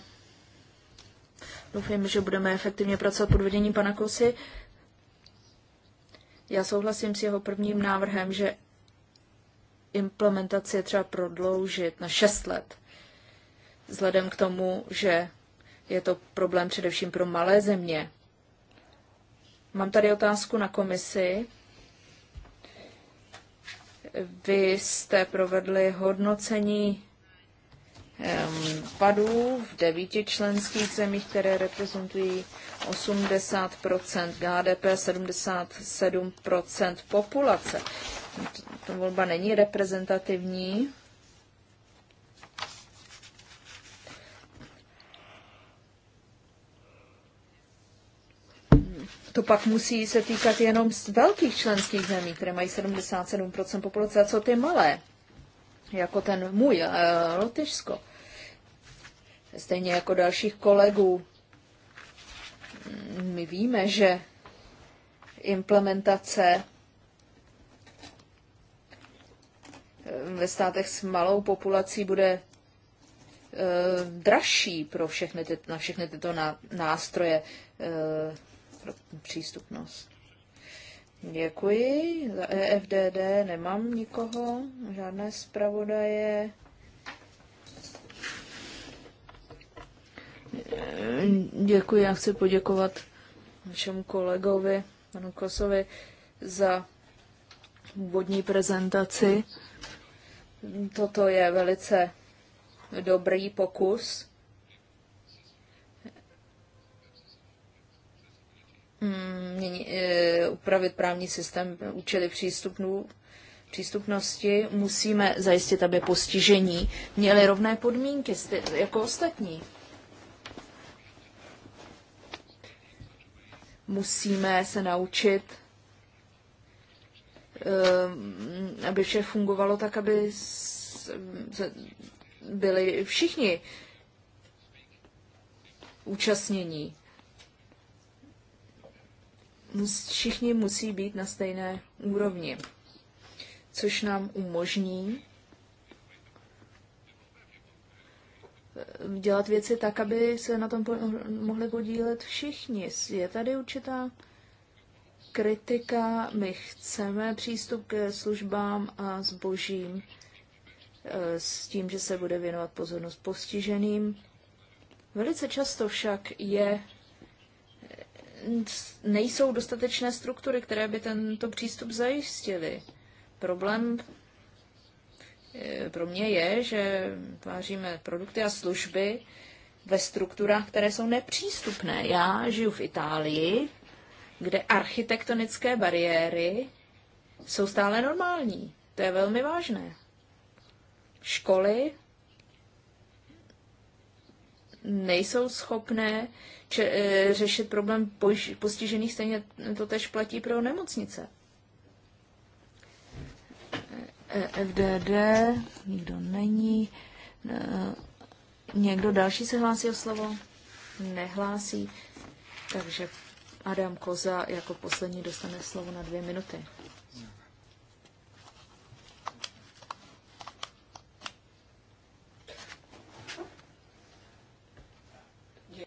doufám, že budeme efektivně pracovat pod vedením pana Kosy. Já souhlasím s jeho prvním návrhem, že implementaci je třeba prodloužit na 6 let. Vzhledem k tomu, že je to problém především pro malé země. Mám tady otázku na komisi. Vy jste provedli hodnocení padů v devíti členských zemích, které reprezentují 80 HDP, 77 populace. Ta volba není reprezentativní. to pak musí se týkat jenom z velkých členských zemí, které mají 77% populace, a co ty malé, jako ten můj, eh, Lotyšsko. Stejně jako dalších kolegů. Mm, my víme, že implementace eh, ve státech s malou populací bude eh, dražší pro všechny ty, na všechny tyto nástroje pro přístupnost. Děkuji. Za EFDD nemám nikoho, žádné zpravodaje. Děkuji, já chci poděkovat našemu kolegovi, panu Kosovi, za úvodní prezentaci. Toto je velice dobrý pokus Mm, mění, e, upravit právní systém účely přístupnů, přístupnosti, musíme zajistit, aby postižení měli rovné podmínky jako ostatní. Musíme se naučit, e, aby vše fungovalo tak, aby byli všichni účastnění všichni musí být na stejné úrovni, což nám umožní eh, dělat věci tak, aby se na tom mohli podílet všichni. Je tady určitá kritika, my chceme přístup k službám a zbožím eh, s tím, že se bude věnovat pozornost postiženým. Velice často však je nejsou dostatečné struktury, které by tento přístup zajistily. Problém eh, pro mě je, že tváříme produkty a služby ve strukturách, které jsou nepřístupné. Já žiju v Itálii, kde architektonické bariéry jsou stále normální. To je velmi vážné. Školy nejsou schopné če- eh, řešit problém postižených, stejně to tež platí pro nemocnice. E, FDD, nikdo není. E, někdo další se hlásí o slovo? Nehlásí. Takže Adam Koza jako poslední dostane slovo na dvě minuty.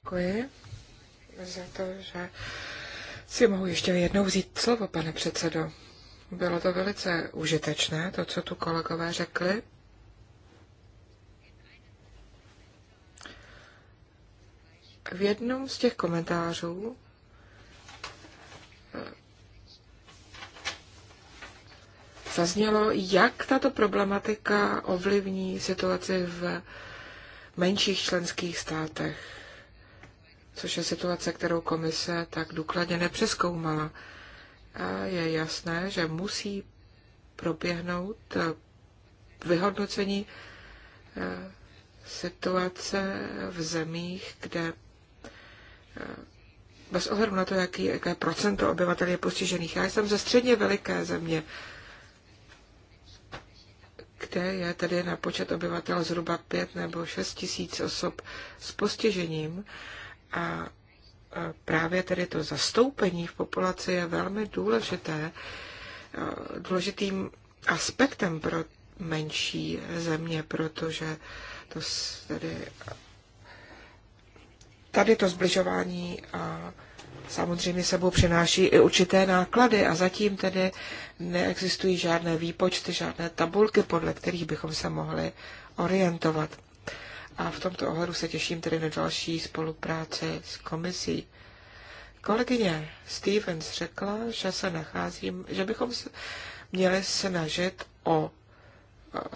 Děkuji za to, že si mohu ještě jednou vzít slovo, pane předsedo. Bylo to velice užitečné, to, co tu kolegové řekli. V jednom z těch komentářů eh, zaznělo, jak tato problematika ovlivní situaci v menších členských státech což je situace, kterou komise tak důkladně nepřeskoumala. A je jasné, že musí proběhnout eh, vyhodnocení eh, situace v zemích, kde eh, bez ohledu na to, jaký, jaké procento obyvatel je postižených. Já jsem ze středně veliké země, kde je tedy na počet obyvatel zhruba 5 nebo 6 tisíc osob s postižením. A právě tedy to zastoupení v populaci je velmi důležité, důležitým aspektem pro menší země, protože to tedy, tady to zbližování a samozřejmě sebou přináší i určité náklady a zatím tedy neexistují žádné výpočty, žádné tabulky, podle kterých bychom se mohli orientovat a v tomto ohledu se těším tedy na další spolupráce s komisí. Kolegyně Stevens řekla, že se nacházím, že bychom měli snažit o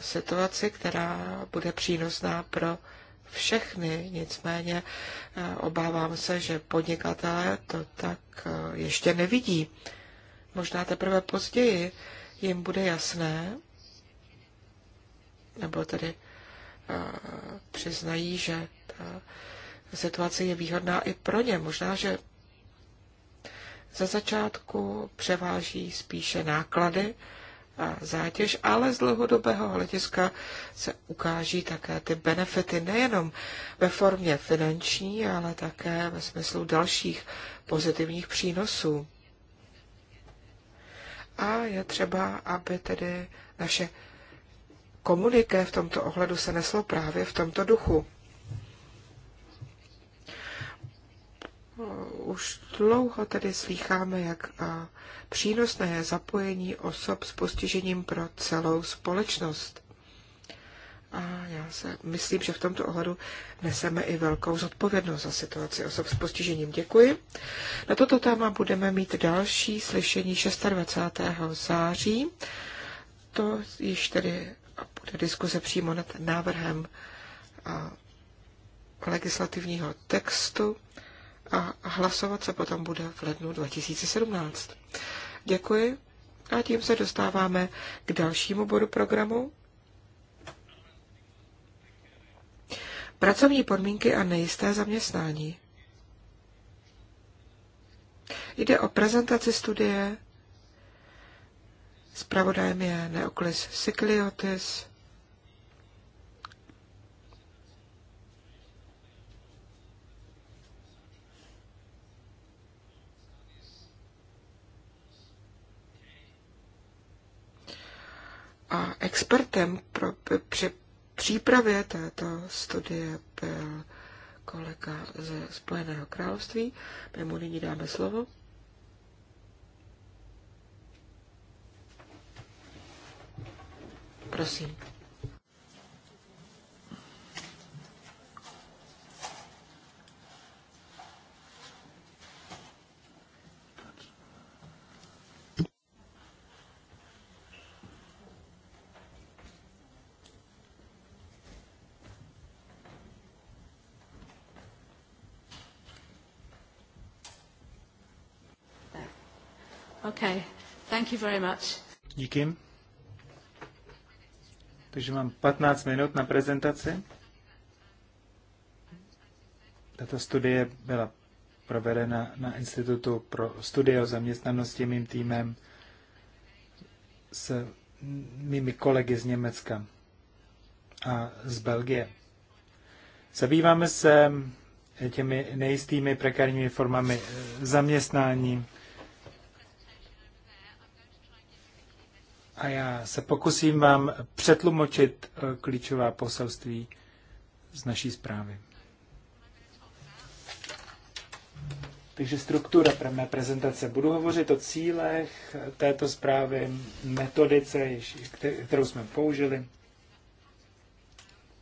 situaci, která bude přínosná pro všechny, nicméně e, obávám se, že podnikatelé to tak e, ještě nevidí. Možná teprve později jim bude jasné, nebo tedy přiznají, že ta situace je výhodná i pro ně. Možná, že za začátku převáží spíše náklady a zátěž, ale z dlouhodobého hlediska se ukáží také ty benefity nejenom ve formě finanční, ale také ve smyslu dalších pozitivních přínosů. A je třeba, aby tedy naše komuniké v tomto ohledu se neslo právě v tomto duchu. Už dlouho tedy slýcháme, jak přínosné je zapojení osob s postižením pro celou společnost. A já se myslím, že v tomto ohledu neseme i velkou zodpovědnost za situaci osob s postižením. Děkuji. Na toto téma budeme mít další slyšení 26. září. To již tedy bude diskuse přímo nad návrhem legislativního textu a hlasovat se potom bude v lednu 2017. Děkuji a tím se dostáváme k dalšímu bodu programu. Pracovní podmínky a nejisté zaměstnání. Jde o prezentaci studie Spravodajem je Neoklis Sikliotis. A expertem pro, při přípravě této studie byl kolega ze Spojeného království. My mu nyní dáme slovo. prosím. Okay. Thank you very much. Díky. Takže mám 15 minut na prezentaci. Tato studie byla provedena na Institutu pro studie o zaměstnanosti mým týmem s mými kolegy z Německa a z Belgie. Zabýváme se těmi nejistými prekárními formami zaměstnání, a já se pokusím vám přetlumočit eh, klíčová poselství z naší zprávy. Takže struktura pro mé prezentace. Budu hovořit o cílech eh, této zprávy, metodice, kterou jsme použili,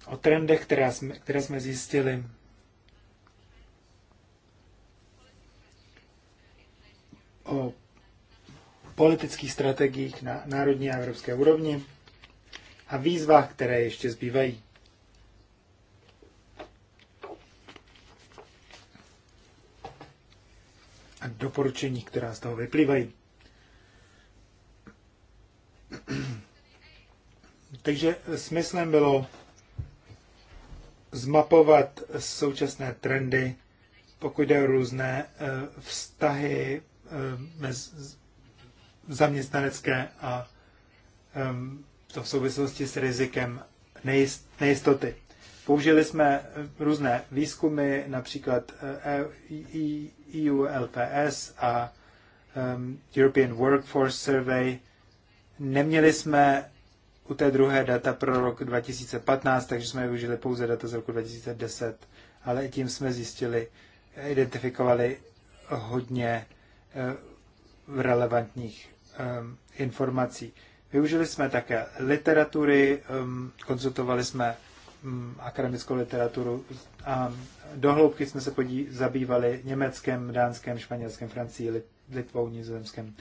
o trendech, které jsme, které jsme zjistili, o politických strategiích na národní a evropské úrovni a výzvách, které ještě zbývají. A doporučení, která z toho vyplývají. Takže smyslem bylo zmapovat současné trendy, pokud jde o různé eh, vztahy eh, mezi zaměstnanecké a um, to v souvislosti s rizikem nejist, nejistoty. Použili jsme různé výzkumy, například EU eh, e-, e-, e LPS a um, European Workforce Survey. Neměli jsme u té druhé data pro rok 2015, takže jsme využili pouze data z roku 2010, ale i tím jsme zjistili, identifikovali hodně eh, relevantních Um, informací. Využili jsme také literatury, um, konzultovali jsme um, akademickou literaturu a dohloubky jsme se podí, zabývali německém, dánském, španělském, Francii, Litvou, Nizozemském,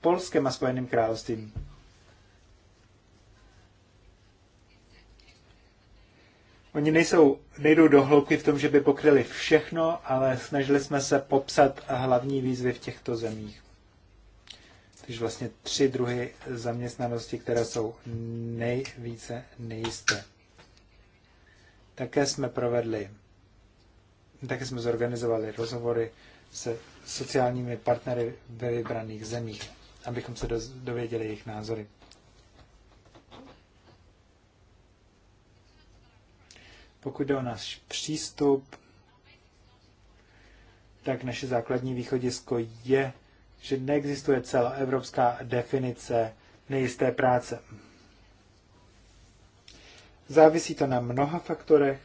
Polském a Spojeným královstvím. Oni nejsou, nejdou do hloubky v tom, že by pokryli všechno, ale snažili jsme se popsat hlavní výzvy v těchto zemích když vlastně tři druhy zaměstnanosti, které jsou nejvíce nejisté. Také jsme provedli, také jsme zorganizovali rozhovory se sociálními partnery ve vybraných zemích, abychom se dověděli jejich názory. Pokud jde o náš přístup, tak naše základní východisko je že neexistuje celoevropská definice nejisté práce. Závisí to na mnoha faktorech,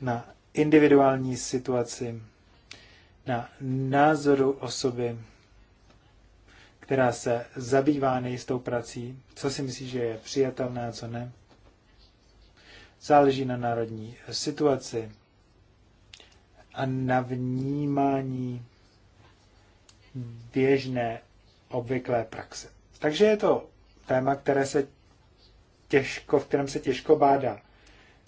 na individuální situaci, na názoru osoby, která se zabývá nejistou prací, co si myslí, že je přijatelné a co ne. Záleží na národní situaci a na vnímání běžné obvyklé praxe. Takže je to téma, které se těžko, v kterém se těžko bádá.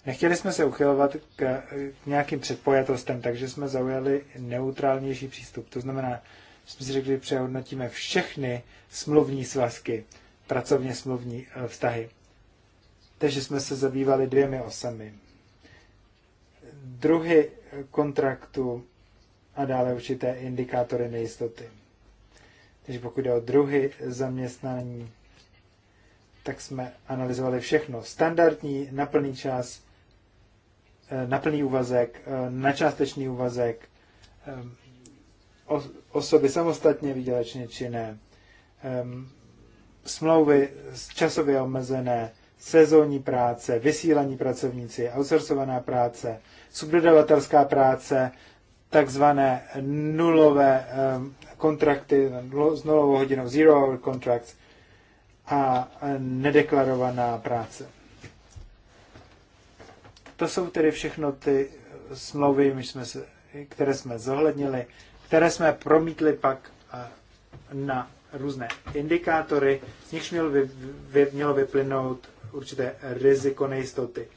Nechtěli jsme se uchylovat k, k nějakým předpojatostem, takže jsme zaujali neutrálnější přístup. To znamená, jsme si řekli, přehodnotíme všechny smluvní svazky, pracovně smluvní eh, vztahy. Takže jsme se zabývali dvěmi osami. Druhy kontraktu a dále určité indikátory nejistoty. Takže pokud jde o druhy zaměstnání, tak jsme analyzovali všechno. Standardní, na plný čas, eh, na plný úvazek, eh, na částečný úvazek, eh, osoby samostatně výdělečně činné, ehm, smlouvy časově omezené, sezónní práce, vysílaní pracovníci, outsourcovaná práce, subdodavatelská práce, takzvané nulové ehm, kontrakty s nulovou hodinou, zero hour contracts a nedeklarovaná práce. To jsou tedy všechno ty eh, smlouvy, jsme se, které jsme zohlednili, které jsme promítli pak eh, na různé indikátory, z nichž mělo, vy, mělo vyplynout určité riziko nejistoty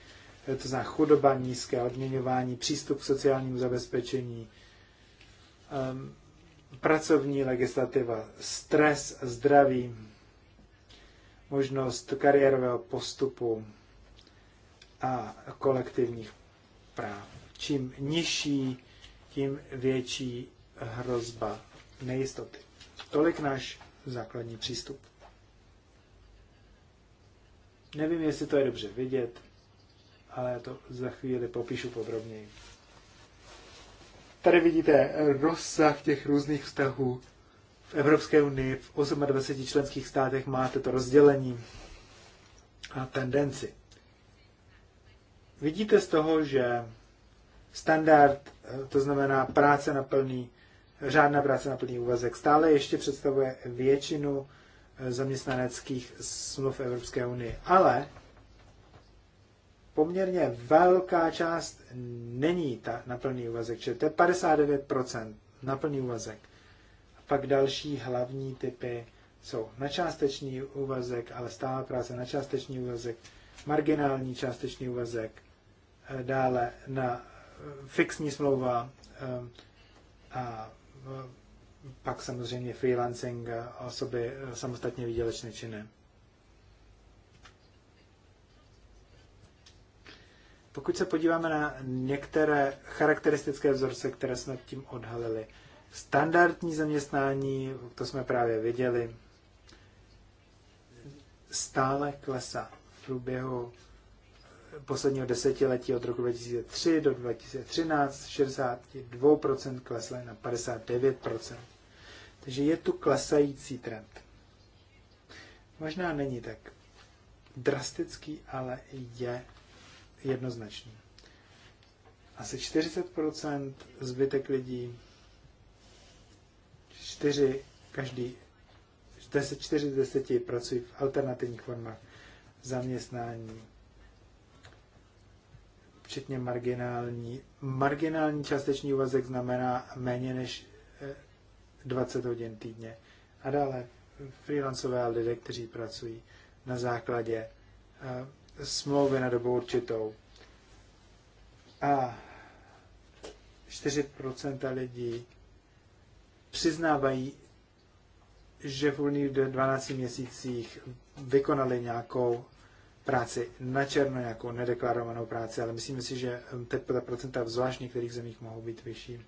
to znamená chudoba, nízké odměňování, přístup k sociálnímu zabezpečení, ehm, pracovní legislativa, stres, zdraví, možnost kariérového postupu a kolektivních práv. Čím nižší, tím větší hrozba nejistoty. Tolik náš základní přístup. Nevím, jestli to je dobře vidět ale to za chvíli popíšu podrobněji. Tady vidíte rozsah těch různých vztahů. V Evropské unii v 28 členských státech máte to rozdělení a tendenci. Vidíte z toho, že standard, to znamená práce na plný, řádná práce na plný úvazek, stále ještě představuje většinu zaměstnaneckých smluv Evropské unie. Ale poměrně velká část není ta na plný úvazek, čili to je 59% na plný úvazek. A pak další hlavní typy jsou na částečný úvazek, ale stále práce na částečný úvazek, marginální částečný úvazek, eh, dále na eh, fixní smlouva eh, a pak samozřejmě freelancing osoby samostatně výdělečné činné. Pokud se podíváme na některé charakteristické vzorce, které jsme tím odhalili, standardní zaměstnání, to jsme právě viděli, stále klesá v průběhu posledního desetiletí od roku 2003 do 2013 62% klesly na 59%. Takže je tu klesající trend. Možná není tak drastický, ale je jednoznačný. Asi 40% zbytek lidí, 4 každý, 10, 4 z 10 pracují v alternativních formách zaměstnání, včetně marginální. Marginální částečný úvazek znamená méně než 20 eh, hodin týdně. A dále freelancové lidé, kteří pracují na základě eh, smlouvy na dobu určitou. A 4% lidí přiznávají, že v uplynulých 12 měsících vykonali nějakou práci na černo, nějakou nedeklarovanou práci, ale myslím si, že ta procenta zvlášť některých zemích mohou být vyšší.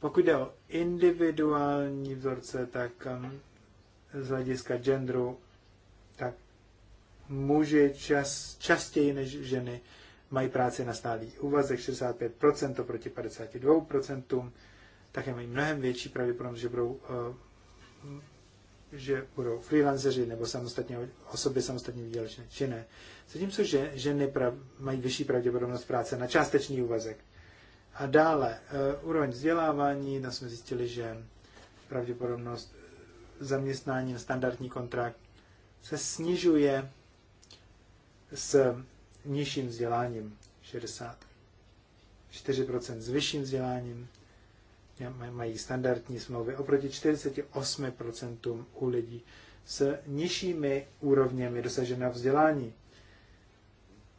Pokud jde o individuální vzorce, tak um, z hlediska genderu muži čas, častěji než ženy mají práci na stálý úvazek 65% proti 52%, také mají mnohem větší pravděpodobnost, že budou, eh, že budou freelanceři nebo samostatně, osoby samostatně výdělečné činné. Zatímco že, ženy prav, mají vyšší pravděpodobnost práce na částečný úvazek. A dále, eh, úroveň vzdělávání, tam jsme zjistili, že pravděpodobnost eh, zaměstnání na standardní kontrakt se snižuje s nižším vzděláním 64% s vyšším vzděláním mají standardní smlouvy oproti 48% u lidí s nižšími úrovněmi dosaženého vzdělání.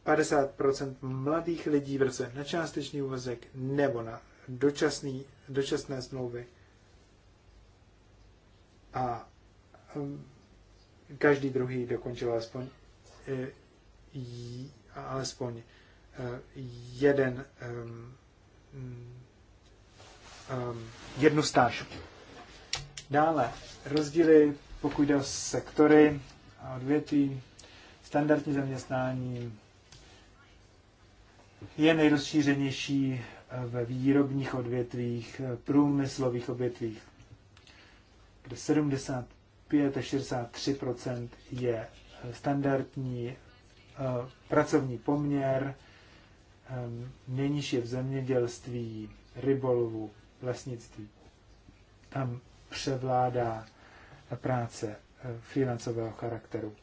50% mladých lidí pracuje na částečný úvazek nebo na dočasný, dočasné smlouvy. A um, každý druhý dokončil aspoň eh, alespoň eh, jeden um, um, jednu stáž. Dále rozdíly, pokud jde o sektory a odvětví, standardní zaměstnání je nejrozšířenější ve výrobních odvětvích, průmyslových odvětvích, kde 75 až 63 je standardní Eh, pracovní poměr, eh, nejnižší je v zemědělství, rybolovu, lesnictví. Tam převládá práce eh, freelancového charakteru.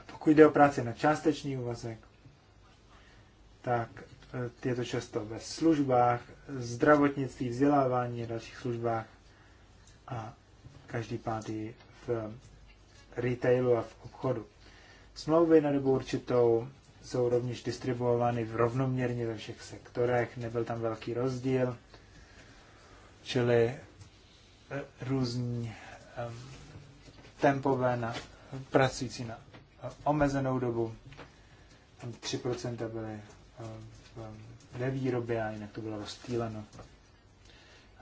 A pokud jde o práci na částečný úvazek, tak je to často ve službách, zdravotnictví, vzdělávání a dalších službách a každý pátý v retailu a v obchodu. Smlouvy na dobu určitou jsou rovněž distribuovány v rovnoměrně ve všech sektorech, nebyl tam velký rozdíl, čili eh, různí tempové na pracující na eh, omezenou dobu. 3% byly eh, ve výrobě a jinak to bylo rozstýleno.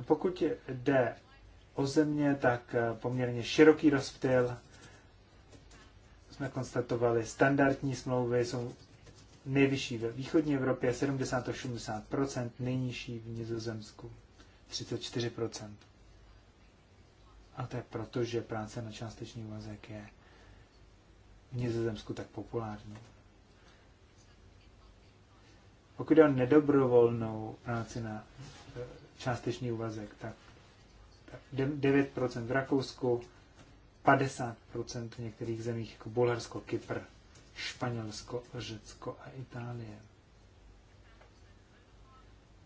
A pokud jde o země, tak poměrně široký rozptyl jsme konstatovali, standardní smlouvy jsou nejvyšší ve východní Evropě 70-80%, nejnižší v Nizozemsku 34%. A to je proto, že práce na částečný úvazek je v Nizozemsku tak populární. Pokud jde o nedobrovolnou práci na e, částečný úvazek, tak 9% v Rakousku, 50 v některých zemích, jako Bulharsko, Kypr, Španělsko, Řecko a Itálie.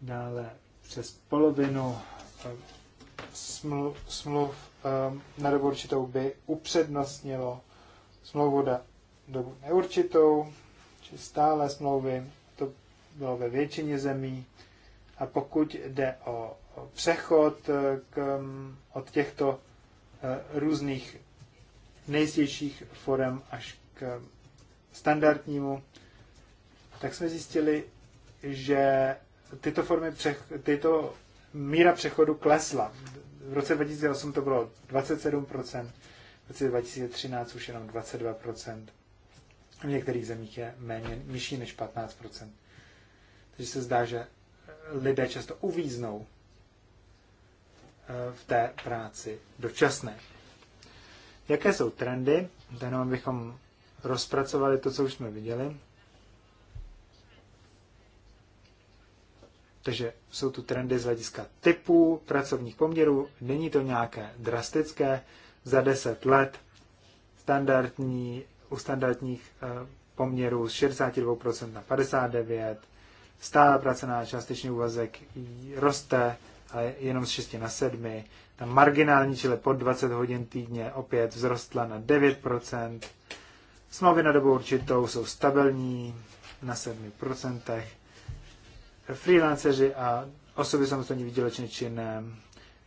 Dále přes polovinu eh, smluv, smluv eh, na dobu určitou by upřednostnilo smlouvu na dobu neurčitou, či stále smlouvy, to bylo ve většině zemí. A pokud jde o přechod eh, k, mm, od těchto různých nejistějších forem až k standardnímu, tak jsme zjistili, že tyto formy, přech, tyto míra přechodu klesla. V roce 2008 to bylo 27%, v roce 2013 už jenom 22%. V některých zemích je méně, nižší než 15%. Takže se zdá, že lidé často uvíznou eh, v té práci dočasné. Jaké jsou trendy? Jenom abychom rozpracovali to, co už jsme viděli. Takže jsou tu trendy z hlediska typů pracovních poměrů. Není to nějaké drastické. Za 10 let standardní, u standardních eh, poměrů z 62% na 59%, stále pracená částečný úvazek roste, ale jenom z 6 na 7, ta marginální, čili pod 20 hodin týdně, opět vzrostla na 9%. Smlouvy na dobu určitou jsou stabilní na 7%. Freelanceři a osoby samozřejmě výdělečně činné,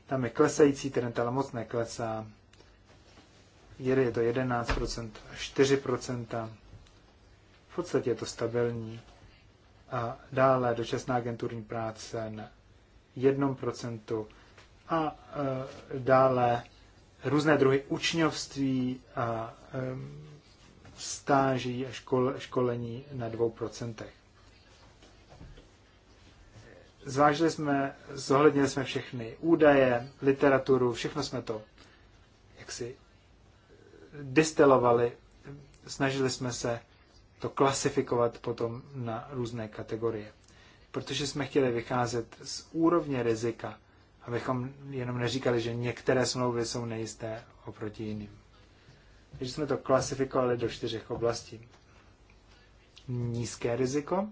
tam je klesající trend, ale moc neklesá. Jede je to 11% a 4%. V podstatě je to stabilní. A dále dočasná agenturní práce na 1%, a e, dále různé druhy učňovství a e, stáží a škol, školení na 2%. Zvážili jsme, zohlednili jsme všechny údaje, literaturu, všechno jsme to jaksi distilovali, snažili jsme se to klasifikovat potom na různé kategorie. Protože jsme chtěli vycházet z úrovně rizika, abychom jenom neříkali, že některé smlouvy jsou nejisté oproti jiným. Takže jsme to klasifikovali do čtyřech oblastí. Nízké riziko,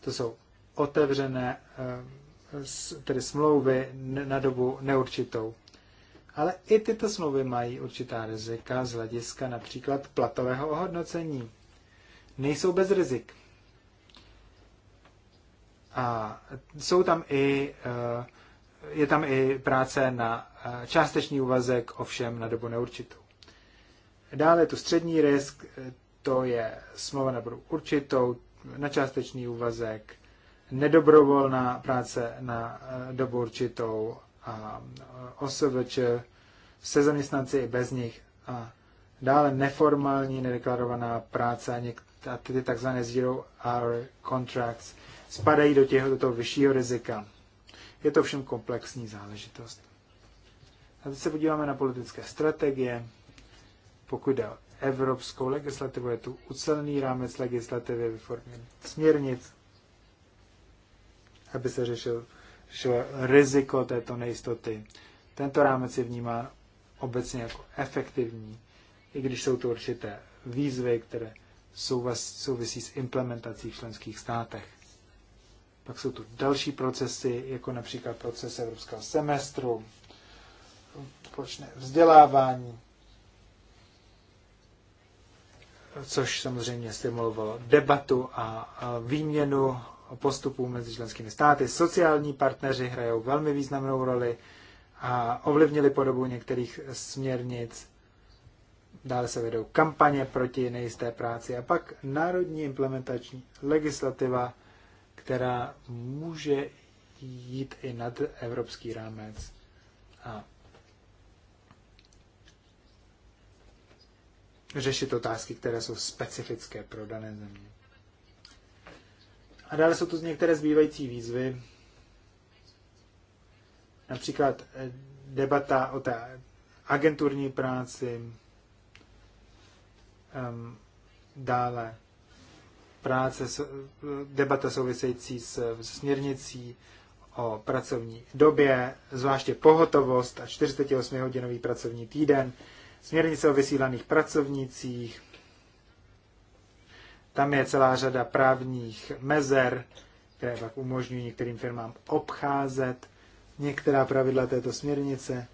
to jsou otevřené eh, tedy smlouvy na dobu neurčitou. Ale i tyto smlouvy mají určitá rizika z hlediska například platového ohodnocení. Nejsou bez rizik. A jsou tam i, eh, je tam i práce na eh, částečný úvazek, ovšem na dobu neurčitou. Dále je tu střední risk, eh, to je smlouva na dobu určitou, na částečný úvazek, nedobrovolná práce na dobu určitou a osobeč se zaměstnanci i bez nich a dále neformální, nedeklarovaná práce a tedy takzvané zero hour contracts, spadají do, těho, do toho vyššího rizika. Je to všem komplexní záležitost. A teď se podíváme na politické strategie. Pokud jde o evropskou legislativu, je tu ucelený rámec legislativy ve formě směrnic, aby se řešil, řešil riziko této nejistoty. Tento rámec je vnímá obecně jako efektivní, i když jsou tu určité výzvy, které souvisí s implementací v členských státech. Pak jsou tu další procesy, jako například proces evropského semestru, počne vzdělávání, což samozřejmě stimulovalo debatu a výměnu postupů mezi členskými státy. Sociální partneři hrajou velmi významnou roli a ovlivnili podobu některých směrnic. Dále se vedou kampaně proti nejisté práci a pak národní implementační legislativa která může jít i nad evropský rámec a řešit otázky, které jsou specifické pro dané země. A dále jsou tu některé zbývající výzvy, například eh, debata o té agenturní práci, um, dále práce, debata související s směrnicí o pracovní době, zvláště pohotovost a 48-hodinový pracovní týden, směrnice o vysílaných pracovnících, tam je celá řada právních mezer, které pak umožňují některým firmám obcházet některá pravidla této směrnice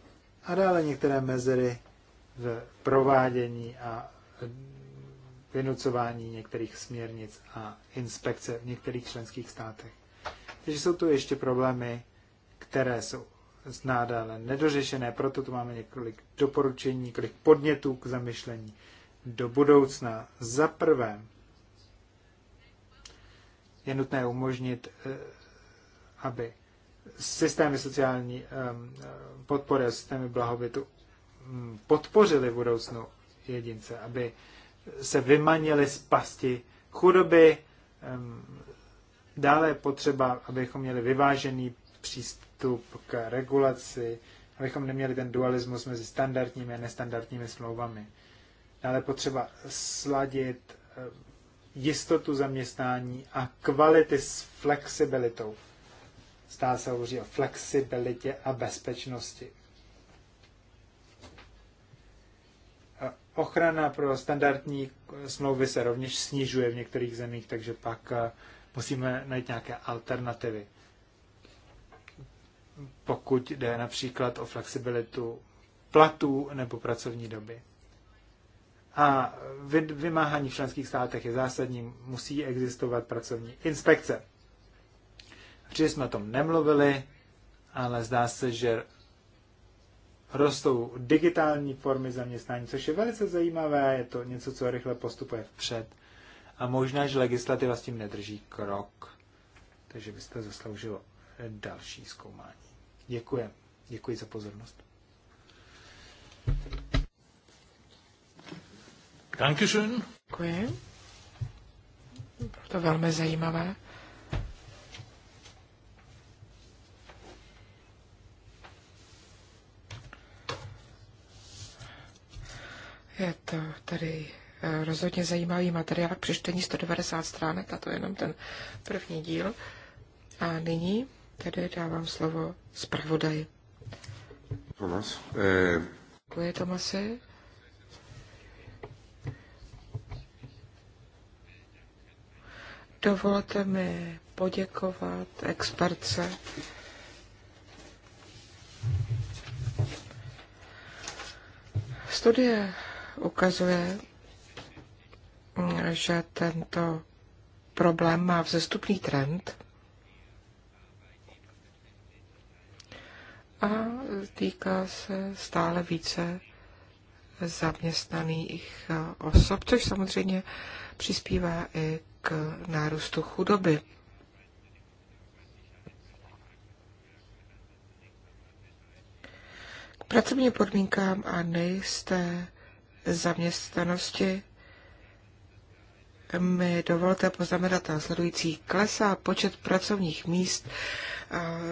a dále některé mezery v provádění a vynucování některých směrnic a inspekce v některých členských státech. Takže jsou tu ještě problémy, které jsou znádále nedořešené, proto tu máme několik doporučení, několik podnětů k zamyšlení do budoucna. Za prvé je nutné umožnit, eh, aby systémy sociální ehm, podpory a systémy blahobytu hm, podpořily v budoucnu jedince, aby se vymanili z pasti chudoby. Dále je potřeba, abychom měli vyvážený přístup k regulaci, abychom neměli ten dualismus mezi standardními a nestandardními smlouvami. Dále je potřeba sladit jistotu zaměstnání a kvality s flexibilitou. Stále se hovoří o flexibilitě a bezpečnosti. Ochrana pro standardní smlouvy se rovněž snižuje v některých zemích, takže pak eh, musíme najít nějaké alternativy. Pokud jde například o flexibilitu platů nebo pracovní doby. A vymáhání v členských státech je zásadní, musí existovat pracovní inspekce. Včera jsme o tom nemluvili, ale zdá se, že rostou digitální formy zaměstnání, což je velice zajímavé, je to něco, co rychle postupuje vpřed a možná, že legislativa s tím nedrží krok, takže byste zasloužilo další zkoumání. Děkuji. Děkuji za pozornost. Dankeschön. Děkuji. to velmi zajímavé. Je to tady eh, rozhodně zajímavý materiál k přečtení 190 stránek, a to je jenom ten první díl. A nyní tedy dávám slovo zpravodaji. Tomas. Eh... Děkuji, Tomasi. Dovolte mi poděkovat expertce Studie ukazuje, že tento problém má vzestupný trend a týká se stále více zaměstnaných osob, což samozřejmě přispívá i k nárůstu chudoby. K pracovním podmínkám a nejisté zaměstnanosti mi dovolte poznamenat následující. Klesá počet pracovních míst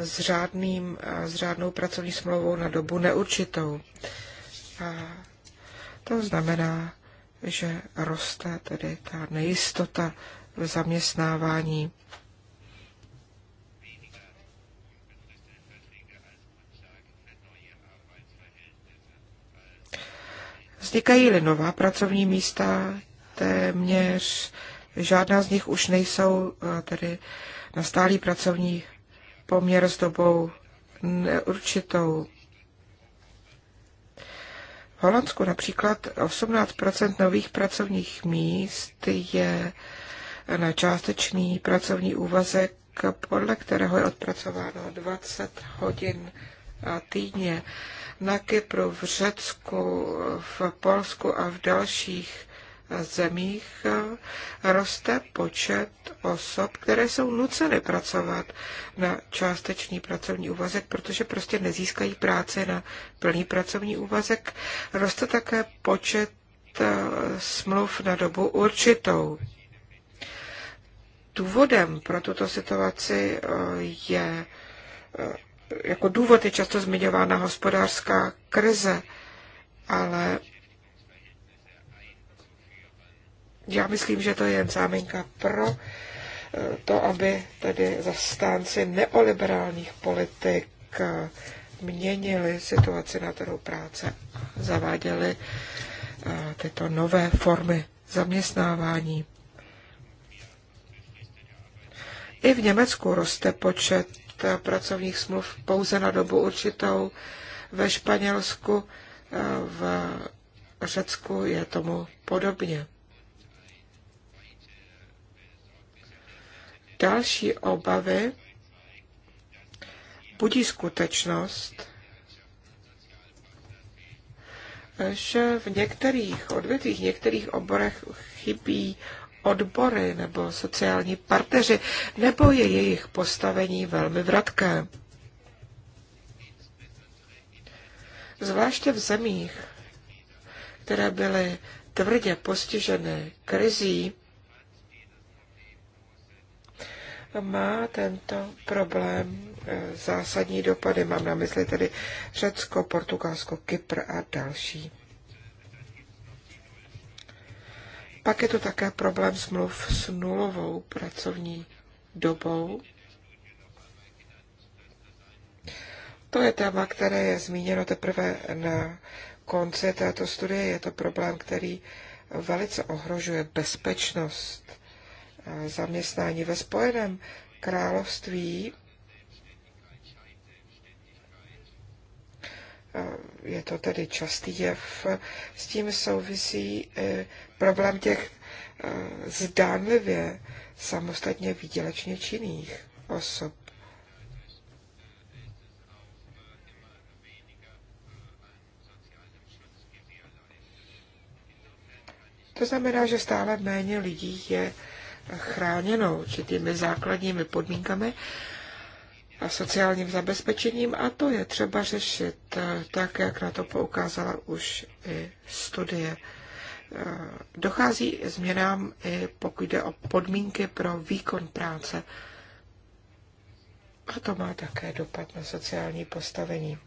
s, řádným, s řádnou pracovní smlouvou na dobu neurčitou. A to znamená, že roste tedy ta nejistota v zaměstnávání. Vznikají-li nová pracovní místa, téměř žádná z nich už nejsou eh, tedy na stálý pracovní poměr s dobou neurčitou. V Holandsku například 18 nových pracovních míst je na částečný pracovní úvazek, podle kterého je odpracováno 20 hodin eh, týdně na Kypru, v Řecku, v Polsku a v dalších zemích eh, roste počet osob, které jsou nuceny pracovat na částečný pracovní úvazek, protože prostě nezískají práci na plný pracovní úvazek. Roste také počet eh, smluv na dobu určitou. Důvodem pro tuto situaci eh, je jako důvod je často zmiňována hospodářská krize, ale já myslím, že to je jen záminka pro eh, to, aby tedy zastánci neoliberálních politik eh, měnili situaci na trhu práce a zaváděli eh, tyto nové formy zaměstnávání. I v Německu roste počet pracovních smluv pouze na dobu určitou. Ve Španělsku, eh, v Řecku je tomu podobně. Další obavy budí skutečnost, že v některých odvětvích, některých oborech chybí odbory nebo sociální partneři, nebo je jejich postavení velmi vratké. Zvláště v zemích, které byly tvrdě postiženy krizí, má tento problém eh, zásadní dopady. Mám na mysli tedy Řecko, Portugalsko, Kypr a další. Pak je to také problém smluv s nulovou pracovní dobou. To je téma, které je zmíněno teprve na konci této studie. Je to problém, který velice ohrožuje bezpečnost zaměstnání ve Spojeném království. Je to tedy častý jev. S tím souvisí eh, problém těch eh, zdánlivě samostatně výdělečně činných osob. To znamená, že stále méně lidí je chráněno určitými základními podmínkami a sociálním zabezpečením a to je třeba řešit eh, tak, jak na to poukázala už i studie dochází změnám i pokud jde o podmínky pro výkon práce. A to má také dopad na sociální postavení.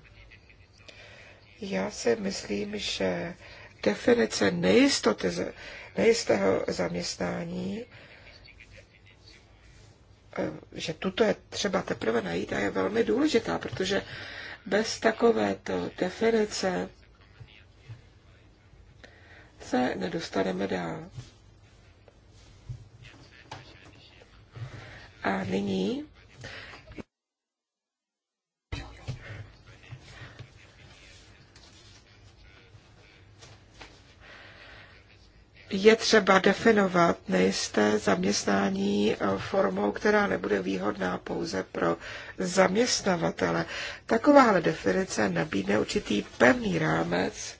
Já si myslím, že definice nejistoty, nejistého zaměstnání, eh, že tuto je třeba teprve najít a je velmi důležitá, protože bez takovéto definice se nedostaneme dál. A nyní je třeba definovat nejisté zaměstnání formou, která nebude výhodná pouze pro zaměstnavatele. Takováhle definice nabídne určitý pevný rámec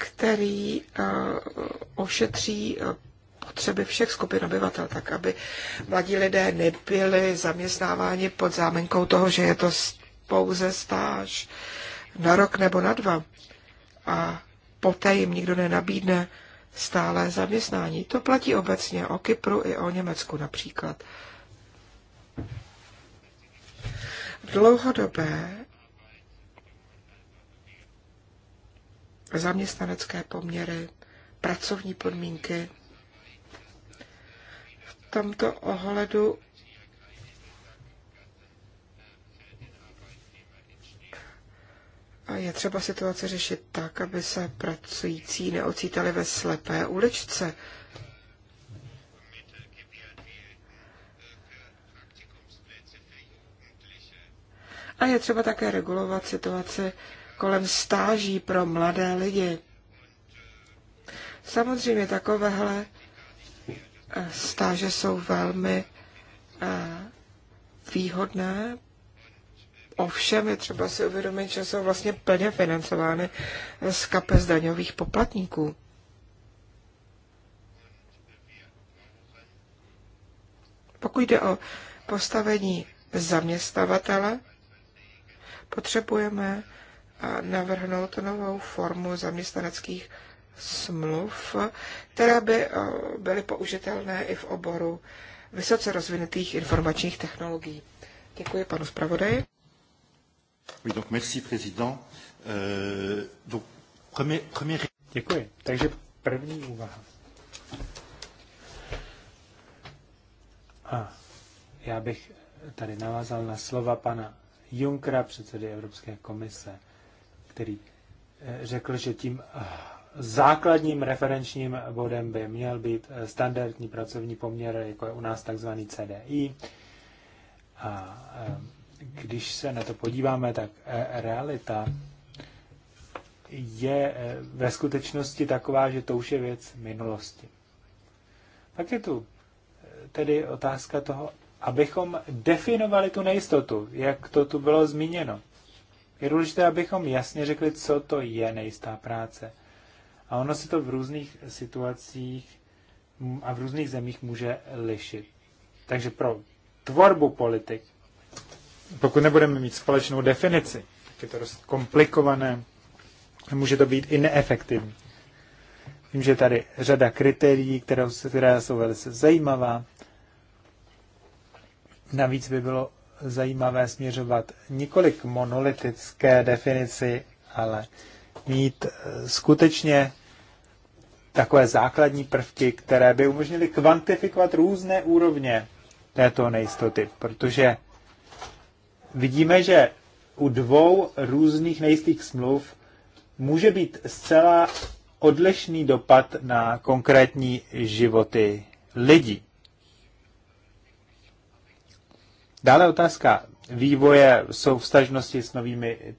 který eh, ošetří eh, potřeby všech skupin obyvatel, tak aby mladí lidé nebyli zaměstnáváni pod záminkou toho, že je to pouze stáž na rok nebo na dva a poté jim nikdo nenabídne stále zaměstnání. To platí obecně o Kypru i o Německu například. Dlouhodobé zaměstnanecké poměry, pracovní podmínky. V tomto ohledu A je třeba situace řešit tak, aby se pracující neocítali ve slepé uličce. A je třeba také regulovat situaci kolem stáží pro mladé lidi. Samozřejmě takovéhle eh, stáže jsou velmi eh, výhodné, ovšem je třeba si uvědomit, že jsou vlastně plně financovány z kapes daňových poplatníků. Pokud jde o postavení zaměstnavatele, potřebujeme navrhnout novou formu zaměstnaneckých smluv, která by eh, byly použitelné i v oboru vysoce rozvinutých informačních technologií. Děkuji panu zpravodaji. Oui, donc merci, président. Euh, donc, premier, premier... Děkuji. Takže první úvaha. A já bych tady navázal na slova pana Junkra, předsedy Evropské komise který eh, řekl, že tím eh, základním referenčním bodem by měl být eh, standardní pracovní poměr, jako je u nás takzvaný CDI. A když se na to podíváme, tak realita je ve skutečnosti taková, že to už je věc minulosti. Pak je tu tedy otázka toho, abychom definovali tu nejistotu, jak to tu bylo zmíněno. Je důležité, abychom jasně řekli, co to je nejistá práce. A ono se to v různých situacích a v různých zemích může lišit. Takže pro tvorbu politik, pokud nebudeme mít společnou definici, tak je to dost komplikované, může to být i neefektivní. Vím, že tady řada kritérií, které jsou velice zajímavá. Navíc by bylo zajímavé směřovat nikoli k monolitické definici, ale mít eh, skutečně takové základní prvky, které by umožnily kvantifikovat různé úrovně této nejistoty, protože vidíme, že u dvou různých nejistých smluv může být zcela odlišný dopad na konkrétní životy lidí. Dále otázka vývoje vztažnosti s novými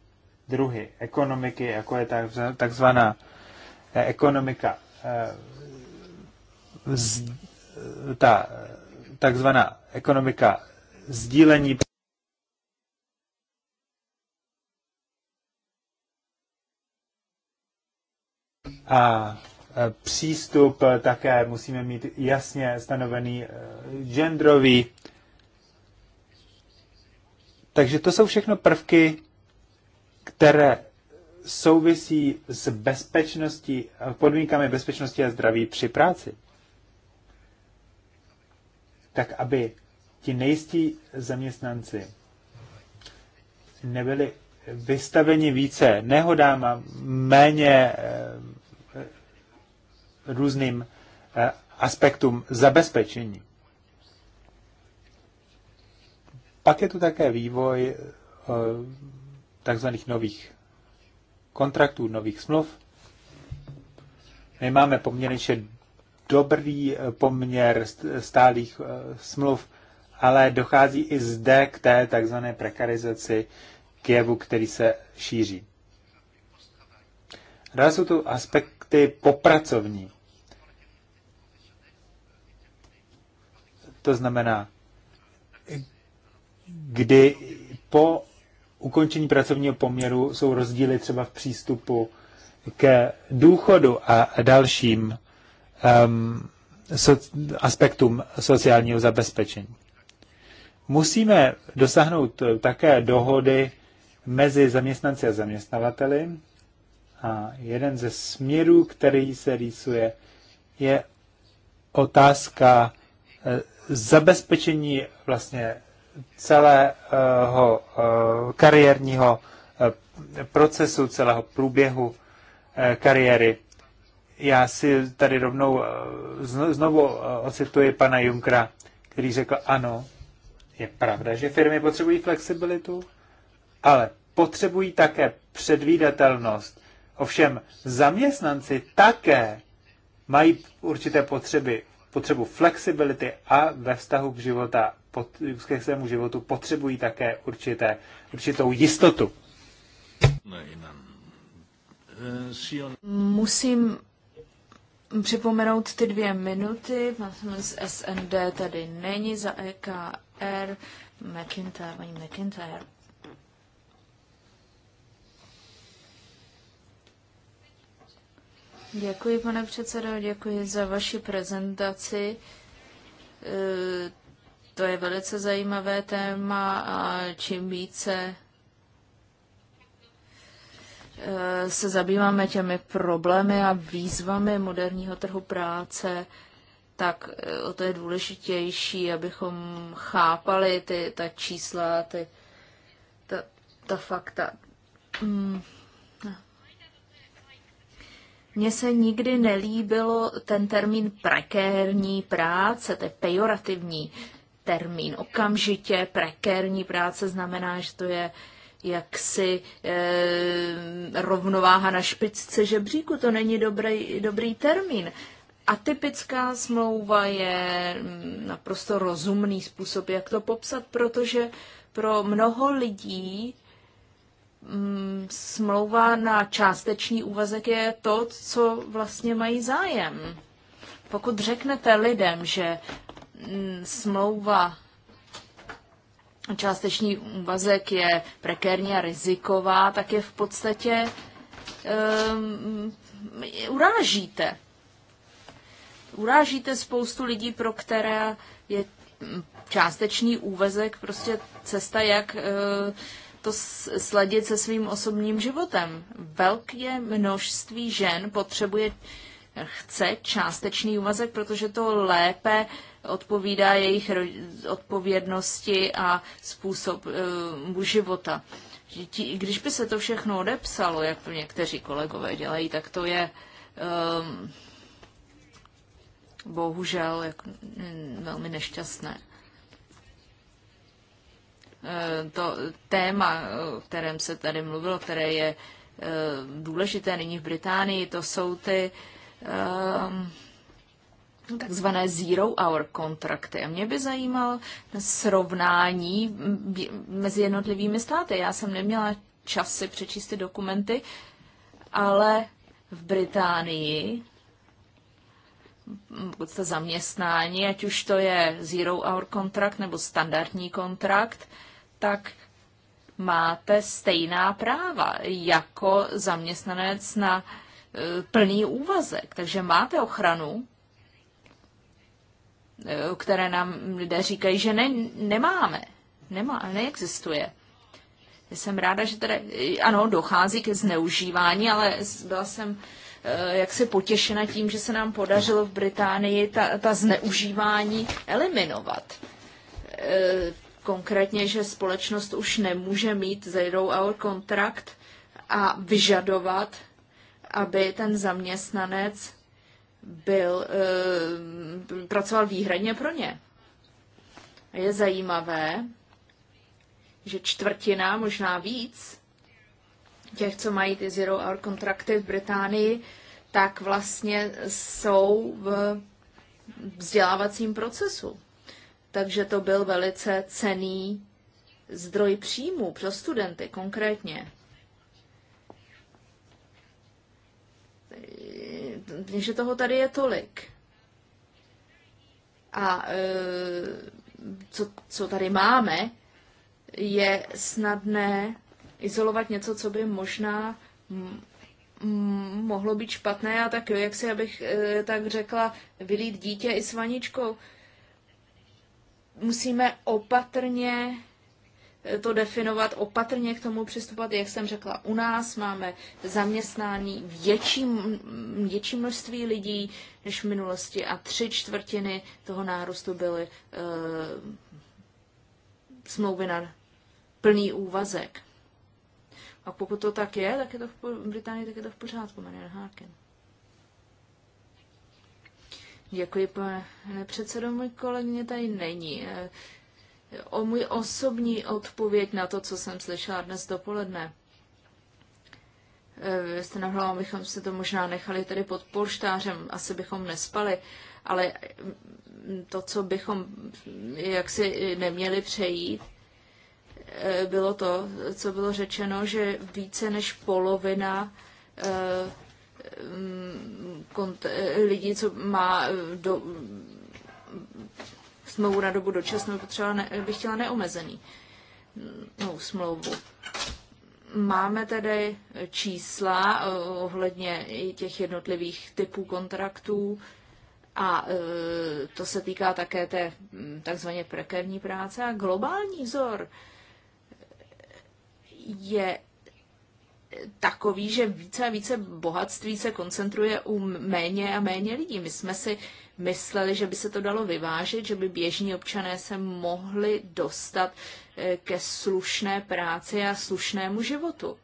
druhy ekonomiky, jako je takzvaná eh, ekonomika eh, ta takzvaná ekonomika sdílení a eh, přístup také musíme mít jasně stanovený genderový takže to jsou všechno prvky, které souvisí s bezpečností, podmínkami bezpečnosti a zdraví při práci. Tak, aby ti nejistí zaměstnanci nebyli vystaveni více nehodám a méně eh, různým eh, aspektům zabezpečení. Pak je tu také vývoj eh, takzvaných nových kontraktů, nových smluv. My máme poměrně dobrý eh, poměr stálých eh, smluv, ale dochází i zde k té takzvané prekarizaci Kijevu, který se šíří. Dále jsou tu aspekty popracovní. To znamená, kdy po ukončení pracovního poměru jsou rozdíly třeba v přístupu ke důchodu a dalším um, so, aspektům sociálního zabezpečení. Musíme dosáhnout také dohody mezi zaměstnanci a zaměstnavateli. A jeden ze směrů, který se rýsuje, je otázka e, zabezpečení vlastně celého eh, kariérního eh, procesu, celého průběhu eh, kariéry. Já si tady rovnou znovu ocituji pana Junkra, který řekl, ano, je pravda, že firmy potřebují flexibilitu, ale potřebují také předvídatelnost. Ovšem zaměstnanci také mají určité potřeby potřebu flexibility a ve vztahu k, života, k svému životu potřebují také určité, určitou jistotu. Musím připomenout ty dvě minuty. Z SND tady není za EKR. McIntyre, paní McIntyre. Děkuji, pane předsedo, děkuji za vaši prezentaci. E, to je velice zajímavé téma a čím více e, se zabýváme těmi problémy a výzvami moderního trhu práce, tak e, o to je důležitější, abychom chápali ty, ta čísla, ty, ta, ta fakta. Hmm. Mně se nikdy nelíbilo ten termín prekérní práce, to je pejorativní termín. Okamžitě prekérní práce znamená, že to je jaksi e, rovnováha na špičce žebříku. To není dobrý, dobrý termín. Atypická smlouva je naprosto rozumný způsob, jak to popsat, protože pro mnoho lidí Mm, smlouva na částečný úvazek je to, co vlastně mají zájem. Pokud řeknete lidem, že mm, smlouva částečný úvazek je prekérně a riziková, tak je v podstatě um, urážíte. Urážíte spoustu lidí, pro které je mm, částečný úvazek prostě cesta, jak uh, to sladit se svým osobním životem. Velké množství žen potřebuje, chce částečný úvazek, protože to lépe odpovídá jejich odpovědnosti a způsob uh, života. Když by se to všechno odepsalo, jak to někteří kolegové dělají, tak to je um, bohužel jak, um, velmi nešťastné. Eh, to téma, o kterém se tady mluvilo, které je eh, důležité nyní v Británii, to jsou ty eh, takzvané zero hour kontrakty. A mě by zajímal srovnání mezi jednotlivými státy. Já jsem neměla čas si přečíst ty dokumenty, ale v Británii pokud jste zaměstnání, ať už to je zero hour kontrakt nebo standardní kontrakt, tak máte stejná práva jako zaměstnanec na e, plný úvazek. Takže máte ochranu, e, které nám lidé říkají, že ne, nemáme, nemá, neexistuje. Jsem ráda, že tedy, e, ano, dochází ke zneužívání, ale byla jsem jak se potěšena tím, že se nám podařilo v Británii ta, ta zneužívání eliminovat konkrétně, že společnost už nemůže mít zero hour kontrakt a vyžadovat, aby ten zaměstnanec byl, eh, pracoval výhradně pro ně. Je zajímavé, že čtvrtina, možná víc, těch, co mají ty zero hour kontrakty v Británii, tak vlastně jsou v vzdělávacím procesu takže to byl velice cený zdroj příjmu pro studenty konkrétně. Takže toho tady je tolik. A e, co, co tady máme, je snadné izolovat něco, co by možná mohlo být špatné a tak jo, jak si abych e, tak řekla, vylít dítě i s vaničkou musíme opatrně eh, to definovat, opatrně k tomu přistupovat. Jak jsem řekla, u nás máme zaměstnání větší, větší množství lidí než v minulosti a tři čtvrtiny toho nárůstu byly e, smlouvy na plný úvazek. A pokud to tak je, tak je to v Británii tak je to v pořádku, Marian Harkin. Děkuji, pane předsedo. Můj kolegyně tady není. Eh, o můj osobní odpověď na to, co jsem slyšela dnes dopoledne. Vy eh, jste navrhovala, abychom se to možná nechali tady pod polštářem, asi bychom nespali, ale mm, to, co bychom jaksi neměli přejít, eh, bylo to, co bylo řečeno, že více než polovina Mm, eh, lidí, co má eh, do, mm, smlouvu na dobu dočasnou, potřeba ne, bych chtěla neomezený mm, no, smlouvu. Máme tedy čísla eh, ohledně těch jednotlivých typů kontraktů a to se týká také té takzvaně prekérní práce a globální vzor je takový, že více a více bohatství se koncentruje u méně a méně lidí. My jsme si mysleli, že by se to dalo vyvážit, že by běžní občané se mohli dostat eh, ke slušné práci a slušnému životu.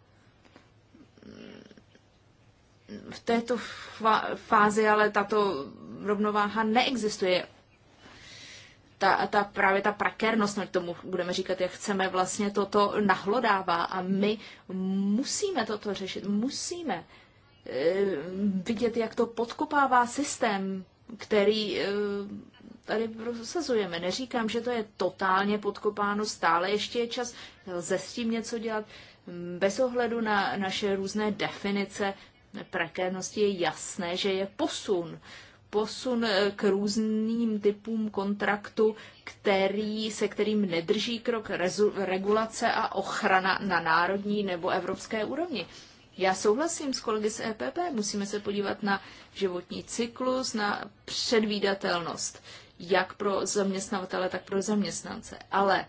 V této fázi ale tato rovnováha neexistuje ta, ta právě ta prakernost, jak tomu budeme říkat, jak chceme, vlastně toto nahlodává a my musíme toto řešit, musíme eh, vidět, jak to podkopává systém, který eh, tady prosazujeme. Neříkám, že to je totálně podkopáno, stále ještě je čas, lze s tím něco dělat. Bez ohledu na naše různé definice prakernosti je jasné, že je posun posun eh, k různým typům kontraktu, který, se kterým nedrží krok rezu, regulace a ochrana na národní nebo evropské úrovni. Já souhlasím s kolegy z EPP, musíme se podívat na životní cyklus, na předvídatelnost, jak pro zaměstnavatele, tak pro zaměstnance. Ale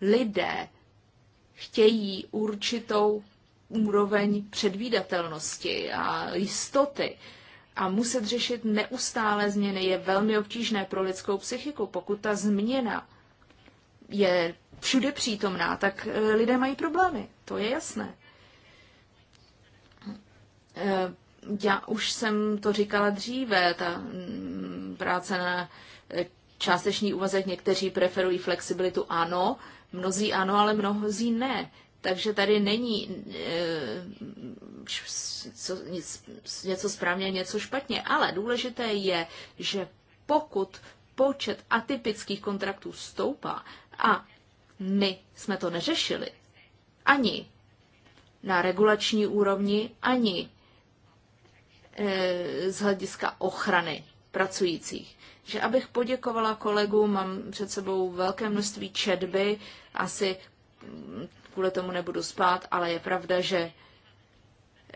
lidé chtějí určitou úroveň předvídatelnosti a jistoty a muset řešit neustále změny je velmi obtížné pro lidskou psychiku. Pokud ta změna je všude přítomná, tak eh, lidé mají problémy. To je jasné. Eh, já už jsem to říkala dříve, ta mm, práce na eh, částečný úvazek, někteří preferují flexibilitu, ano, mnozí ano, ale mnozí ne. Takže tady není eh, co, nic, něco správně, něco špatně, ale důležité je, že pokud počet atypických kontraktů stoupá a my jsme to neřešili ani na regulační úrovni, ani eh, z hlediska ochrany pracujících. Že abych poděkovala kolegům, mám před sebou velké množství četby, asi kvůli tomu nebudu spát, ale je pravda, že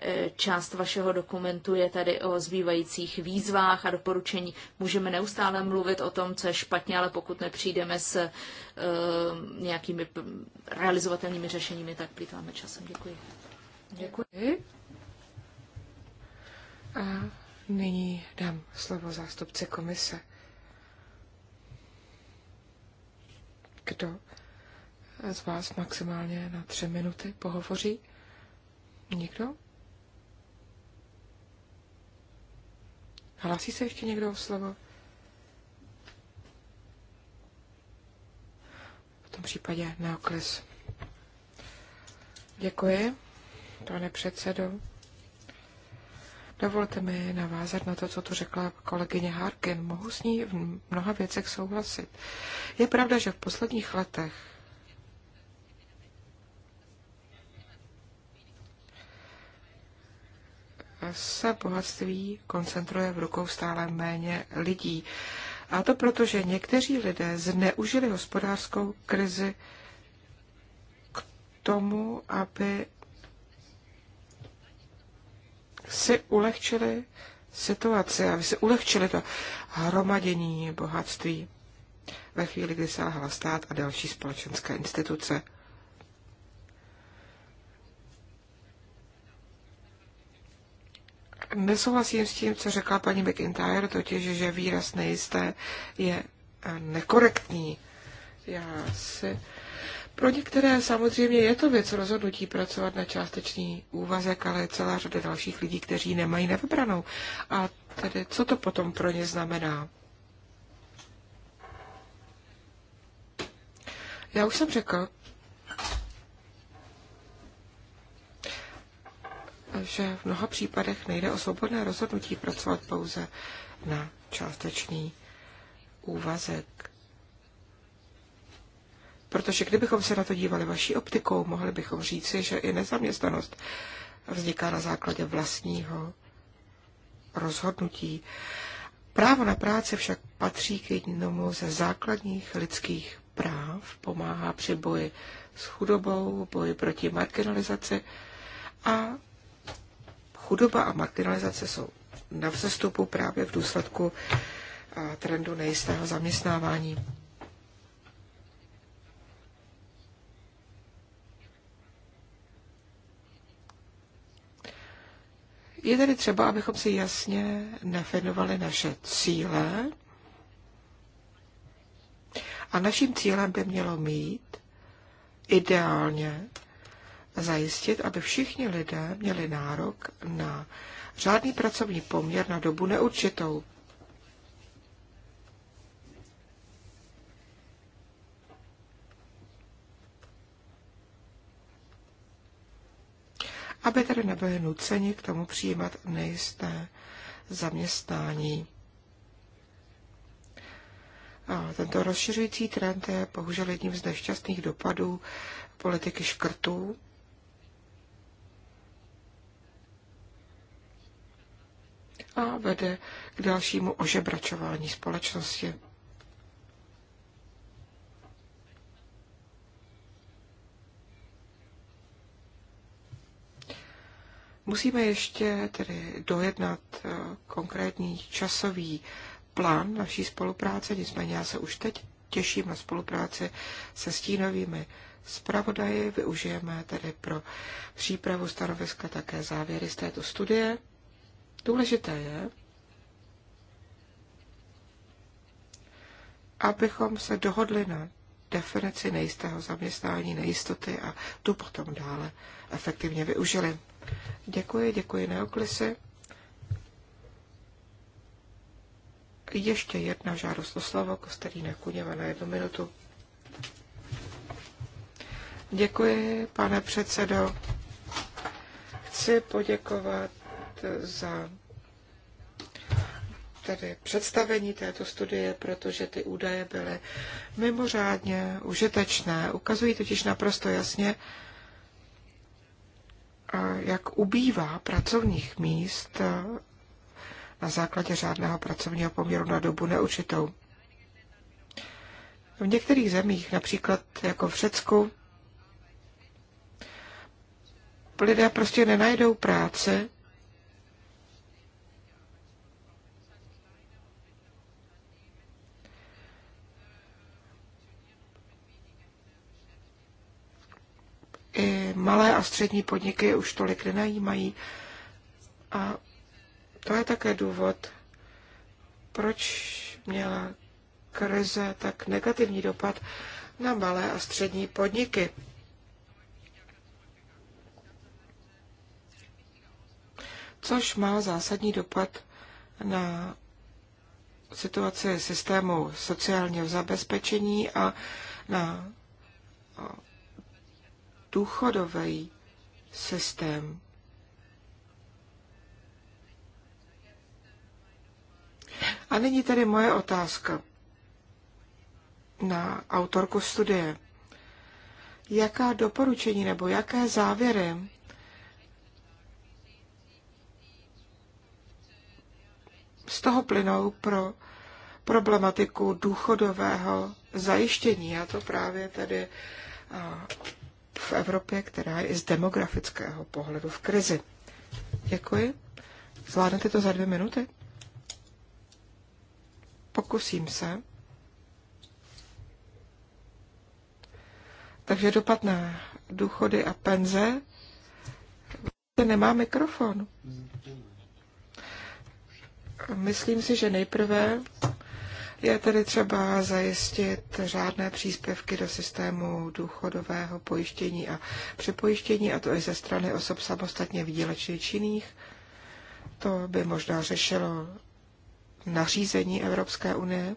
e, část vašeho dokumentu je tady o zbývajících výzvách a doporučení. Můžeme neustále mluvit o tom, co je špatně, ale pokud nepřijdeme s uh, nějakými realizovatelnými řešeními, tak plýtváme časem. Děkuji. Děkuji. A nyní dám slovo zástupci komise. Kdo z vás maximálně na tři minuty pohovoří. Nikdo? Hlásí se ještě někdo o slovo? V tom případě na okres. Děkuji, pane předsedo. Dovolte mi navázat na to, co tu řekla kolegyně Harkin. Mohu s ní v mnoha věcech souhlasit. Je pravda, že v posledních letech se bohatství koncentruje v rukou stále méně lidí. A to proto, že někteří lidé zneužili hospodářskou krizi k tomu, aby si ulehčili situaci, aby si ulehčili to hromadění bohatství ve chvíli, kdy se stát a další společenské instituce. Nesouhlasím s tím, co řekla paní McIntyre, totiž, že výraz nejisté je eh, nekorektní. Já si... Pro některé samozřejmě je to věc rozhodnutí pracovat na částečný úvazek, ale je celá řada dalších lidí, kteří nemají nevybranou. A tedy, co to potom pro ně znamená? Já už jsem řekl, že v mnoha případech nejde o svobodné rozhodnutí pracovat pouze na částečný úvazek. Protože kdybychom se na to dívali vaší optikou, mohli bychom říci, že i nezaměstnanost vzniká na základě vlastního rozhodnutí. Právo na práci však patří k jednomu ze základních lidských práv, pomáhá při boji s chudobou, boji proti marginalizaci a Chudoba a marginalizace jsou na vzestupu právě v důsledku eh, trendu nejistého zaměstnávání. Je tedy třeba, abychom si jasně nafinovali naše cíle. A naším cílem by mělo mít ideálně zajistit, aby všichni lidé měli nárok na řádný pracovní poměr na dobu neurčitou. aby tedy nebyli nuceni k tomu přijímat nejisté zaměstnání. A tento rozšiřující trend je bohužel jedním z nešťastných dopadů politiky škrtů, a vede k dalšímu ožebračování společnosti. Musíme ještě tedy dojednat eh, konkrétní časový plán naší spolupráce, nicméně já se už teď těším na spolupráci se stínovými zpravodaji. Využijeme tedy pro přípravu stanoviska také závěry z této studie. Důležité je, abychom se dohodli na definici nejistého zaměstnání, nejistoty a tu potom dále efektivně využili. Děkuji, děkuji Neoklisy. Ještě jedna žádost o slovo, Kostelína Kuněva na jednu minutu. Děkuji, pane předsedo. Chci poděkovat za tedy představení této studie, protože ty údaje byly mimořádně užitečné. Ukazují totiž naprosto jasně, jak ubývá pracovních míst na základě řádného pracovního poměru na dobu neučitou. V některých zemích, například jako v Řecku, lidé prostě nenajdou práce malé a střední podniky už tolik nenajímají. A to je také důvod, proč měla krize tak negativní dopad na malé a střední podniky. Což má zásadní dopad na situaci systému sociálního zabezpečení a na důchodový systém. A nyní tedy moje otázka na autorku studie. Jaká doporučení nebo jaké závěry z toho plynou pro problematiku důchodového zajištění? A to právě tedy v Evropě, která je i z demografického pohledu v krizi. Děkuji. Zvládnete to za dvě minuty? Pokusím se. Takže dopad na důchody a penze. Vlastně nemá mikrofon. Myslím si, že nejprve je tedy třeba zajistit řádné příspěvky do systému důchodového pojištění a přepojištění, a to i ze strany osob samostatně výdělečně činných. To by možná řešilo nařízení Evropské unie.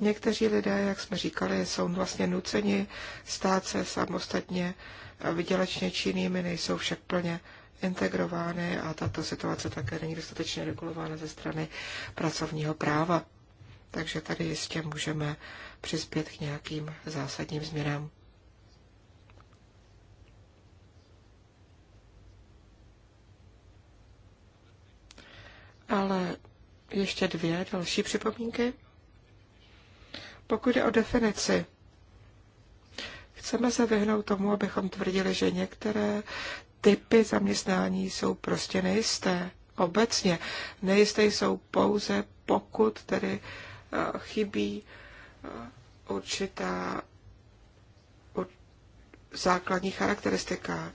Někteří lidé, jak jsme říkali, jsou vlastně nuceni stát se samostatně vydělečně činnými, nejsou však plně integrovány a tato situace také není dostatečně regulována ze strany pracovního práva. Takže tady jistě můžeme přispět k nějakým zásadním změnám. Ale ještě dvě další připomínky. Pokud je o definici, chceme se vyhnout tomu, abychom tvrdili, že některé typy zaměstnání jsou prostě nejisté. Obecně nejisté jsou pouze, pokud tedy eh, chybí eh, určitá základní charakteristika.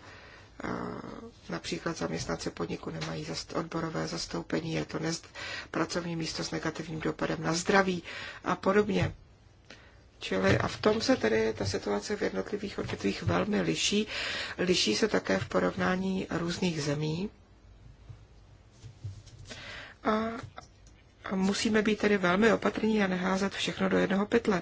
Eh, například zaměstnanci podniku nemají odborové zastoupení, je to pracovní místo s negativním dopadem na zdraví a podobně. Čili a v tom se tedy ta situace v jednotlivých odvětvích velmi liší. Liší se také v porovnání různých zemí. A musíme být tedy velmi opatrní a neházet všechno do jednoho pytle.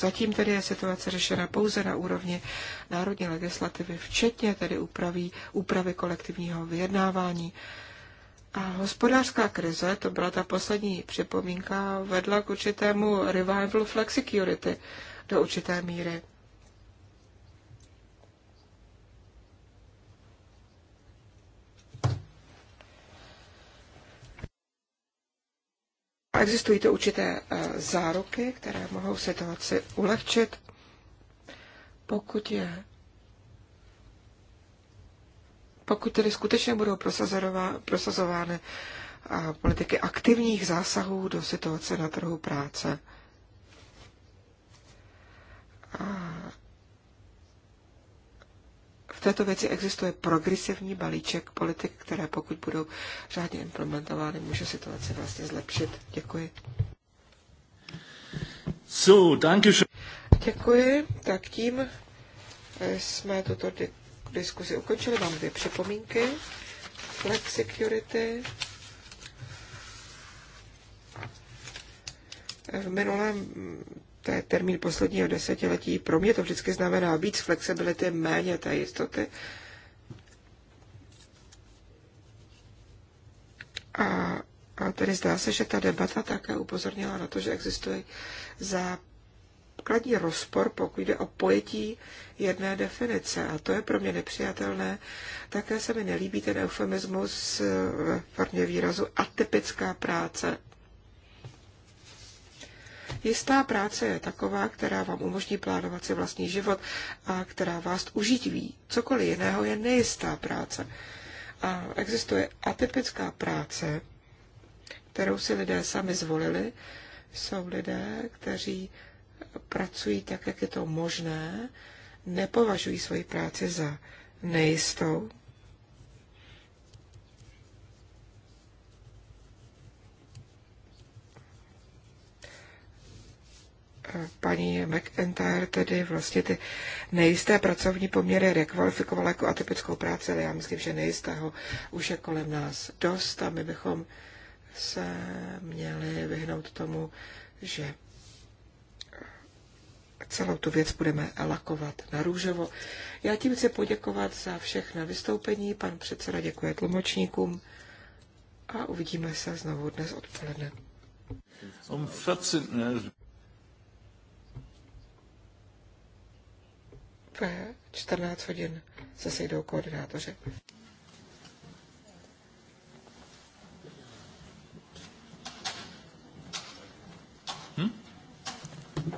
Zatím tedy je situace řešena pouze na úrovni národní legislativy, včetně tedy úpraví, úpravy kolektivního vyjednávání. A hospodářská krize, to byla ta poslední připomínka, vedla k určitému revival flexicurity do určité míry. A existují to určité eh, záruky, které mohou situaci ulehčit, pokud je pokud tedy skutečně budou prosazovány eh, politiky aktivních zásahů do situace na trhu práce této věci existuje progresivní balíček politik, které pokud budou řádně implementovány, může situace vlastně zlepšit. Děkuji. So, you. Děkuji. Tak tím eh, jsme tuto diskusi ukončili. Mám dvě připomínky. Flex Security. V minulém to je termín posledního desetiletí. Pro mě to vždycky znamená víc flexibility, méně té jistoty. A, a tedy zdá se, že ta debata také upozornila na to, že existuje základní rozpor, pokud jde o pojetí jedné definice. A to je pro mě nepřijatelné. Také se mi nelíbí ten eufemismus v formě výrazu atypická práce. Jistá práce je taková, která vám umožní plánovat si vlastní život a která vás užitví. Cokoliv jiného je nejistá práce. A existuje atypická práce, kterou si lidé sami zvolili. Jsou lidé, kteří pracují tak, jak je to možné, nepovažují svoji práci za nejistou, paní McEntire tedy vlastně ty nejisté pracovní poměry rekvalifikovala jako atypickou práci, ale já myslím, že nejistého už je kolem nás dost a my bychom se měli vyhnout tomu, že celou tu věc budeme lakovat na růžovo. Já tím chci poděkovat za všechna vystoupení. Pan předseda děkuje tlumočníkům a uvidíme se znovu dnes odpoledne. 14. ve 14 hodin se sejdou koordinátoři.